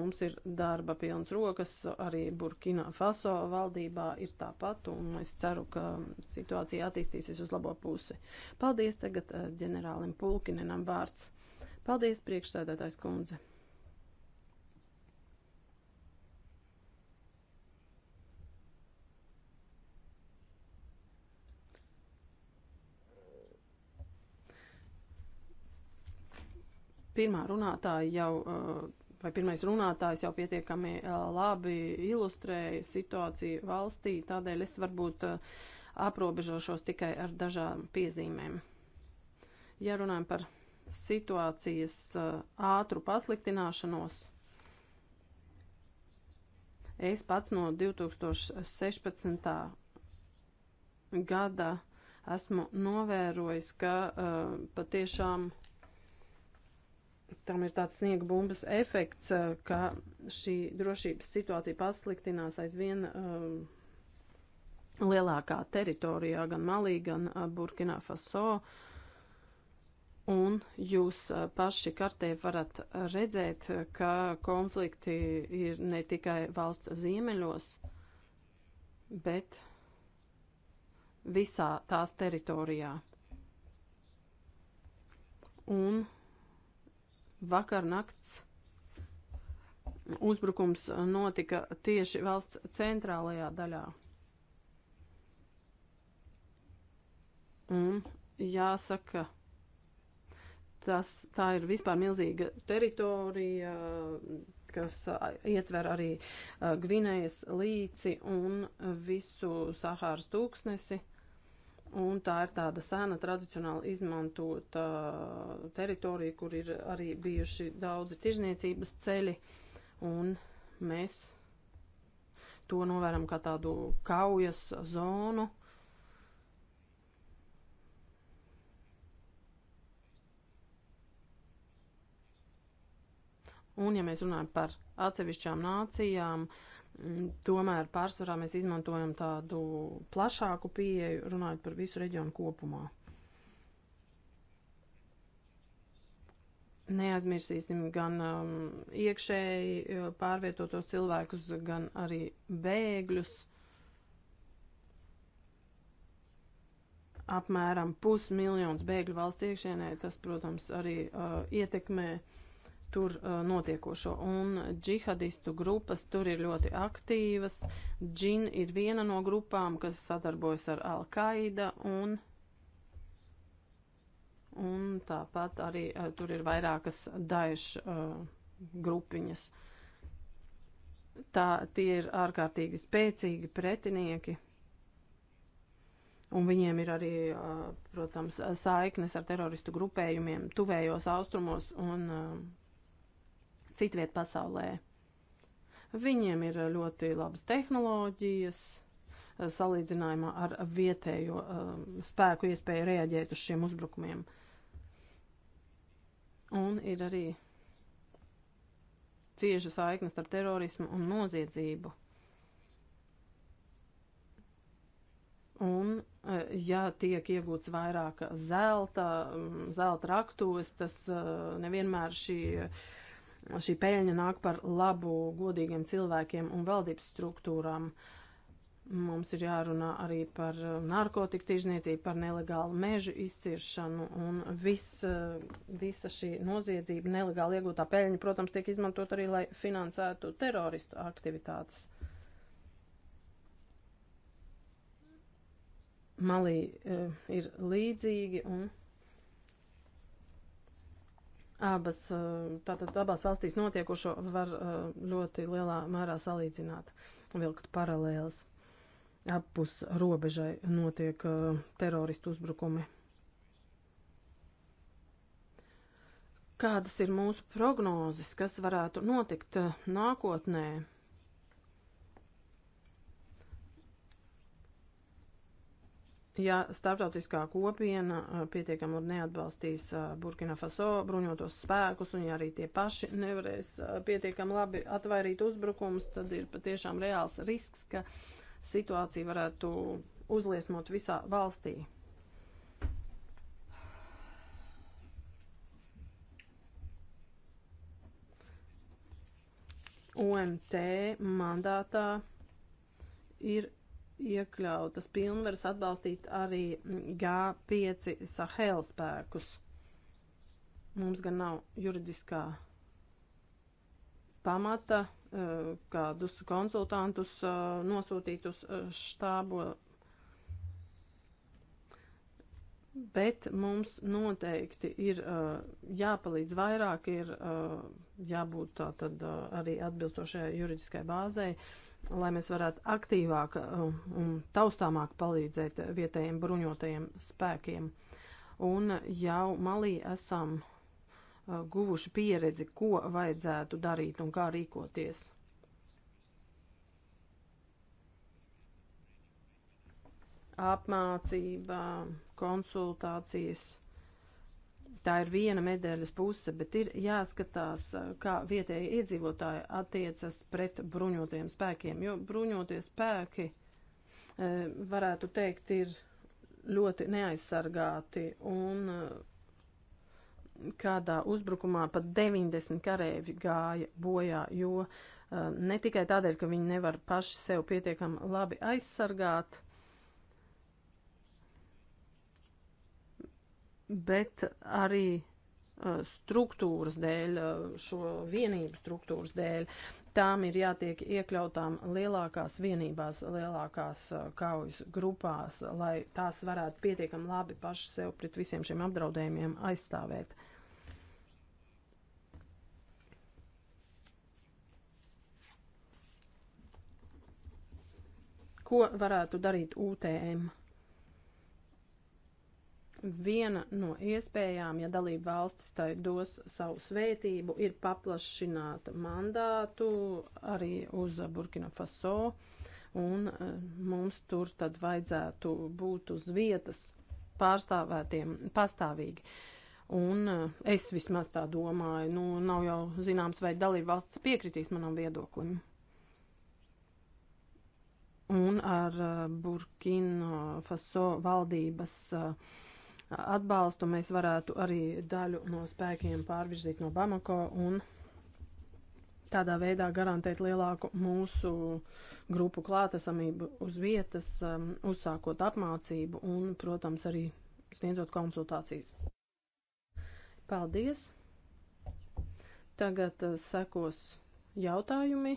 mums ir darba pilns rokas, arī Burkina Faso valdībā ir tāpat, un es ceru, ka situācija attīstīsies uz labo pusi. Paldies tagad eh, ģenerālim Pulkinenam vārds. Paldies, priekšsēdētājs kundze! pirmā runātāja jau, eh, vai pirmais runātājs jau pietiekami eh, labi ilustrēja situāciju valstī, tādēļ es varbūt eh, aprobežošos tikai ar dažām piezīmēm. Ja runājam par situācijas ātru pasliktināšanos, es pats no 2016. gada esmu novērojis, ka uh, patiešām uh, tam ir tāds sniega bumbas efekts, eh, ka šī drošības situācija pasliktinās aizvien um, lielākā teritorijā, gan Malī, gan eh, Burkinā Faso. Un jūs paši kartē varat redzēt, ka konflikti ir ne tikai valsts ziemeļos, bet visā tās teritorijā. Un Vakar nakts uzbrukums notika tieši valsts centrālajā daļā. Un jāsaka, tas, tā ir vispār milzīga teritorija, kas ietver arī Gvinējas līci un visu Sahāras tūkstnesi. Un tā ir tāda sena, tradicionāli izmantota teritorija, kur ir arī bijuši daudzi tirzniecības ceļi, un mēs to novēram kā tādu kaujas zonu. Un, ja mēs runājam par atsevišķām nācijām, uh, Mm, tomēr pārsvarā mēs izmantojam tādu plašāku pieeju, runājot par visu reģionu kopumā. Neaizmirsīsim gan um, iekšēji uh, pārvietotos cilvēkus, gan arī bēgļus. Apmēram pusmiljons bēgļu valsts iekšienē, tas, protams, arī uh, ietekmē uh, tur uh, notiekošo. Un džihadistu grupas tur ir ļoti aktīvas. Džin ir viena no grupām, kas sadarbojas ar Al-Qaida un, un tāpat arī uh, tur ir vairākas daešu uh, grupiņas. Tā, tie ir ārkārtīgi spēcīgi pretinieki. Un viņiem ir arī, uh, protams, saiknes ar teroristu grupējumiem tuvējos austrumos un uh, citviet pasaulē. Viņiem ir ļoti labas tehnoloģijas, eh, salīdzinājumā ar vietējo um, spēku iespēju reaģēt uz šiem uzbrukumiem. Un ir arī cieša saikne starp terorismu un noziedzību. Un, eh, ja tiek iegūts vairāk zelta, mm, zelta raktos, tas nevienmēr šī uh, šī peļņa nāk par labu godīgiem cilvēkiem un valdības struktūrām. Mums ir jārunā arī par uh, narkotiku tirzniecību, par nelegālu mežu izciršanu un vis, uh, visa šī noziedzība, nelegāli iegūtā peļņa, protams, tiek izmantot arī, lai finansētu teroristu aktivitātes. Malī uh, ir līdzīgi un abas, tātad abās valstīs notiekošo var ļoti lielā mērā salīdzināt, vilkt paralēles. Apus robežai notiek teroristu uzbrukumi. Kādas ir mūsu prognozes, kas varētu notikt nākotnē? ja starptautiskā kopiena eh, pietiekami neatbalstīs eh, Burkina Faso bruņotos spēkus, un ja arī tie paši nevarēs eh, pietiekami labi atvairīt uzbrukumus, tad ir patiešām reāls risks, ka situācija varētu uzliesmot visā valstī. OMT mandātā ir iekļautas pilnvaras atbalstīt arī G5 Sahel spēkus. Mums gan nav juridiskā pamata eh, kādus konsultantus eh, nosūtīt uz eh, štābu, bet mums noteikti ir jāpalīdz vairāk, ir jābūt tā tad arī atbilstošajai juridiskai bāzei, lai mēs varētu aktīvāk un um, um, taustāmāk palīdzēt vietējiem bruņotajiem spēkiem. Un jau malī esam uh, guvuši pieredzi, ko vajadzētu darīt un kā rīkoties. Apmācība, konsultācijas Tā ir viena medaļas puse, bet ir jāskatās, eh, kā vietēji iedzīvotāji attiecas pret bruņotajiem spēkiem, jo bruņotie spēki, eh, varētu teikt, ir ļoti neaizsargāti un eh, kādā uzbrukumā pat 90 karēvi gāja bojā, jo ne tikai tādēļ, ka viņi nevar paši sev pietiekami labi aizsargāt, bet arī uh, struktūras dēļ, uh, šo vienību struktūras dēļ, tām ir jātiek iekļautām lielākās vienībās, lielākās uh, kaujas grupās, lai tās varētu pietiekami labi paši sev pret visiem šiem apdraudējumiem aizstāvēt. Ko varētu darīt UTM? Viena no iespējām, ja dalība valstis tai dos savu svētību, ir paplašināt mandātu arī uz Burkina Faso, un eh, mums tur tad vajadzētu būt uz vietas pārstāvētiem pastāvīgi. Un eh, es vismaz tā domāju, nu nav jau zināms, vai dalība valsts piekritīs manam viedoklim. Un ar eh, Burkina Faso valdības uh, atbalstu mēs varētu arī daļu no spēkiem pārvirzīt no Bamako un tādā veidā garantēt lielāku mūsu grupu klātesamību uz vietas, um, uzsākot apmācību un, protams, arī sniedzot konsultācijas. Paldies! Tagad uh, sekos jautājumi.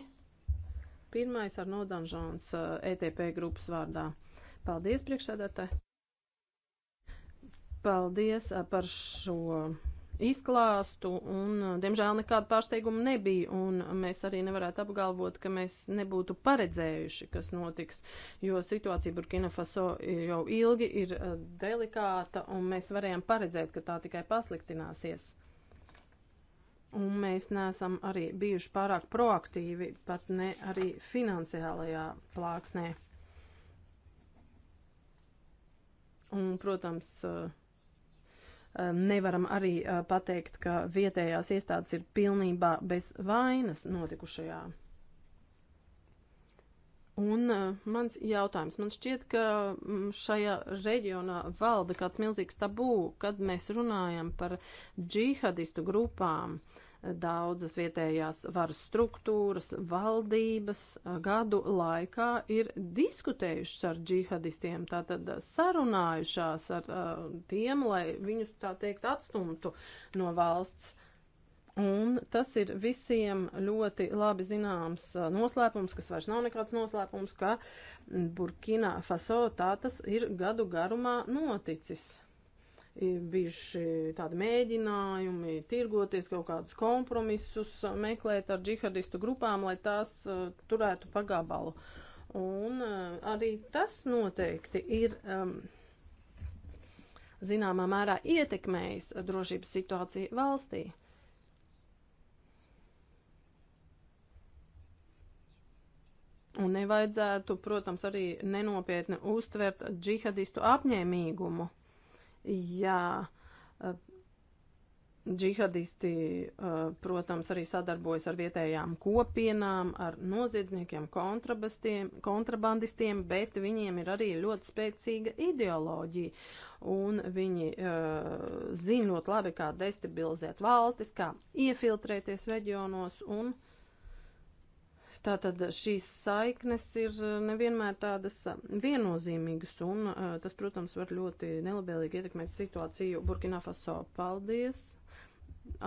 Pirmais ar nodanžāns uh, ETP grupas vārdā. Paldies, priekšsēdētāji! Paldies par šo izklāstu, un, diemžēl, nekāda pārsteiguma nebija, un mēs arī nevarētu apgalvot, ka mēs nebūtu paredzējuši, kas notiks, jo situācija Burkina Faso jau ilgi ir delikāta, un mēs varējām paredzēt, ka tā tikai pasliktināsies. Un mēs neesam arī bijuši pārāk proaktīvi, pat ne arī finansiālajā plāksnē. Un, protams, uh, nevaram arī pateikt, ka vietējās iestādes ir pilnībā bez vainas notikušajā. Un uh, mans jautājums, man šķiet, ka šajā reģionā valda kāds milzīgs tabū, kad mēs runājam par džihadistu grupām. Uh, Daudzas vietējās varas struktūras, valdības gadu laikā ir diskutējušas ar džihadistiem, tātad sarunājušās ar uh, tiem, lai viņus tā teikt atstumtu no valsts. Un tas ir visiem ļoti labi zināms noslēpums, kas vairs nav nekāds noslēpums, ka Burkina Faso tā tas ir gadu garumā noticis bijuši tādi mēģinājumi tirgoties, kaut kādus kompromisus meklēt ar džihadistu grupām, lai tās uh, turētu pagabalu. Un uh, arī tas noteikti ir. Um, zināmā mērā ietekmējis drošības situāciju valstī. Un nevajadzētu, protams, arī nenopietni uztvert džihadistu apņēmīgumu. Jā, eh, džihadisti, eh, protams, arī sadarbojas ar vietējām kopienām, ar noziedzniekiem, kontrabandistiem, bet viņiem ir arī ļoti spēcīga ideoloģija. Un viņi uh, zina ļoti labi, kā destabilizēt valstis, kā iefiltrēties reģionos un uh, Tātad šīs saiknes ir eh, nevienmēr tādas eh, viennozīmīgas, un eh, tas, protams, var ļoti nelabēlīgi ietekmēt situāciju Burkina Faso. Paldies!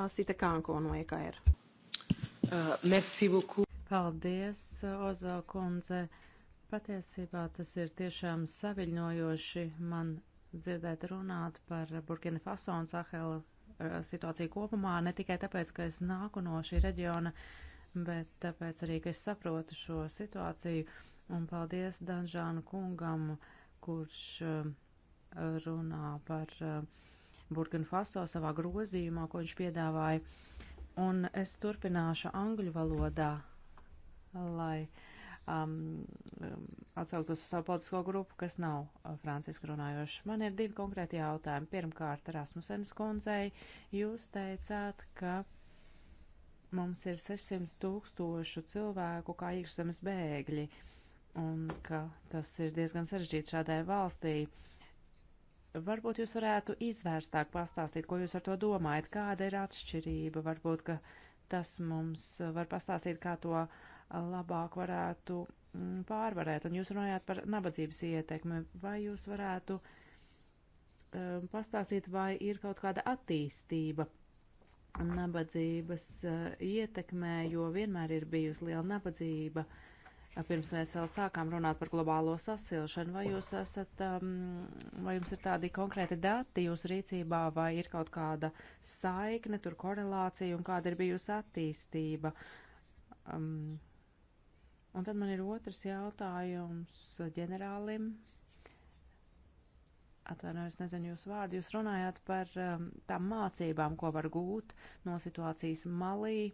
Asita Kanko no EKR. Uh, merci beaucoup. Paldies, Ozo kundze. Patiesībā tas ir tiešām saviļņojoši man dzirdēt runāt par Burkina Faso un Sahela situāciju kopumā, ne tikai tāpēc, ka es nāku no šī reģiona. Uh, bet tāpēc arī, ka es saprotu šo situāciju, un paldies Danžānu kungam, kurš eh, runā par eh, Burkina Faso savā grozījumā, ko viņš piedāvāja, un es turpināšu angļu valodā, lai um, atsauktos uz savu politisko grupu, kas nav uh, franciski runājoši. Man ir divi konkrēti jautājumi. Pirmkārt, Rasmusenes kundzei, jūs teicāt, ka mums ir 600 tūkstošu cilvēku kā iekšzemes bēgļi, un ka tas ir diezgan sarežģīti šādai valstī. Varbūt jūs varētu izvērstāk pastāstīt, ko jūs ar to domājat, kāda ir atšķirība, varbūt, ka tas mums var pastāstīt, kā to labāk varētu mm, pārvarēt. Un jūs runājāt par nabadzības ietekmi, vai jūs varētu um, pastāstīt, vai ir kaut kāda attīstība nabadzības eh, ietekmē, jo vienmēr ir bijusi liela nabadzība. Pirms mēs vēl sākām runāt par globālo sasilšanu, vai jūs esat, um, vai jums ir tādi konkrēti dati jūsu rīcībā, vai ir kaut kāda saikne, tur korelācija un kāda ir bijusi attīstība? Um, un tad man ir otrs jautājums ģenerālim. Uh, atvainojos, nezinu jūsu vārdu, jūs runājāt par um, tām mācībām, ko var gūt no situācijas malī.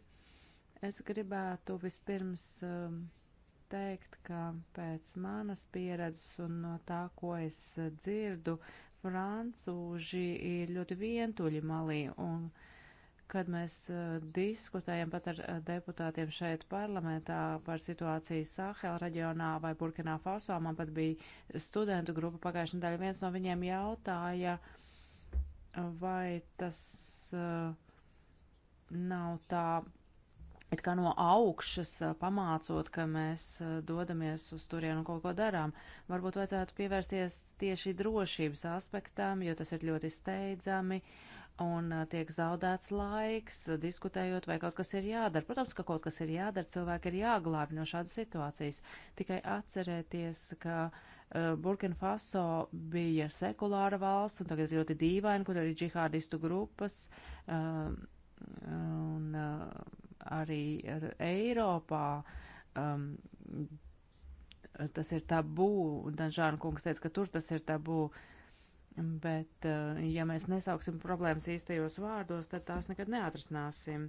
Es gribētu vispirms um, teikt, ka pēc manas pieredzes un no tā, ko es uh, dzirdu, francūži ir ļoti vientuļi malī. Un, uh, kad mēs eh, diskutējam pat ar eh, deputātiem šeit parlamentā par situāciju Sahel reģionā vai Burkinā Faso, man pat bija studentu grupa pagājušajā nedēļā, viens no viņiem jautāja, vai tas eh, nav tā it kā no augšas pamācot, ka mēs dodamies uz turienu un kaut ko darām. Varbūt vajadzētu pievērsties tieši drošības aspektām, jo tas ir ļoti steidzami. Uh, un uh, tiek zaudēts laiks, uh, diskutējot, vai kaut kas ir jādara. Protams, ka kaut kas ir jādara, cilvēki ir jāglābj no šādas situācijas. Tikai atcerēties, ka uh, Burkina Faso bija sekulāra valsts, un tagad ir ļoti dīvaini, kur arī džihādistu grupas, uh, un uh, arī uh, Eiropā. Um, tas ir tabū, un Danžāna kungs teica, ka tur tas ir tabū. Uh, Bet, eh, ja mēs nesauksim problēmas īstajos vārdos, tad tās nekad neatrisināsim.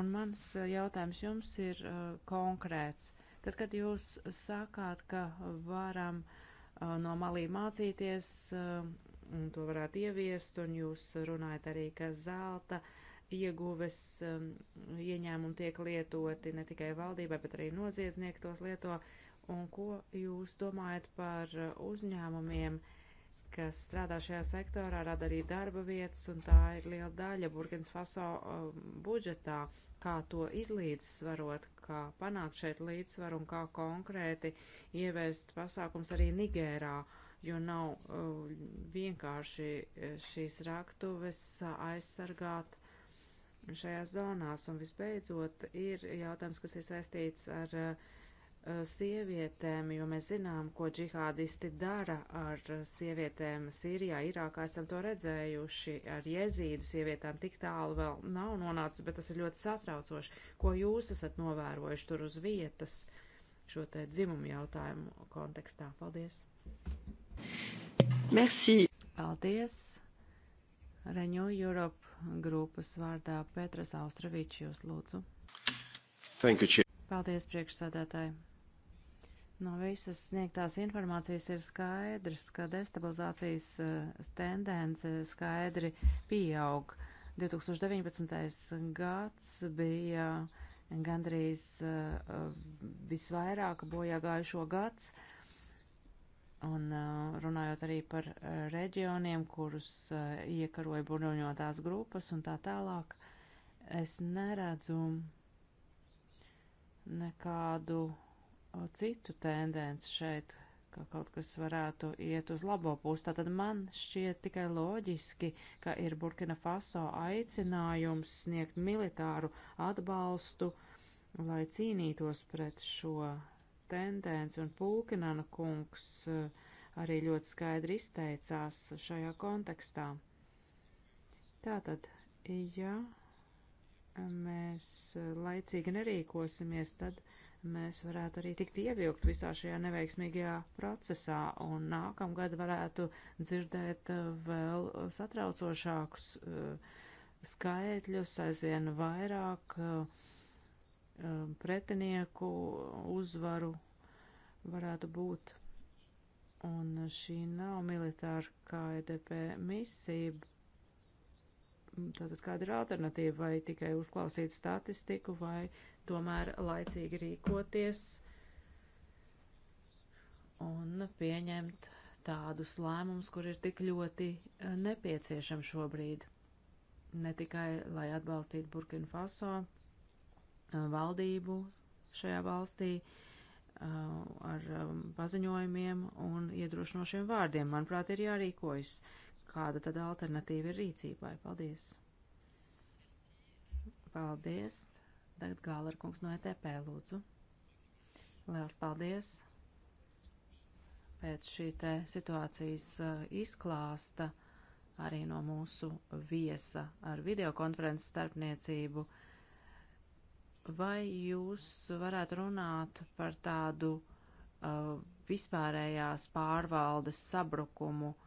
Un mans eh, jautājums jums ir eh, konkrēts. Tad, kad jūs sākāt, ka varam no malī mācīties, un to varētu ieviest, un jūs runājat arī, ka zelta ieguves ieņēmumi tiek lietoti ne tikai valdībai, bet arī noziedznieki tos lieto, un ko jūs domājat par uzņēmumiem? Uh, kas strādā šajā sektorā, rada arī darba vietas, un tā ir liela daļa Burkins Faso uh, budžetā, kā to izlīdzsvarot, kā panākt šeit līdzsvaru un kā konkrēti ieviest pasākums arī Nigērā, jo nav uh, vienkārši eh, šīs raktuves aizsargāt šajās zonās. Un visbeidzot ir jautājums, kas ir saistīts ar uh, Uh, sievietēm, jo mēs zinām, ko džihādisti dara ar sievietēm Sīrijā, Irākā esam to redzējuši, ar jezīdu sievietēm tik tālu vēl nav nonācis, bet tas ir ļoti satraucoši. Ko jūs esat novērojuši tur uz vietas šo te dzimumu jautājumu kontekstā? Paldies! Merci! Paldies! Renew Europe grupas vārdā Petras Austravičs jūs lūdzu. Thank you, Chief. Paldies, priekšsādātāji! No visas sniegtās informācijas ir skaidrs, ka destabilizācijas eh, tendence skaidri pieaug. 2019. gads bija gandrīz eh, visvairāk bojā gājušo gads, un eh, runājot arī par reģioniem, kurus iekaroja bruņotās grupas un tā tālāk, es neredzu nekādu citu tendenci šeit, ka kaut kas varētu iet uz labo pusi. Tātad man šķiet tikai loģiski, ka ir Burkina Faso aicinājums sniegt militāru atbalstu, lai cīnītos pret šo tendenci, un Pulkinana kungs e, arī ļoti skaidri izteicās šajā kontekstā. Tātad, ja mēs laicīgi nerīkosimies, tad uh, mēs varētu arī tikt ievilkt visā šajā neveiksmīgajā procesā, un nākamgad varētu dzirdēt uh, vēl satraucošākus uh, skaitļus, aizvien vairāk uh, um, pretinieku uzvaru varētu būt. Un šī nav militāra KDP e misija, Tātad kāda ir alternatīva, vai tikai uzklausīt statistiku, vai tomēr laicīgi rīkoties un pieņemt tādus lēmumus, kur ir tik ļoti eh, nepieciešami šobrīd. Ne tikai, lai atbalstītu Burkina Faso eh, valdību šajā valstī eh, ar um, paziņojumiem un iedrošinošiem vārdiem. Manuprāt, ir jārīkojas kāda tad alternatīva ir rīcībai. Paldies! Paldies! Tagad Gālarkungs no ETP lūdzu. Liels paldies! Pēc šī te situācijas uh, izklāsta arī no mūsu viesa ar videokonferences starpniecību. Vai jūs varētu runāt par tādu uh, vispārējās pārvaldes sabrukumu uh,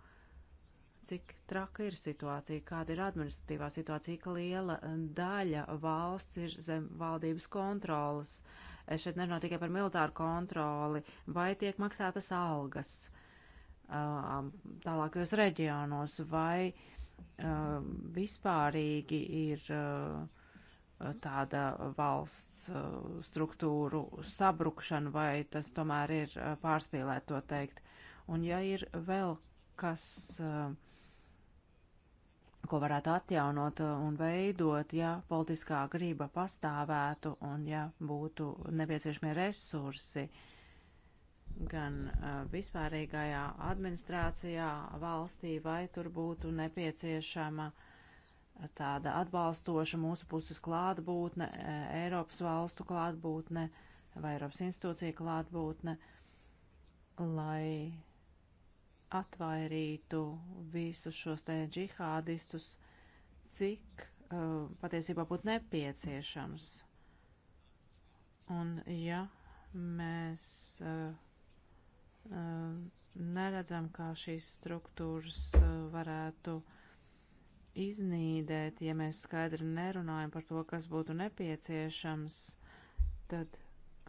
cik traka ir situācija, kāda ir administratīvā situācija, ka liela eh, daļa valsts ir zem valdības kontrolas. Es eh, šeit nerunāju tikai par militāru kontroli, vai tiek maksātas algas eh, tālākajos reģionos, vai vispārīgi ir tāda valsts struktūru sabrukšana, vai tas tomēr ir pārspīlēt to teikt. Un ja ir vēl kas uh, ko varētu atjaunot un veidot, ja politiskā grība pastāvētu un ja būtu nepieciešamie resursi gan vispārīgajā administrācijā valstī, vai tur būtu nepieciešama tāda atbalstoša mūsu puses klātbūtne, Eiropas valstu klātbūtne vai Eiropas institūcija klātbūtne, lai atvairītu visus šos te džihādistus, cik uh, patiesībā būtu nepieciešams. Un ja mēs uh, uh, neredzam, kā šīs struktūras uh, varētu iznīdēt, ja mēs skaidri nerunājam par to, kas būtu nepieciešams, tad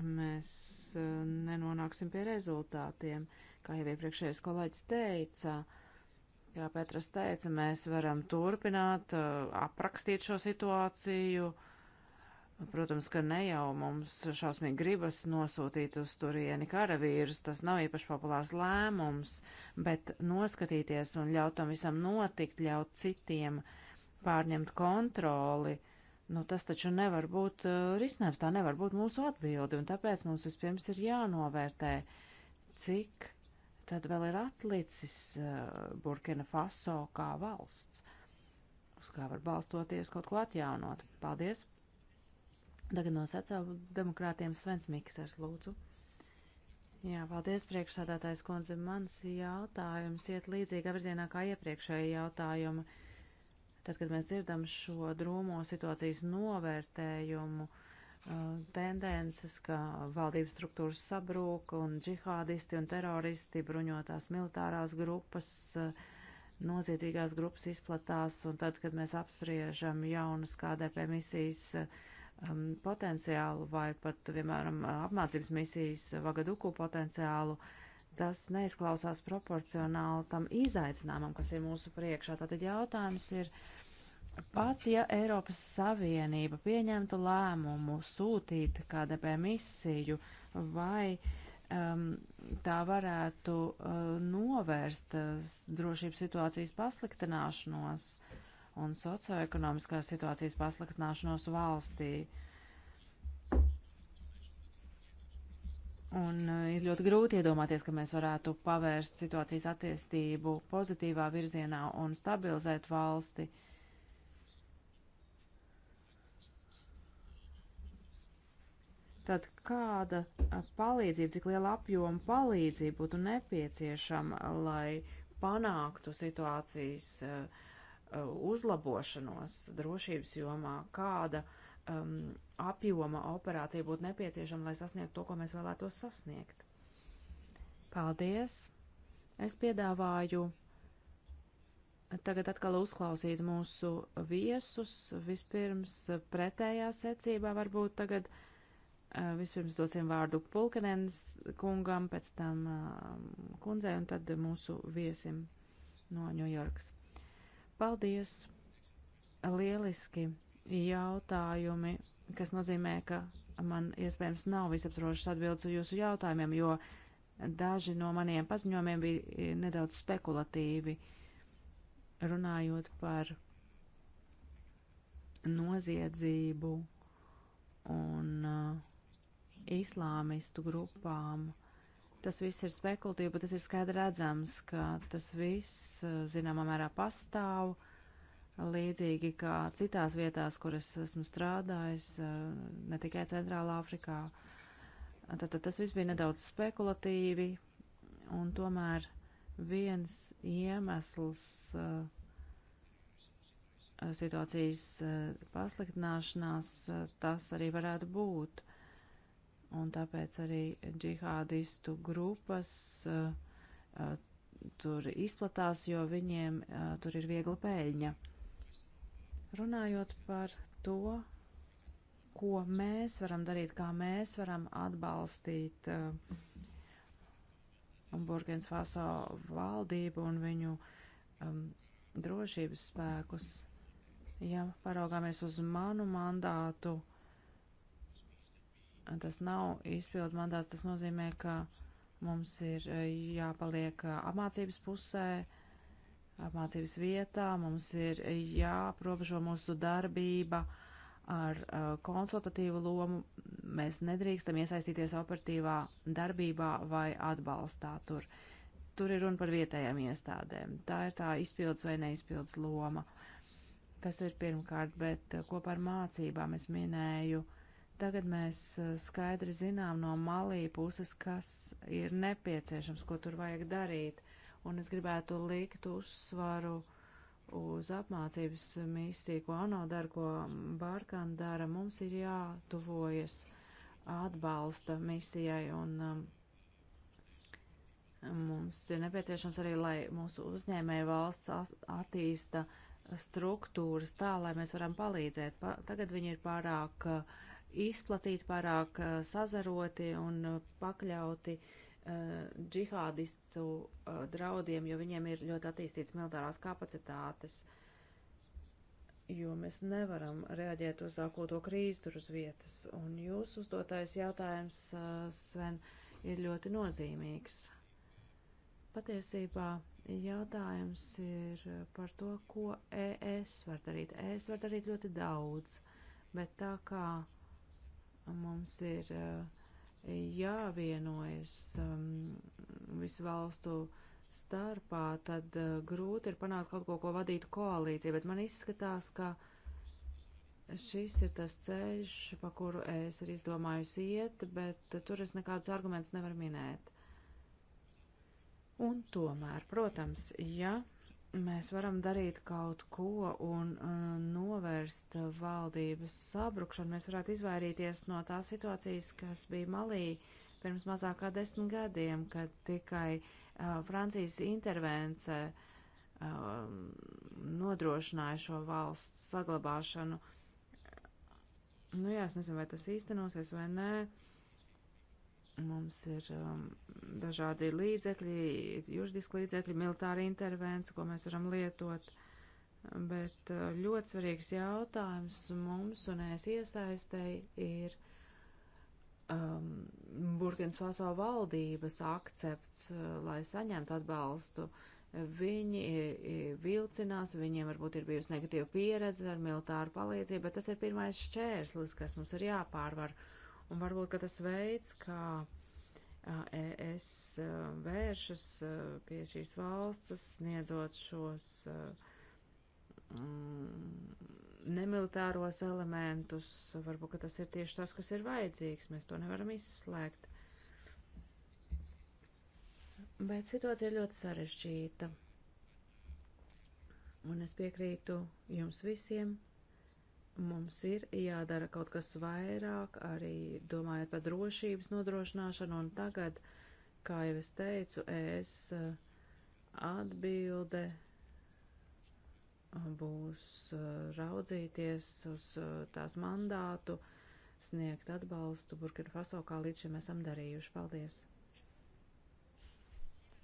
mēs uh, nenonāksim pie rezultātiem. Uh, Kā jau iepriekšējais kolēģis teica, kā Petras teica, mēs varam turpināt uh, aprakstīt šo situāciju. Protams, ka ne jau mums šausmīgi gribas nosūtīt uz turieni karavīrus, tas nav īpaši populārs lēmums, bet noskatīties un ļaut tam visam notikt, ļaut citiem pārņemt kontroli, nu tas taču nevar būt uh, risinājums, tā nevar būt mūsu atbildi, un tāpēc mums vispirms ir jānovērtē, cik tad vēl ir atlicis eh, Burkina Faso kā valsts, uz kā var balstoties kaut ko atjaunot. Paldies! Tagad no sacēlu demokrātiem Svens Miksers, lūdzu. Jā, paldies, priekšsādātājs kundze. Mans jautājums iet līdzīgā virzienā kā iepriekšēja jautājuma. Tad, kad mēs dzirdam šo drūmo situācijas novērtējumu, uh, tendences, ka valdības struktūras sabrūk un džihādisti un teroristi, bruņotās militārās grupas, noziedzīgās grupas izplatās, un tad, kad mēs apspriežam jaunas KDP misijas um, potenciālu vai pat, piemēram, apmācības misijas Vagaduku potenciālu, tas neizklausās proporcionāli tam izaicinājumam, kas ir mūsu priekšā. Tātad jautājums ir Pat ja Eiropas Savienība pieņemtu lēmumu sūtīt KDP misiju vai um, tā varētu uh, novērst uh, drošības situācijas pasliktināšanos un socioekonomiskās situācijas pasliktināšanos valstī. Un uh, ir ļoti grūti iedomāties, ka mēs varētu pavērst situācijas attīstību pozitīvā virzienā un stabilizēt valsti. Uh, Tad kāda palīdzība, cik liela apjoma palīdzība būtu nepieciešama, lai panāktu situācijas uzlabošanos drošības jomā? Kāda um, apjoma operācija būtu nepieciešama, lai sasniegtu to, ko mēs vēlētos sasniegt? Paldies! Es piedāvāju tagad atkal uzklausīt mūsu viesus. Vispirms pretējā secībā varbūt tagad Eh, vispirms dosim vārdu Pulkenens kungam, pēc tam eh, kundzei un tad mūsu viesim no Ņujorkas. Paldies! Lieliski jautājumi, kas nozīmē, ka man iespējams nav visaptrošas atbildes uz jūsu jautājumiem, jo daži no maniem paziņojumiem bija nedaudz spekulatīvi, runājot par noziedzību un uh, islāmistu grupām. Tas viss ir spekulatīvi, bet tas ir skaidri redzams, ka tas viss uh, zināmā mērā pastāv, līdzīgi kā citās vietās, kur es esmu strādājis, uh, ne tikai Centrālā Afrikā. Tātad tas viss bija nedaudz spekulatīvi, un tomēr viens iemesls uh, situācijas pasliktināšanās tas arī varētu būt un tāpēc arī džihādistu grupas uh, uh, tur izplatās, jo viņiem uh, tur ir viegla pēļņa. Runājot par to, ko mēs varam darīt, kā mēs varam atbalstīt uh, Burkina Faso valdību un viņu um, drošības spēkus. Ja paraugāmies uz manu mandātu, uh, tas nav izpildu mandāts, tas nozīmē, ka mums ir eh, jāpaliek eh, apmācības pusē, apmācības vietā, mums ir jāprobežo mūsu darbība ar eh, konsultatīvu lomu. Mēs nedrīkstam iesaistīties operatīvā darbībā vai atbalstā tur. Tur ir runa par vietējām iestādēm. Tā ir tā izpildus vai neizpildus loma. Tas ir pirmkārt, bet kopā ar mācībām es minēju uh, Tagad mēs eh, skaidri zinām no malī puses, kas ir nepieciešams, ko tur vajag darīt, un es gribētu likt uzsvaru uz apmācības misiju, ko ANO dara, ko Bārkan dara. Mums ir jātuvojas atbalsta misijai, un um, mums ir nepieciešams arī, lai mūsu uzņēmēja valsts attīsta struktūras tā, lai mēs varam palīdzēt. Pa, tagad viņi ir pārāk uh, izplatīti, pārāk uh, sazaroti un uh, pakļauti eh, džihādistu draudiem, jo viņiem ir ļoti attīstīts militārās kapacitātes, jo mēs nevaram reaģēt uz akūto krīzi tur uz vietas. Un jūs uzdotais jautājums, Sven, ir ļoti nozīmīgs. Patiesībā jautājums ir par to, ko ES var darīt. ES var darīt ļoti daudz, bet tā kā Mums ir eh, jāvienojas um, visu valstu starpā, tad eh, grūti ir panākt kaut ko, ko vadītu koalīcija, bet man izskatās, ka šis ir tas ceļš, pa kuru es ir izdomājusi iet, bet tur es nekādus argumentus nevaru minēt. Un tomēr, protams, ja mēs varam darīt kaut ko un uh, novērst valdības sabrukšanu. Mēs varētu izvairīties no tās situācijas, kas bija Malī pirms mazākā desmit gadiem, kad tikai uh, Francijas intervence uh, nodrošināja šo valsts saglabāšanu. Nu jā, es nezinu, vai tas īstenosies vai nē. Uh, Mums ir um, dažādi līdzekļi, juridiski līdzekļi, militāra intervence, ko mēs varam lietot. Bet uh, ļoti svarīgs jautājums mums un es iesaistēji ir um, Burkina Faso valdības akcepts, uh, lai saņemtu atbalstu. Viņi vilcinās, viņiem varbūt ir bijusi negatīva pieredze ar militāru palīdzību, bet tas ir pirmais šķērslis, kas mums ir jāpārvar. Uh, Un varbūt, ka tas veids, kā ES vēršas pie šīs valsts, sniedzot šos mm, nemilitāros elementus, varbūt, ka tas ir tieši tas, kas ir vajadzīgs. Mēs to nevaram izslēgt. Bet situācija ir ļoti sarežģīta. Un es piekrītu jums visiem, mums ir jādara kaut kas vairāk, arī domājot par drošības nodrošināšanu, un tagad, kā jau es teicu, es eh, atbilde eh, būs eh, raudzīties uz tās mandātu, sniegt atbalstu Burkina Faso, kā līdz šim esam darījuši. Paldies!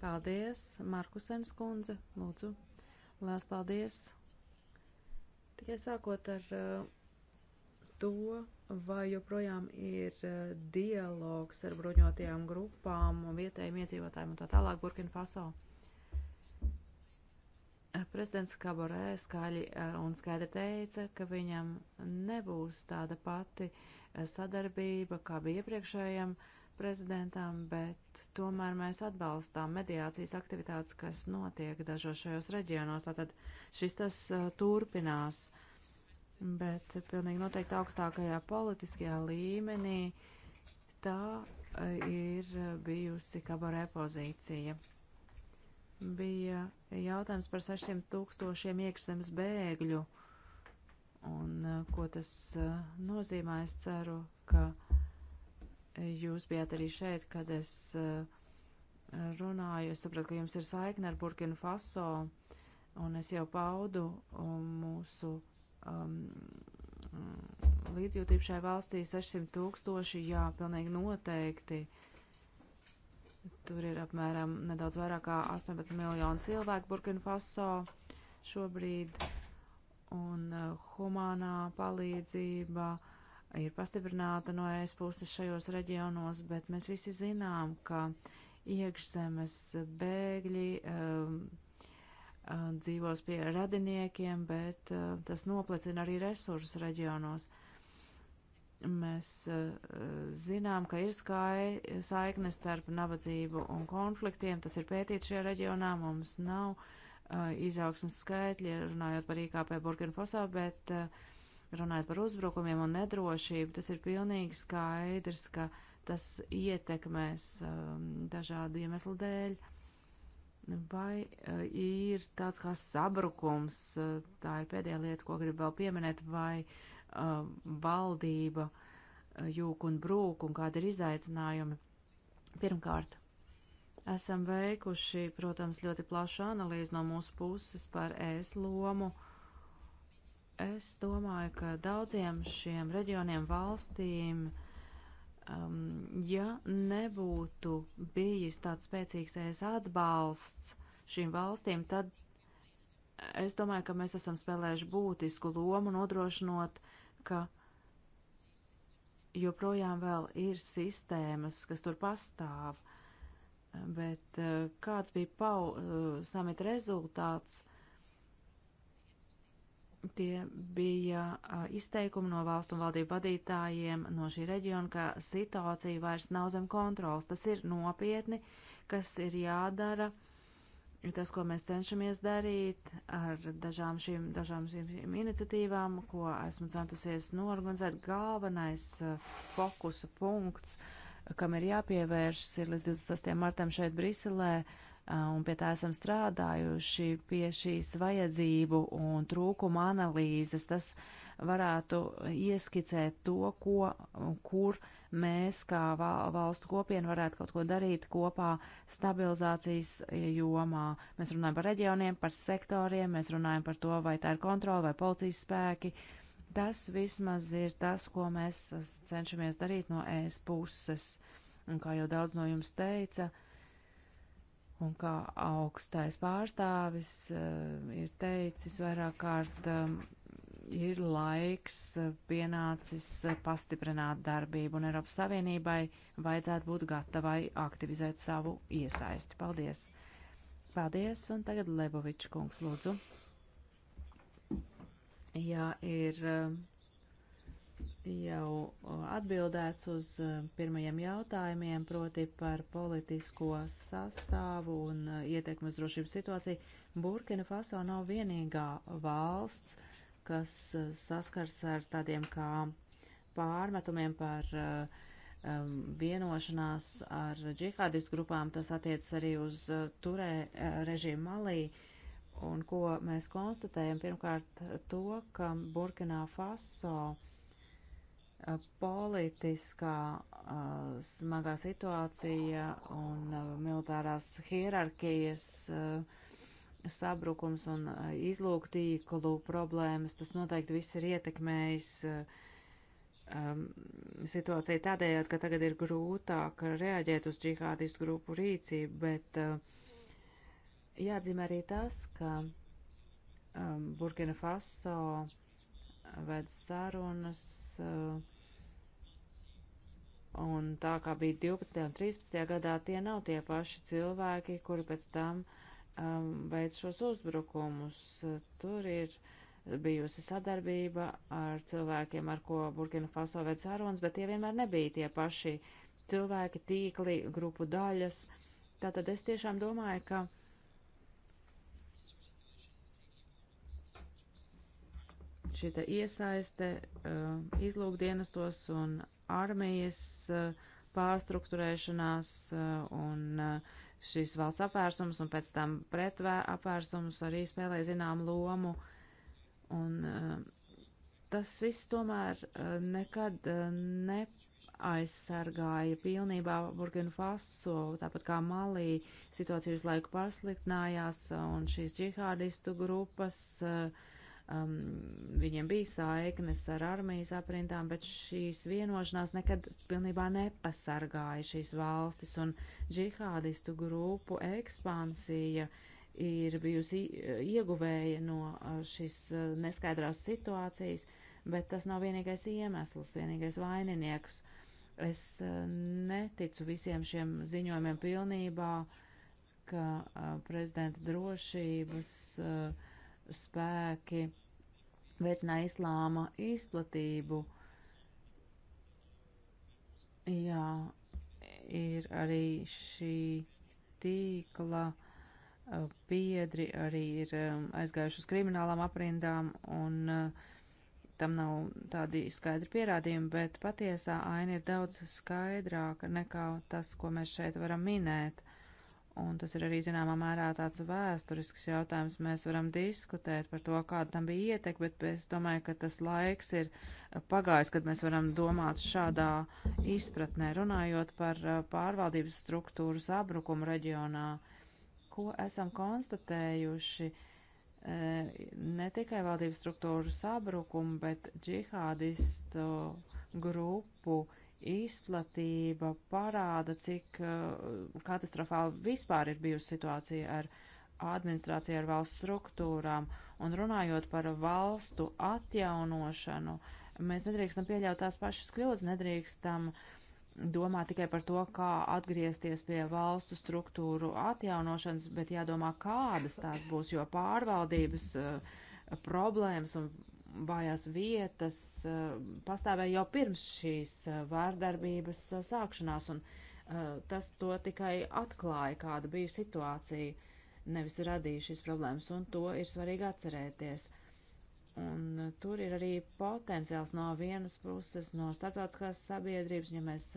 Paldies, Markusens kundze, lūdzu. Lās paldies! Tikai sākot ar eh, to, vai joprojām ir eh, dialogs ar bruņotajām grupām, vietējiem iedzīvotājiem un tā tālāk Burkina Faso. Eh, prezidents Kaborē skaļi un skaidri teica, ka viņam nebūs tāda pati sadarbība, kā bija iepriekšējiem uh, prezidentam, bet tomēr mēs atbalstām mediācijas aktivitātes, kas notiek dažos šajos reģionos. Tātad šis tas uh, turpinās, bet pilnīgi noteikti augstākajā politiskajā līmenī tā uh, ir uh, bijusi kabarē pozīcija. Bija jautājums par 600 tūkstošiem iekšzemes bēgļu un uh, ko tas uh, nozīmē. Es ceru, ka Jūs bijāt arī šeit, kad es eh, runāju. Es sapratu, ka jums ir saikne ar Burkina Faso, un es jau paudu um, mūsu um, līdzjūtību šai valstī 600 tūkstoši, jā, pilnīgi noteikti. Tur ir apmēram nedaudz vairāk kā 18 miljonu cilvēku Burkina Faso šobrīd, un uh, eh, humānā palīdzība, ir pastiprināta no ES puses šajos reģionos, bet mēs visi zinām, ka iekšzemes bēgļi um, uh, dzīvos pie radiniekiem, bet uh, tas noplicina arī resursus reģionos. Mēs uh, zinām, ka ir skai, saiknes starp nabadzību un konfliktiem. Tas ir pētīts šajā reģionā. Mums nav uh, izaugsmas skaitļi, runājot par IKP Burkina Faso, bet uh, runājot par uzbrukumiem un nedrošību, tas ir pilnīgi skaidrs, ka tas ietekmēs um, dažādu iemeslu dēļ. Vai uh, ir tāds kā sabrukums, uh, tā ir pēdējā lieta, ko gribu vēl pieminēt, vai uh, valdība uh, jūk un brūk un kādi ir izaicinājumi? Pirmkārt, esam veikuši, protams, ļoti plašu analīzi no mūsu puses par ēslomu. lomu Es domāju, ka daudziem šiem reģioniem valstīm, um, ja nebūtu bijis tāds spēcīgs ES atbalsts šīm valstīm, tad es domāju, ka mēs esam spēlējuši būtisku lomu nodrošinot, ka joprojām vēl ir sistēmas, kas tur pastāv. Bet uh, kāds bija pau uh, samita rezultāts? Uh, Tie bija izteikumi no valstu un valdību vadītājiem no šī reģiona, ka situācija vairs nav zem kontrols. Tas ir nopietni, kas ir jādara. Ir tas, ko mēs cenšamies darīt ar dažām šīm, dažām šīm iniciatīvām, ko esmu centusies norganizēt. Galvenais fokusa punkts, kam ir jāpievēršas, ir līdz 26. martam šeit Briselē. Uh, un pie tā esam strādājuši, pie šīs vajadzību un trūkuma analīzes, tas varētu ieskicēt to, ko un kur mēs kā valstu kopiena varētu kaut ko darīt kopā stabilizācijas e, jomā. Mēs runājam par reģioniem, par sektoriem, mēs runājam par to, vai tā ir kontrola vai policijas spēki. Tas vismaz ir tas, ko mēs cenšamies darīt no ēs puses. Un kā jau daudz no jums teica, uh, Un kā augstais pārstāvis eh, ir teicis vairāk kārt, eh, ir laiks eh, pienācis pastiprināt darbību, un Eiropas Savienībai vajadzētu būt gatavai aktivizēt savu iesaisti. Paldies! Paldies, un tagad Lebovičs kungs lūdzu. Jā, ir jau atbildēts uz e, pirmajiem jautājumiem, proti par politisko sastāvu un e, ietekmes drošības situāciju. Burkina Faso nav vienīgā valsts, kas e, saskars ar tādiem kā pārmetumiem par vienošanās ar džihādistu grupām. Tas attiec arī uz turē režīmu Malī. Un ko mēs konstatējam? Pirmkārt, to, ka Burkina Faso uh, politiskā uh, smagā situācija un uh, militārās hierarkijas uh, sabrukums un izlūktīklu problēmas, tas noteikti viss ir ietekmējis um, situāciju tādējādi, ka tagad ir grūtāk reaģēt uz džihādistu grupu rīcību, bet jāatzīmē arī tas, ka um, Burkina Faso ved sarunas. Eh, un tā kā bija 12. un 13. gadā, tie nav tie paši cilvēki, kuri pēc tam um, veic šos uzbrukumus. Tur ir bijusi sadarbība ar cilvēkiem, ar ko Burkina Faso veic sarunas, bet tie vienmēr nebija tie paši cilvēki, tīkli, grupu daļas. Tātad es tiešām domāju, ka šī iesaiste uh, eh, izlūkdienestos un armijas uh, pārstruktūrēšanās eh, un šis valsts apvērsums un pēc tam pretvē apvērsums arī spēlē zinām lomu. Un tas viss tomēr nekad neaizsargāja pilnībā Burkina Faso, tāpat kā Malī situācija visu laiku pasliktinājās un šīs džihādistu grupas uh, um, viņiem bija saiknes ar armijas aprindām, bet šīs vienošanās nekad pilnībā nepasargāja šīs valstis, un džihādistu grupu ekspansija ir bijusi ieguvēja no uh, šīs uh, neskaidrās situācijas, bet tas nav vienīgais iemesls, vienīgais vaininieks. Es uh, neticu visiem šiem ziņojumiem pilnībā, ka prezidenta drošības uh, spēki veicināja islāma izplatību. Jā, ir arī šī tīkla biedri, arī ir aizgājuši uz kriminālām aprindām un uh, tam nav tādi skaidri pierādījumi, bet patiesā aina ir daudz skaidrāka nekā tas, ko mēs šeit varam minēt un tas ir arī zināmā mērā tāds vēsturisks jautājums. Mēs varam diskutēt par to, kāda tam bija ietekme, bet es domāju, ka tas laiks ir pagājis, kad mēs varam domāt šādā izpratnē, runājot par uh, pārvaldības struktūras abrukumu reģionā, ko esam konstatējuši. Uh, ne tikai valdības struktūru sabrukumu, bet džihādistu grupu izplatība parāda, cik uh, katastrofāli vispār ir bijusi situācija ar administrāciju, ar valsts struktūrām. Un runājot par valstu atjaunošanu, mēs nedrīkstam pieļaut tās pašas kļūdas, nedrīkstam domāt tikai par to, kā atgriezties pie valstu struktūru atjaunošanas, bet jādomā, kādas tās būs, jo pārvaldības uh, problēmas un vājās vietas eh, pastāvēja jau pirms šīs eh, vārdarbības eh, sākšanās, un tas to tikai atklāja, kāda bija situācija, nevis radīja šīs problēmas, un to ir svarīgi atcerēties. Un tur ir arī potenciāls no vienas puses, no starptautiskās sabiedrības, ja mēs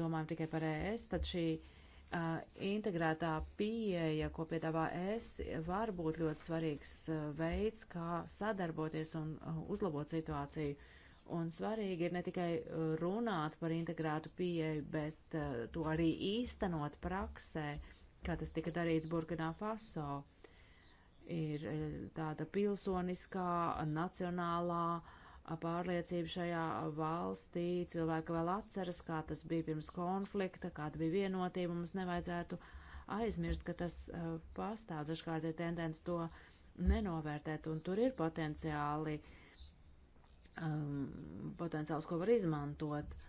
domājam tikai par ES, tad šī uh, integrētā pieeja, ko piedāvā es, var būt ļoti svarīgs veids, kā sadarboties un uzlabot situāciju. Un svarīgi ir ne tikai runāt par integrētu pieeju, bet to arī īstenot praksē, kā tas tika darīts Burkinā Faso. Ir tāda pilsoniskā, nacionālā uh, pārliecību šajā valstī. Cilvēki vēl atceras, kā tas bija pirms konflikta, kāda bija vienotība. Mums nevajadzētu aizmirst, ka tas uh, pastāv. Dažkārt ir tendence to nenovērtēt, un tur ir potenciāli, um, potenciāls, ko var izmantot. Uh,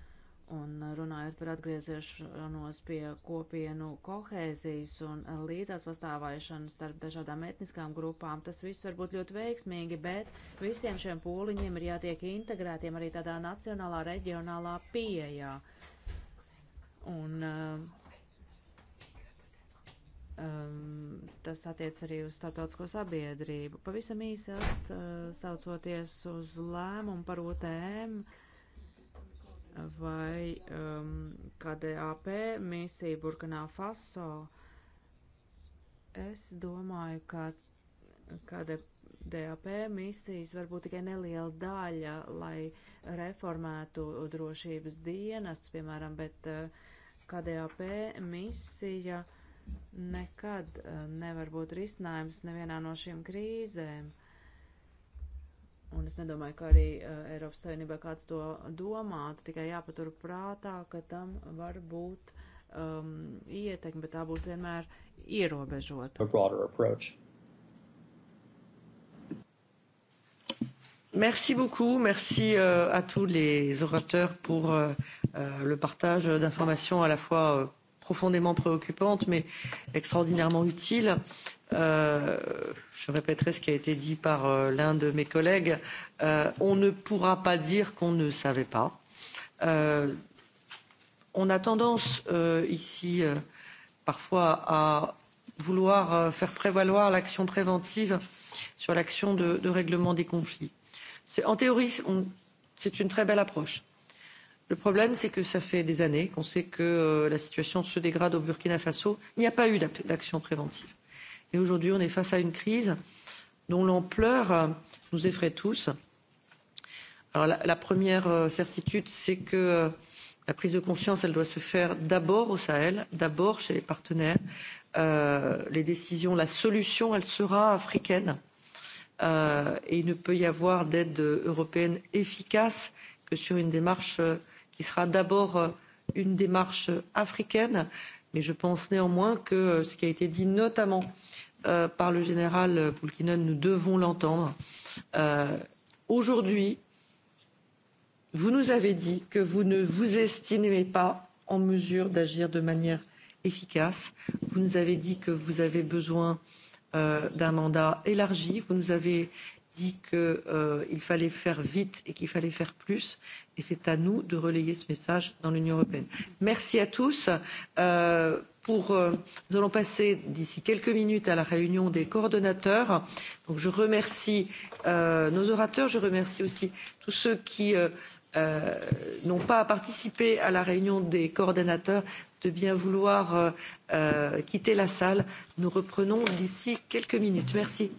Un runājot par atgriezīšanos pie kopienu kohēzijas un līdzās pastāvēšanas starp dažādām etniskām grupām, tas viss var būt ļoti veiksmīgi, bet visiem šiem pūliņiem ir jātiek integrētiem arī tādā nacionālā, reģionālā pieejā. Un um, tas attiec arī uz starptautisko sabiedrību. Pavisam īsi eh, saucoties uz lēmumu par OTM. Uh, vai um, KDAP misija Burkinā Faso. Es domāju, ka KDAP misijas var būt tikai neliela daļa, lai reformētu drošības dienestus, piemēram, bet uh, KDAP misija nekad uh, nevar būt risinājums nevienā no šīm krīzēm. Un es nedomāju, ka arī uh, Eiropas Savienībā kāds to domātu, tikai jāpatur prātā, ka tam var būt um, ietekme, bet tā būs vienmēr ierobežota. Merci beaucoup, merci euh, à tous les orateurs pour euh, euh, le partage d'informations à la fois euh, profondément préoccupantes mais extraordinairement utiles. Euh, Euh, je répéterai ce qui a été dit par euh, l'un de mes collègues. Euh, on ne pourra pas dire qu'on ne savait pas. Euh, on a tendance euh, ici euh, parfois à vouloir euh, faire prévaloir l'action préventive sur l'action de, de règlement des conflits. En théorie, c'est une très belle approche. Le problème, c'est que ça fait des années qu'on sait que euh, la situation se dégrade au Burkina Faso. Il n'y a pas eu d'action préventive. Et aujourd'hui, on est face à une crise dont l'ampleur nous effraie tous. Alors la, la première euh, certitude, c'est que euh, la prise de conscience, elle doit se faire d'abord au Sahel, d'abord chez les partenaires. Euh, les décisions, la solution, elle sera africaine. Euh, et il ne peut y avoir d'aide européenne efficace que sur une démarche euh, qui sera d'abord une démarche africaine. Mais je pense néanmoins que ce qui a été dit notamment euh, euh, par le général Poulkinen, nous devons l'entendre. Euh, Aujourd'hui, vous nous avez dit que vous ne vous estimez pas en mesure d'agir de manière efficace. Vous nous avez dit que vous avez besoin euh, d'un mandat élargi. Vous nous avez dit qu'il euh, fallait faire vite et qu'il fallait faire plus. Et c'est à nous de relayer ce message dans l'Union européenne. Merci à tous. Euh, pour, euh, nous allons passer d'ici quelques minutes à la réunion des coordonnateurs. Donc, je remercie euh, nos orateurs. Je remercie aussi tous ceux qui euh, euh, n'ont pas participé à la réunion des coordonnateurs de bien vouloir euh, euh, quitter la salle. Nous reprenons d'ici quelques minutes. Merci.